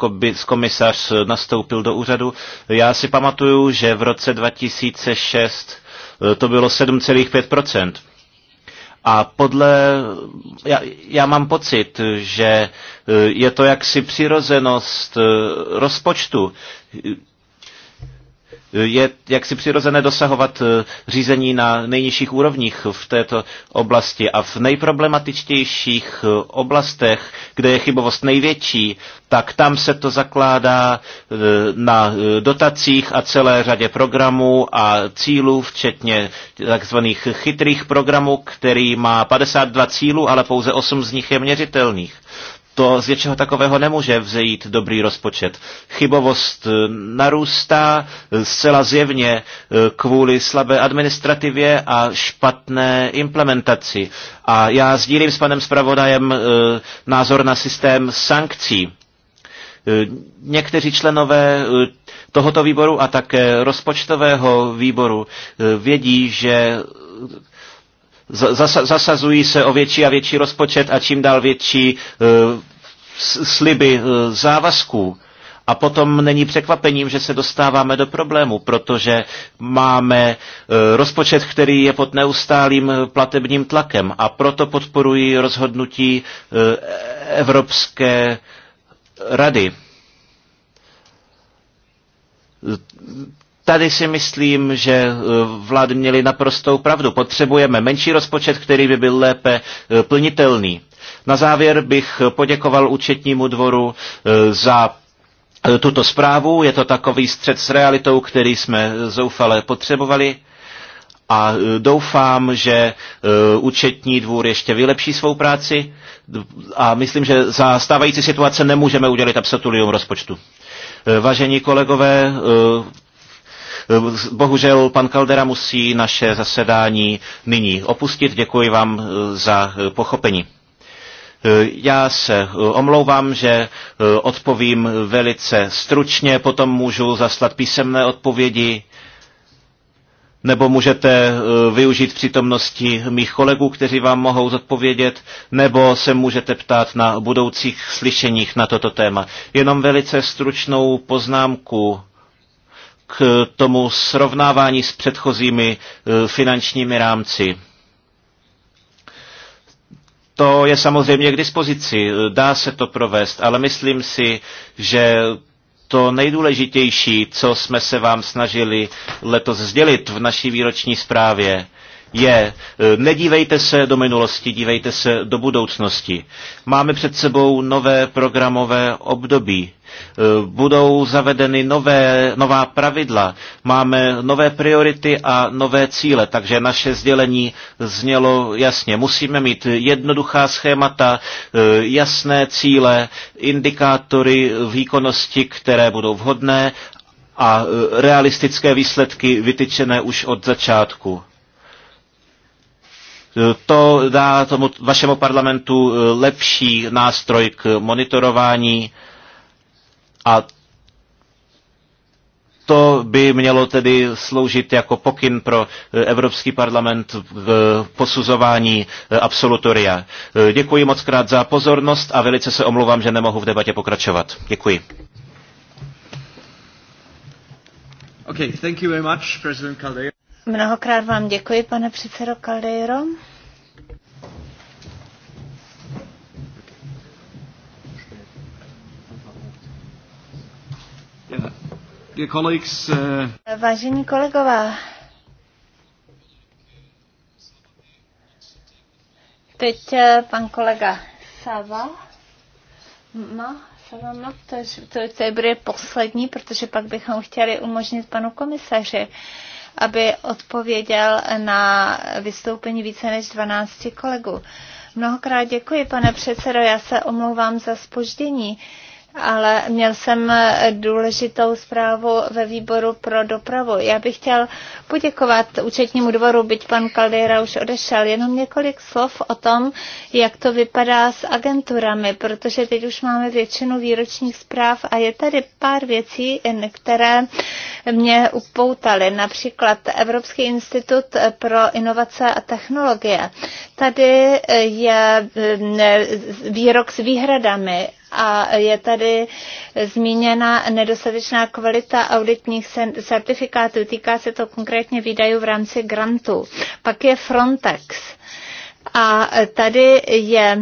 komisař nastoupil do úřadu. Já si pamatuju, že v roce 2006 eh, to bylo 7,5%. A podle, já, já mám pocit, že eh, je to jaksi přirozenost rozpočtu je jaksi přirozené dosahovat eh, řízení na nejnižších úrovních v této oblasti a v nejproblematičtějších eh, oblastech, kde je chybovost největší, tak tam se to zakládá eh, na dotacích a celé řadě programů a cílů, včetně takzvaných chytrých programů, který má 52 cílů, ale pouze 8 z nich je měřitelných to z něčeho takového nemůže vzejít dobrý rozpočet. Chybovost eh, narůstá eh, zcela zjevně eh, kvůli slabé administrativě a špatné implementaci. A já sdílím s panem zpravodajem názor na systém sankcí. Někteří členové tohoto výboru a také rozpočtového výboru vědí, že zasazují se o větší a větší rozpočet a čím dál větší e, sliby e, závazků. A potom není překvapením, že se dostáváme do problému, protože máme e, rozpočet, který je pod neustálým platebním tlakem a proto podporují rozhodnutí Evropské rady Tady si myslím, že eh, vlády měly naprostou pravdu. Potřebujeme menší rozpočet, který by byl lépe eh, plnitelný. Na závěr bych poděkoval účetnímu dvoru eh, za tuto zprávu. Je to takový střed s realitou, který jsme zoufale potřebovali. A doufám, že účetní dvůr ještě vylepší svou práci a myslím, že za stávající situace nemůžeme udělat absolutorium rozpočtu. Vážení kolegové, Bohužel pan Caldera musí naše zasedání nyní opustit. Děkuji vám eh, za eh, pochopení. Eh, já se omlouvám, že odpovím velice stručně, potom můžu zaslat písemné odpovědi, nebo můžete využít přítomnosti mých kolegů, kteří vám mohou zodpovědět, nebo se můžete ptát na budoucích slyšeních na toto téma. Jenom velice stručnou poznámku k tomu srovnávání s předchozími e, finančními rámci. To je samozřejmě k dispozici, e, dá se to provést, ale myslím si, že to nejdůležitější, co jsme se vám snažili letos sdělit v naší výroční zprávě, je e, nedívejte se do minulosti, dívejte se do budoucnosti. Máme před sebou nové programové období. E, budou zavedeny nové, nová pravidla, máme nové priority a nové cíle, takže naše sdělení znělo jasně. Musíme mít jednoduchá schémata, e, jasné cíle, indikátory výkonnosti, které budou vhodné a realistické výsledky vytyčené už od začátku. To dá tomu vašemu parlamentu eh, lepší nástroj k monitorování a to by mělo tedy sloužit jako pokyn pro eh, Evropský parlament v posuzování eh, absolutoria. Děkuji moc krát za pozornost a velice se omlouvám, že nemohu v debatě pokračovat. Děkuji. Okay, thank you very much, President Mnohokrát vám děkuji, pane předsedo Caldeiro. Uh, Vážení kolegové, teď eh, pan kolega Sava má Sava má, to, to, to bude poslední, protože pak bychom chtěli umožnit panu komisaři, aby odpověděl na vystoupení více než 12 kolegů. Mnohokrát děkuji, pane předsedo, já se omlouvám za spoždění. Uh, ale měl jsem důležitou zprávu ve výboru pro dopravu. Já bych chtěl poděkovat účetnímu dvoru, byť pan Kaldera už odešel, jenom několik slov o tom, jak to vypadá s agenturami, protože teď už máme většinu výročních zpráv a je tady pár věcí, které mě upoutaly. Například Evropský institut pro inovace a technologie. Tady je e, výrok s výhradami a je tady zmíněna nedostatečná kvalita auditních certifikátů. Týká se to konkrétně výdajů v rámci grantů. Pak je Frontex. A tady je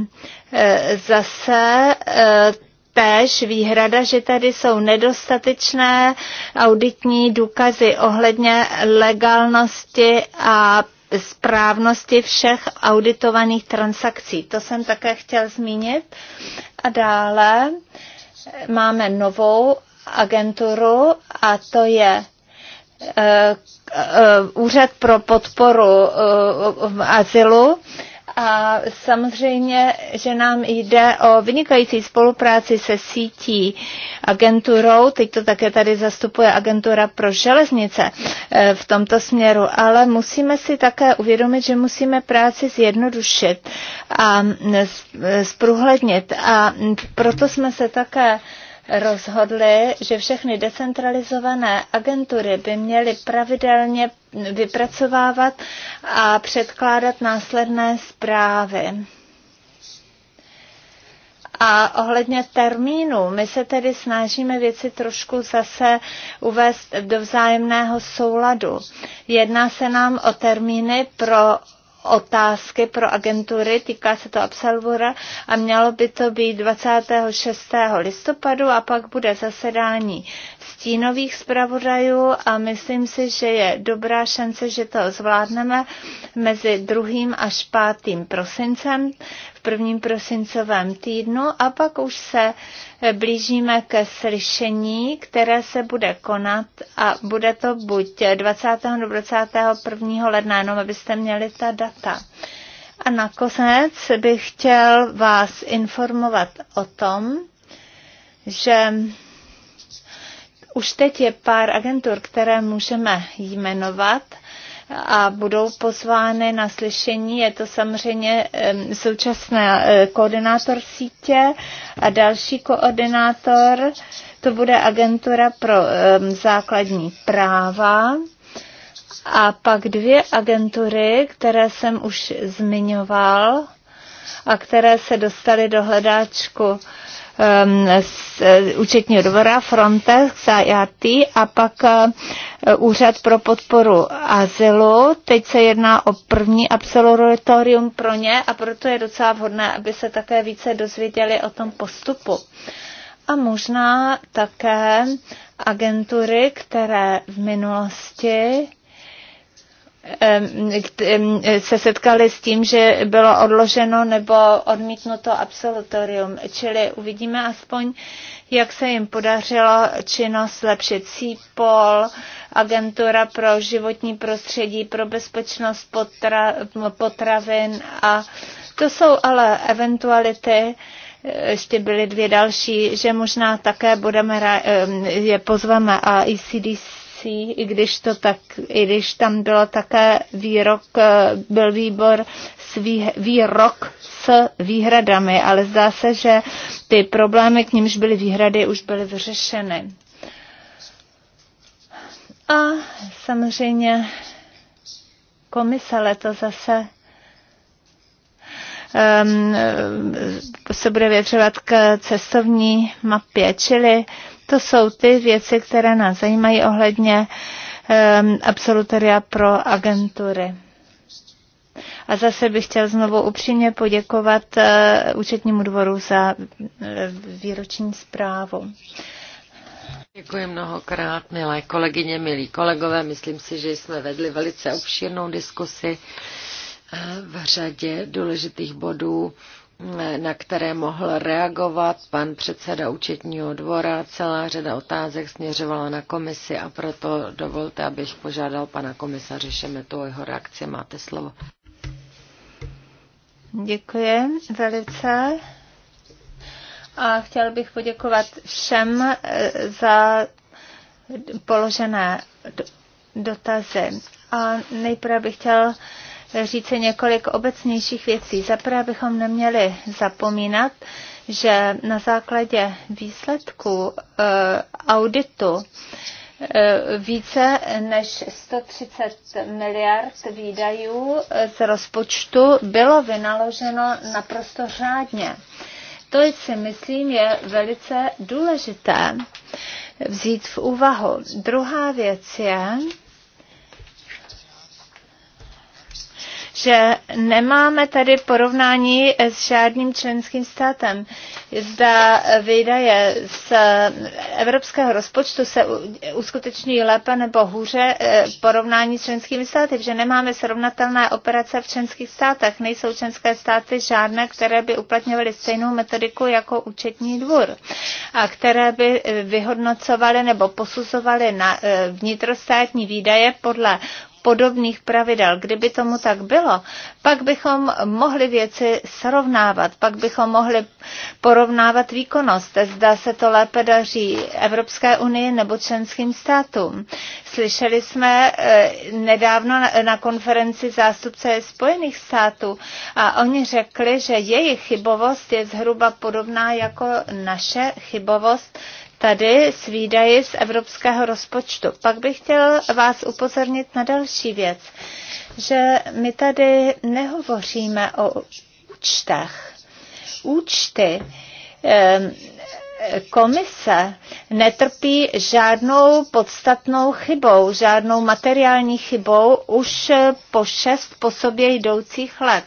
e, zase e, též výhrada, že tady jsou nedostatečné auditní důkazy ohledně legálnosti a správnosti všech auditovaných transakcí. To jsem také chtěl zmínit. A dále máme novou agenturu a to je eh, eh, Úřad pro podporu eh, azylu a samozřejmě, že nám jde o vynikající spolupráci se sítí agenturou, teď to také tady zastupuje agentura pro železnice eh, v tomto směru, ale musíme si také uvědomit, že musíme práci zjednodušit a mm, zpruhlednit. a mm, proto jsme se také rozhodli, že všechny decentralizované agentury by měly pravidelně vypracovávat a předkládat následné zprávy. A ohledně termínu, my se tedy snažíme věci trošku zase uvést do vzájemného souladu. Jedná se nám o termíny pro otázky pro agentury, týká se to Absolvora a mělo by to být 26. listopadu a pak bude zasedání stínových zpravodajů a myslím si, že je dobrá šance, že to zvládneme mezi 2. až 5. prosincem prvním prosincovém týdnu a pak už se blížíme ke slyšení, které se bude konat a bude to buď 20. nebo 21. ledna, jenom abyste měli ta data. A nakonec bych chtěl vás informovat o tom, že už teď je pár agentur, které můžeme jmenovat a budou pozvány na slyšení. Je to samozřejmě současný e, koordinátor sítě a další koordinátor. To bude agentura pro základní práva. A pak dvě agentury, které jsem už zmiňoval a které se dostaly do hledáčku z um, eh, účetního dvora, Frontex a JAT a pak eh, Úřad pro podporu azylu. Teď se jedná o první absolutorium pro ně a proto je docela vhodné, aby se také více dozvěděli o tom postupu. A možná také agentury, které v minulosti Ehm, ehm, se setkali s tím, že bylo odloženo nebo odmítnuto absolutorium. Čili uvidíme aspoň, jak se jim podařilo činnost lepšit CIPOL, Agentura pro životní prostředí, pro bezpečnost potra, potravin a to jsou ale eventuality, ještě byly dvě další, že možná také budeme, ehm, je pozveme a ECDC věcí, i když, to tak, i když tam bylo také výrok, eh, byl výbor s vý, výrok s výhradami, ale zdá se, že ty problémy, k nimž byly výhrady, už byly vyřešeny. A samozřejmě komise to zase um, se bude věřovat k cestovní mapě, čili to jsou ty věci, které nás zajímají ohledně um, absolutoria pro agentury. A zase bych chtěl znovu upřímně poděkovat uh, účetnímu dvoru za uh, výroční zprávu. Děkuji mnohokrát, milé kolegyně, milí kolegové. Myslím si, že jsme vedli velice obšírnou diskusi eh, v řadě důležitých bodů na které mohl reagovat pan předseda účetního dvora. Celá řada otázek směřovala na komisi a proto dovolte, abych požádal pana komisaře Šemetu o jeho reakci. Máte slovo. Děkuji velice. A chtěl bych poděkovat všem eh, za položené dotazy. A nejprve bych chtěl říci několik obecnějších věcí. Zaprvé bychom neměli zapomínat, že na základě výsledků eh, auditu eh, více než 130 miliard výdajů z rozpočtu bylo vynaloženo naprosto řádně. To si myslím je velice důležité vzít v úvahu. Druhá věc je, že nemáme tady porovnání s žádným členským státem. Zda výdaje z evropského rozpočtu se uskutečňují lépe nebo hůře eh, porovnání s členskými státy, že nemáme srovnatelné operace v členských státech. Nejsou členské státy žádné, které by uplatňovaly stejnou metodiku jako účetní dvůr a které by eh, vyhodnocovaly nebo posuzovaly na eh, vnitrostátní výdaje podle podobných pravidel. Kdyby tomu tak bylo, pak bychom mohli věci srovnávat, pak bychom mohli porovnávat výkonnost, zda se to lépe daří Evropské unii nebo členským státům. Slyšeli jsme eh, nedávno na konferenci zástupce Spojených států a oni řekli, že jejich chybovost je zhruba podobná jako naše chybovost tady s výdaji z evropského rozpočtu. Pak bych chtěl vás upozornit na další věc, že my tady nehovoříme o účtech. Účty ehm, komise netrpí žádnou podstatnou chybou, žádnou materiální chybou už po šest po sobě jdoucích let.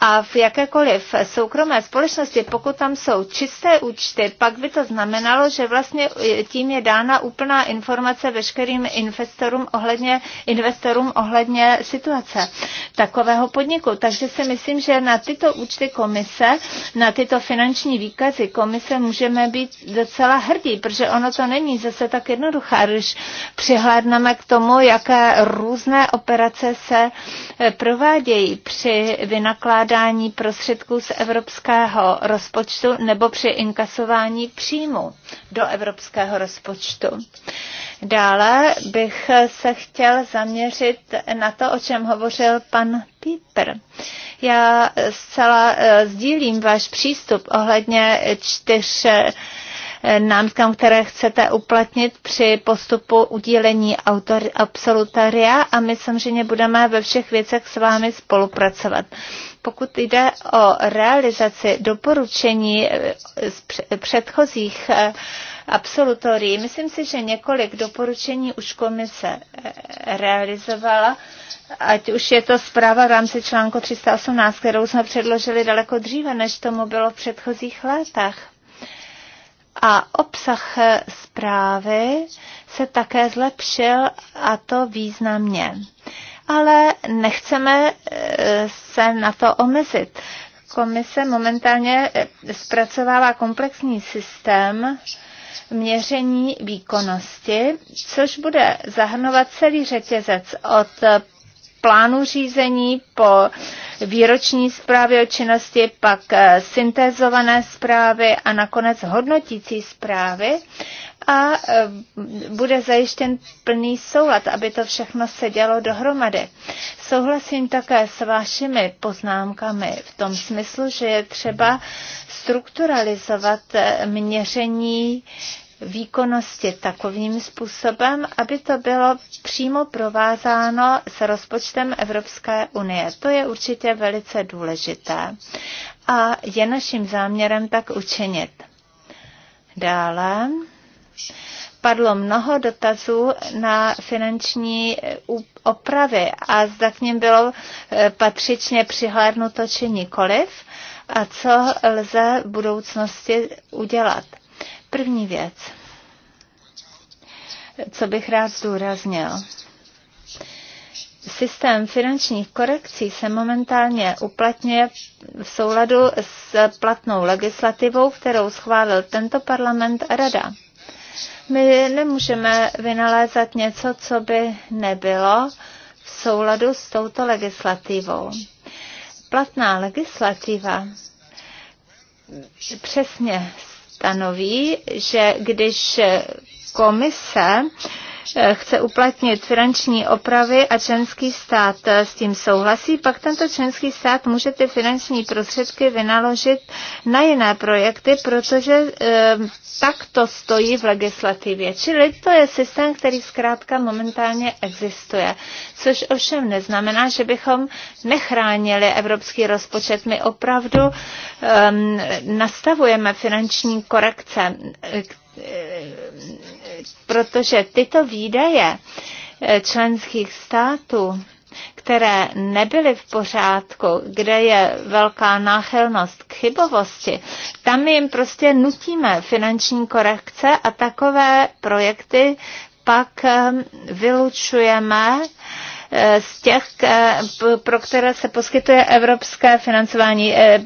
A v jakékoliv soukromé společnosti, pokud tam jsou čisté účty, pak by to znamenalo, že vlastně tím je dána úplná informace veškerým investorům ohledně, investorům ohledně situace takového podniku. Takže si myslím, že na tyto účty komise, na tyto finanční výkazy komise můžeme být docela hrdí, protože ono to není zase tak jednoduché, když přihlédneme k tomu, jaké různé operace se provádějí při vynakládání vynakládání prostředků z evropského rozpočtu nebo při inkasování příjmu do evropského rozpočtu. Dále bych se chtěl zaměřit na to, o čem hovořil pan Pieper. Já zcela eh, sdílím váš přístup ohledně čtyř námkám, které chcete uplatnit při postupu udílení autor, absolutaria a my samozřejmě budeme ve všech věcech s vámi spolupracovat. Pokud jde o realizaci doporučení eh, z předchozích eh, absolutorií, myslím si, že několik doporučení už komise eh, realizovala, ať už je to zpráva v rámci článku 318, kterou jsme předložili daleko dříve, než tomu bylo v předchozích letech a obsah eh, zprávy se také zlepšil a to významně. Ale nechceme eh, se na to omezit. Komise momentálně eh, zpracovává komplexní systém, měření výkonnosti, což bude zahrnovat celý řetězec od plánu řízení, po výroční zprávě o činnosti, pak eh, syntézované zprávy a nakonec hodnotící zprávy a eh, bude zajištěn plný soulad, aby to všechno se dělo dohromady. Souhlasím také s vašimi poznámkami v tom smyslu, že je třeba strukturalizovat eh, měření výkonnosti takovým způsobem, aby to bylo přímo provázáno s rozpočtem Evropské unie. To je určitě velice důležité a je naším záměrem tak učinit. Dále padlo mnoho dotazů na finanční opravy a zda k ním bylo eh, patřičně přihlédnuto či nikoliv a co lze v budoucnosti udělat. První věc, co bych rád zdůraznil. Systém finančních korekcí se momentálně uplatňuje v souladu s platnou legislativou, kterou schválil tento parlament a rada. My nemůžeme vynalézat něco, co by nebylo v souladu s touto legislativou. Platná legislativa přesně stanoví, že když komise Eh, chce uplatnit finanční opravy a členský stát eh, s tím souhlasí, pak tento členský stát může ty finanční prostředky vynaložit na jiné projekty, protože eh, tak to stojí v legislativě. Čili to je systém, který zkrátka momentálně existuje. Což ovšem neznamená, že bychom nechránili evropský rozpočet. My opravdu um, nastavujeme finanční korekce, protože tyto výdaje eh, členských států které nebyly v pořádku, kde je velká náchylnost k chybovosti, tam jim prostě nutíme finanční korekce a takové projekty pak eh, vylučujeme Eh, z těch, eh, pro které se poskytuje evropské financování. Eh,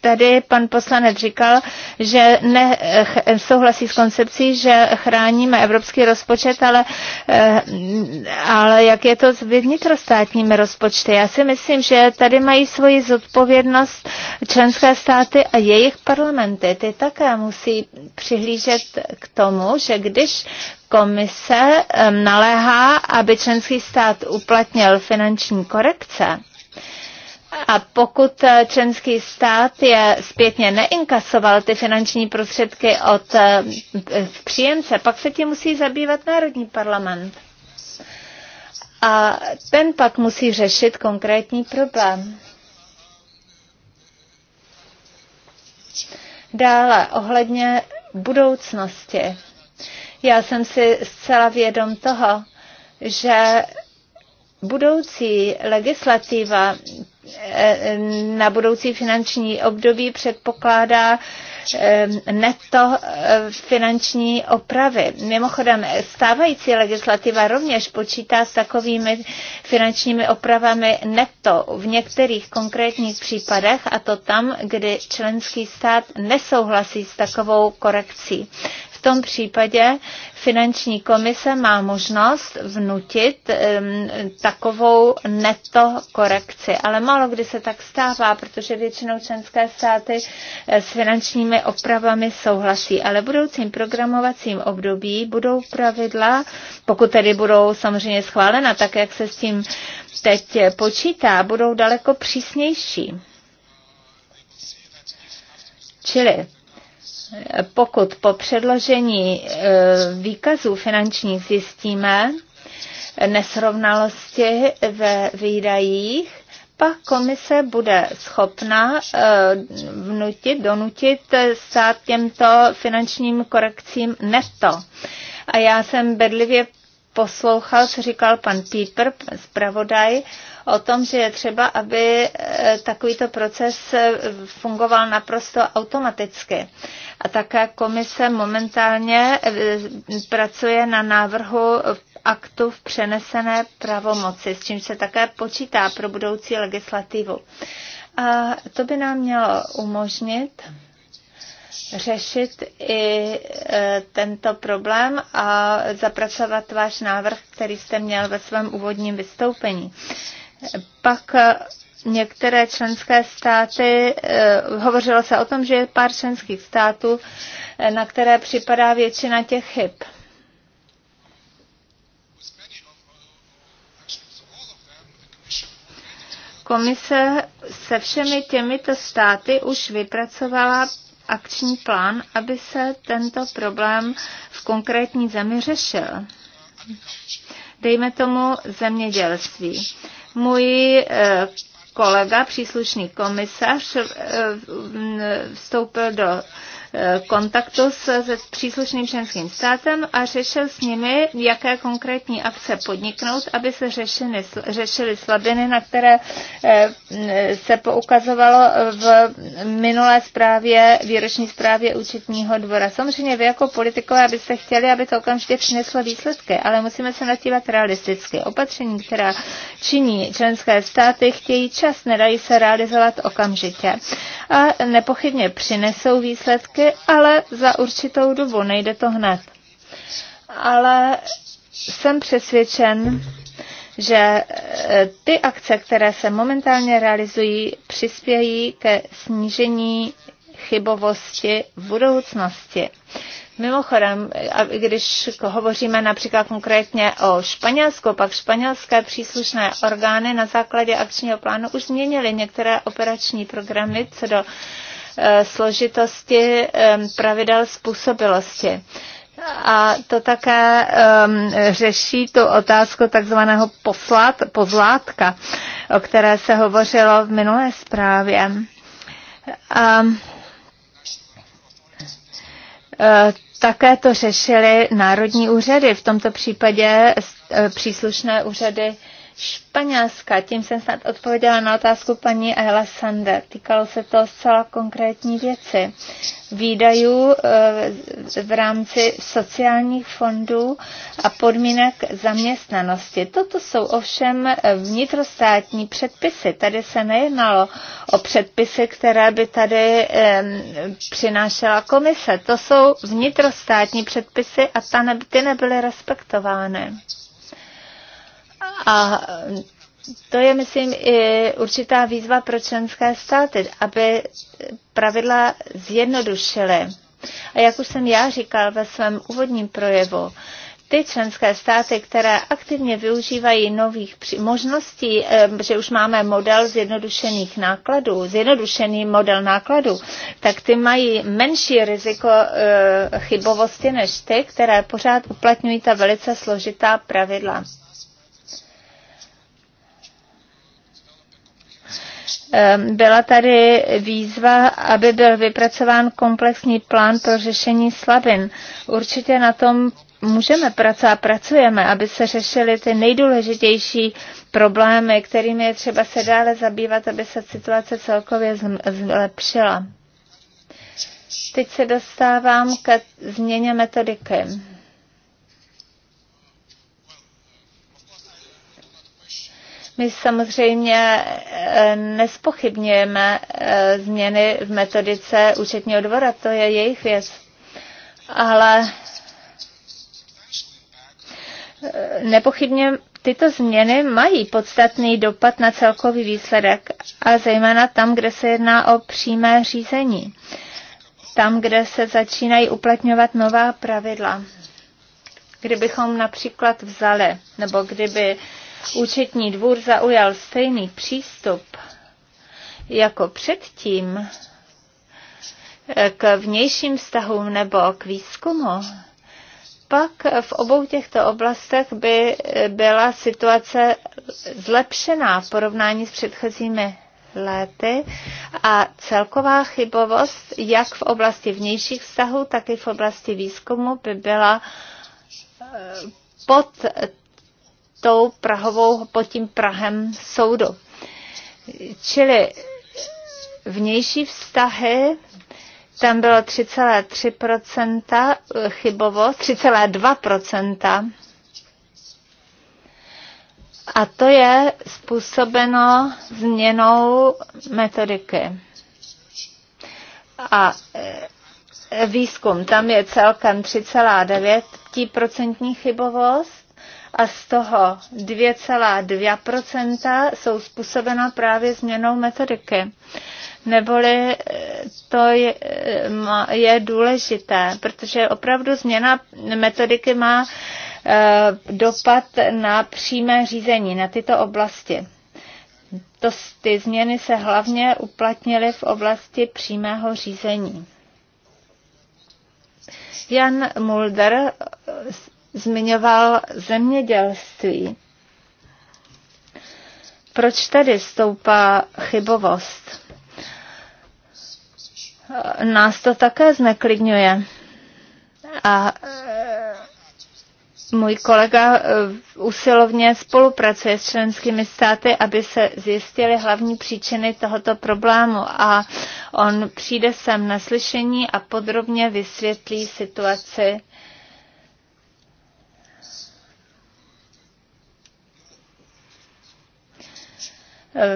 tady pan poslanec říkal, že ne souhlasí s koncepcí, že chráníme evropský rozpočet, ale, ale jak je to s vnitrostátními rozpočty? Já si myslím, že tady mají svoji zodpovědnost členské státy a jejich parlamenty. Ty také musí přihlížet k tomu, že když komise naléhá, aby členský stát uplatnil finanční korekce, a pokud eh, členský stát je zpětně neinkasoval ty finanční prostředky od eh, příjemce, pak se tím musí zabývat Národní parlament. A ten pak musí řešit konkrétní problém. Dále ohledně budoucnosti. Já jsem si zcela vědom toho, že budoucí legislativa eh, na budoucí finanční období předpokládá eh, neto eh, finanční opravy. Mimochodem, stávající legislativa rovněž počítá s takovými finančními opravami neto v některých konkrétních případech a to tam, kdy členský stát nesouhlasí s takovou korekcí. V tom případě finanční komise má možnost vnutit takovou neto korekci. Ale málo kdy se tak stává, protože většinou členské státy eh, s finančními opravami souhlasí. Ale v budoucím programovacím období budou pravidla, pokud tedy budou samozřejmě schválena, tak jak se s tím teď počítá, budou daleko přísnější. Čili pokud po předložení e, výkazů finančních zjistíme nesrovnalosti ve výdajích, pak komise bude schopna e, vnutit, donutit stát těmto finančním korekcím neto. A já jsem bedlivě poslouchal, co říkal pan Pieper, zpravodaj, o tom, že je třeba, aby eh, takovýto proces eh, fungoval naprosto automaticky. A také komise momentálně eh, pracuje na návrhu aktu v přenesené pravomoci, s čím se také počítá pro budoucí legislativu. A to by nám mělo umožnit řešit i tento problém a zapracovat váš návrh, který jste měl ve svém úvodním vystoupení. Pak eh, některé členské státy, eh, hovořilo se o tom, že je pár členských států, eh, na které připadá většina těch chyb. Komise se všemi těmito státy už vypracovala akční plán, aby se tento problém v konkrétní zemi řešil. Dejme tomu zemědělství. Můj eh, kolega, příslušný komisař, eh, vstoupil do Eh, kontaktu s, s příslušným členským státem a řešil s nimi, jaké konkrétní akce podniknout, aby se řešily, řešili slabiny, na které eh, se poukazovalo v minulé zprávě, výroční zprávě účetního dvora. Samozřejmě vy jako politikové byste chtěli, aby to okamžitě přineslo výsledky, ale musíme se natívat realisticky. Opatření, která činí členské státy, chtějí čas, nedají se realizovat okamžitě. A nepochybně přinesou výsledky, taky, ale za určitou dobu, nejde to hned. Ale jsem přesvědčen, že e, ty akce, které se momentálně realizují, přispějí ke snížení chybovosti v budoucnosti. Mimochodem, když hovoříme například konkrétně o Španělsku, pak španělské příslušné orgány na základě akčního plánu už změnily některé operační programy co do Eh, složitosti pravidel způsobilosti. A to také um, řeší tu otázku takzvaného pozlátka, o které se hovořilo v minulé zprávě. A, um, také to řešily národní úřady, v tomto případě eh, příslušné úřady Španělska. Tím jsem snad odpověděla na otázku paní Ayla Sande. Týkalo se to zcela konkrétní věci. Výdajů eh, v rámci sociálních fondů a podmínek zaměstnanosti. Toto jsou ovšem eh, vnitrostátní předpisy. Tady se nejednalo o předpisy, které by tady přinášela komise. To jsou vnitrostátní předpisy a ta ty nebyly respektovány. A to je, myslím, i určitá výzva pro členské státy, aby pravidla zjednodušily. A jak už jsem já říkal ve svém úvodním projevu, ty členské státy, které aktivně využívají nových možností, že už máme model zjednodušených nákladů, zjednodušený model nákladů, tak ty mají menší riziko e, chybovosti než ty, které pořád uplatňují ta velice složitá pravidla. Ehm, byla tady výzva, aby byl vypracován komplexní plán pro řešení slabin. Určitě na tom můžeme pracovat pracujeme, aby se řešily ty nejdůležitější problémy, kterými je třeba se dále zabývat, aby se situace celkově zlepšila. Teď se dostávám ke změně metodiky. My samozřejmě eh, nespochybňujeme eh, změny v metodice účetního dvora, to je jejich věc. Ale eh, nepochybně tyto změny mají podstatný dopad na celkový výsledek, a zejména tam, kde se jedná o přímé řízení, tam, kde se začínají uplatňovat nová pravidla. Kdybychom například vzali, nebo kdyby účetní dvůr zaujal stejný přístup jako předtím eh, k vnějším vztahům nebo k výzkumu, pak v obou těchto oblastech by eh, byla situace zlepšená v porovnání s předchozími léty a celková chybovost jak v oblasti vnějších vztahů, tak i v oblasti výzkumu by byla eh, pod tou prahovou, pod tím prahem soudu. Čili vnější vztahy, tam bylo 3,3% chybovost, 3,2%. A to je způsobeno změnou metodiky. A e, výzkum, tam je celkem 3,9% chybovost a z toho 2,2% jsou způsobena právě změnou metodiky. Neboli eh, to je, eh, je důležité, protože opravdu změna metodiky má eh, dopad na přímé řízení, na tyto oblasti. To, ty změny se hlavně uplatnily v oblasti přímého řízení. Jan Mulder zmiňoval zemědělství. Proč tady stoupá chybovost? Nás to také zneklidňuje. A e, můj kolega e, usilovně spolupracuje s členskými státy, aby se zjistily hlavní příčiny tohoto problému a on přijde sem na slyšení a podrobně vysvětlí situaci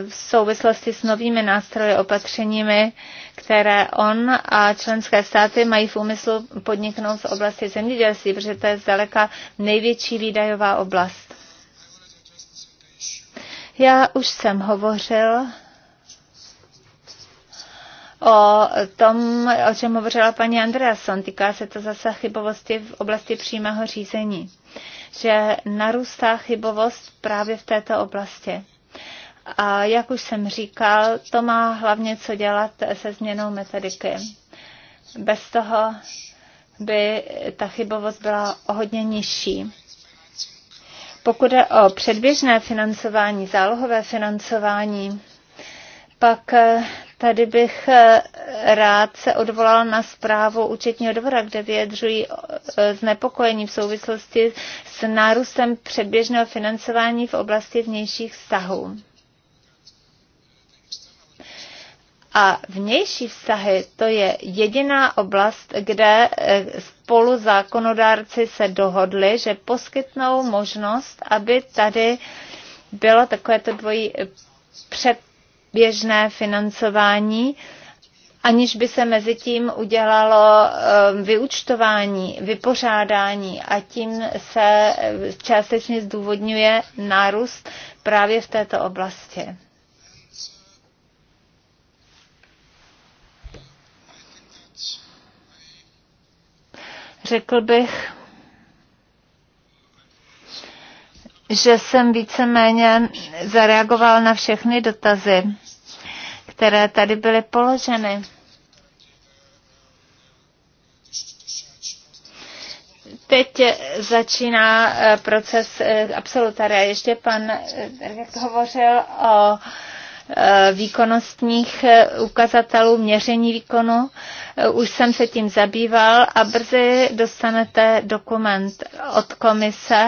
v souvislosti s novými nástroji opatřeními, které on a členské státy mají v úmyslu podniknout v oblasti zemědělství, protože to je zdaleka největší výdajová oblast. Já už jsem hovořil o tom, o čem hovořila paní Andreason. Týká se to zase chybovosti v oblasti přímého řízení. Že narůstá chybovost právě v této oblasti. A jak už jsem říkal, to má hlavně co dělat se změnou metodiky. Bez toho by ta chybovost byla o hodně nižší. Pokud je o předběžné financování, zálohové financování, pak eh, tady bych eh, rád se odvolal na zprávu účetního dvora, kde vyjadřují eh, znepokojení v souvislosti s nárůstem předběžného financování v oblasti vnějších vztahů. A vnější vztahy to je jediná oblast, kde eh, spolu zákonodárci se dohodli, že poskytnou možnost, aby tady bylo takovéto dvojí předběžné financování, aniž by se mezi tím udělalo eh, vyučtování, vypořádání a tím se eh, částečně zdůvodňuje nárůst právě v této oblasti. Řekl bych, že jsem víceméně zareagoval na všechny dotazy, které tady byly položeny. Teď začíná eh, proces eh, absolutaria. Ještě pan eh, hovořil o Eh, výkonnostních eh, ukazatelů, měření výkonu. Eh, už jsem se tím zabýval a brzy dostanete dokument od komise,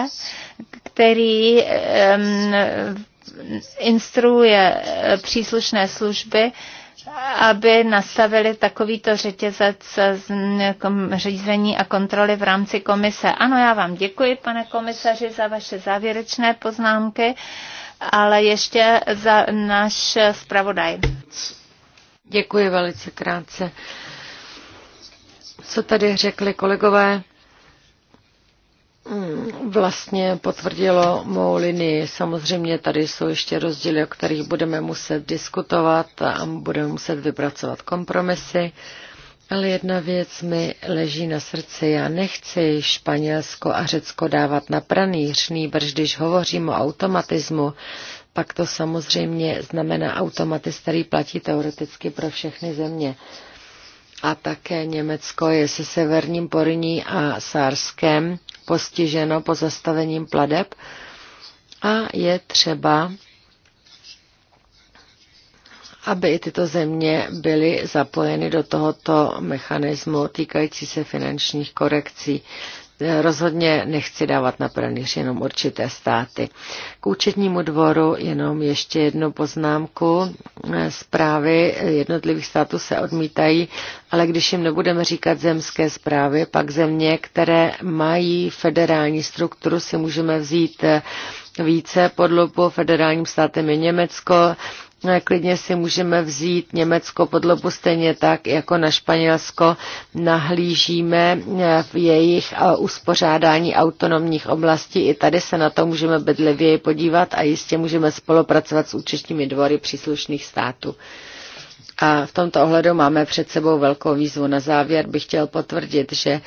který instruuje příslušné služby, aby nastavili takovýto řetězec řízení a kontroly v rámci komise. Ano, já vám děkuji, pane komisaři, za vaše závěrečné poznámky ale ještě za náš zpravodaj. Děkuji velice krátce. Co tady řekli kolegové? Hmm, vlastně potvrdilo mou linii. Samozřejmě tady jsou ještě rozdíly, o kterých budeme muset diskutovat a budeme muset vypracovat kompromisy. Ale jedna věc mi leží na srdci. Já nechci Španělsko a Řecko dávat na pranýř, nýbrž když hovořím o automatismu, pak to samozřejmě znamená automatist, který platí teoreticky pro všechny země. A také Německo je se severním Poryní a Sárskem postiženo pozastavením pladeb a je třeba aby tyto země byly zapojeny do tohoto mechanismu týkající se finančních korekcí. Rozhodně nechci dávat na pranýř jenom určité státy. K účetnímu dvoru jenom ještě jednu poznámku. Zprávy jednotlivých států se odmítají, ale když jim nebudeme říkat zemské zprávy, pak země, které mají federální strukturu, si můžeme vzít více pod lupu. Federálním státem je Německo, No klidně si můžeme vzít Německo podlobu stejně tak, jako na Španělsko nahlížíme eh, v jejich eh, uspořádání autonomních oblastí. I tady se na to můžeme bedlivěji podívat a jistě můžeme spolupracovat s účetními dvory příslušných států. A v tomto ohledu máme před sebou velkou výzvu. Na závěr bych chtěl potvrdit, že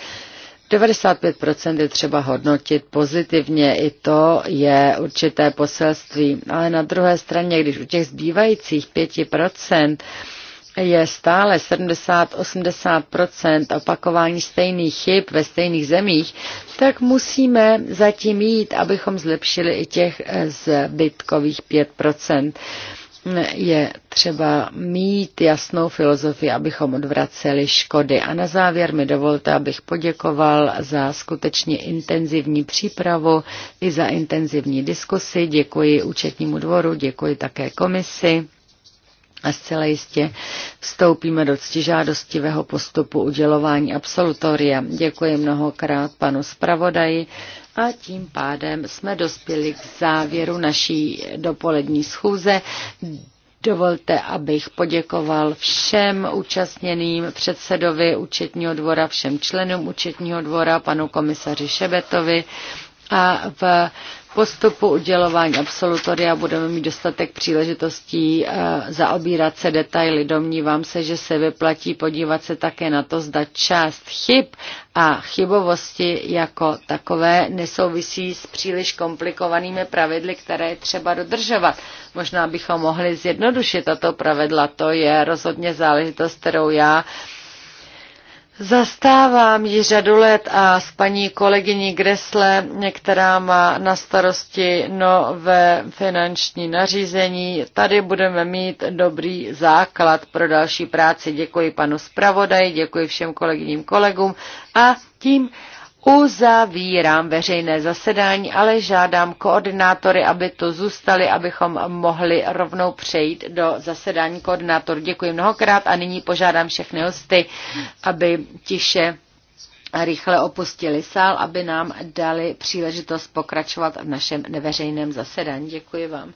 95% je třeba hodnotit pozitivně, i to je určité poselství. Ale na druhé straně, když u těch zbývajících 5% je stále 70-80% opakování stejných chyb ve stejných zemích, tak musíme zatím jít, abychom zlepšili i těch eh, zbytkových 5% je třeba mít jasnou filozofii, abychom odvraceli škody. A na závěr mi dovolte, abych poděkoval za skutečně intenzivní přípravu i za intenzivní diskusy. Děkuji účetnímu dvoru, děkuji také komisi a zcela jistě vstoupíme do ctižádostivého postupu udělování absolutoria. Děkuji mnohokrát panu zpravodaji a tím pádem jsme dospěli k závěru naší dopolední schůze. Dovolte, abych poděkoval všem účastněným předsedovi účetního dvora, všem členům účetního dvora, panu komisaři Šebetovi a v postupu udělování absolutoria budeme mít dostatek příležitostí eh, zaobírat se detaily. Domnívám se, že se vyplatí podívat se také na to, zda část chyb a chybovosti jako takové nesouvisí s příliš komplikovanými pravidly, které je třeba dodržovat. Možná bychom mohli zjednodušit tato pravidla. To je rozhodně záležitost, kterou já uh, Zastávám ji řadu let a s paní kolegyní Gresle, která má na starosti nové finanční nařízení, tady budeme mít dobrý základ pro další práci. Děkuji panu zpravodaji, děkuji všem kolegyním kolegům a tím Uzavírám veřejné zasedání, ale žádám koordinátory, aby to zůstali, abychom mohli rovnou přejít do zasedání koordinátor. Děkuji mnohokrát a nyní požádám všechny hosty, aby tiše a rychle opustili sál, aby nám dali příležitost pokračovat v našem neveřejném zasedání. Děkuji vám.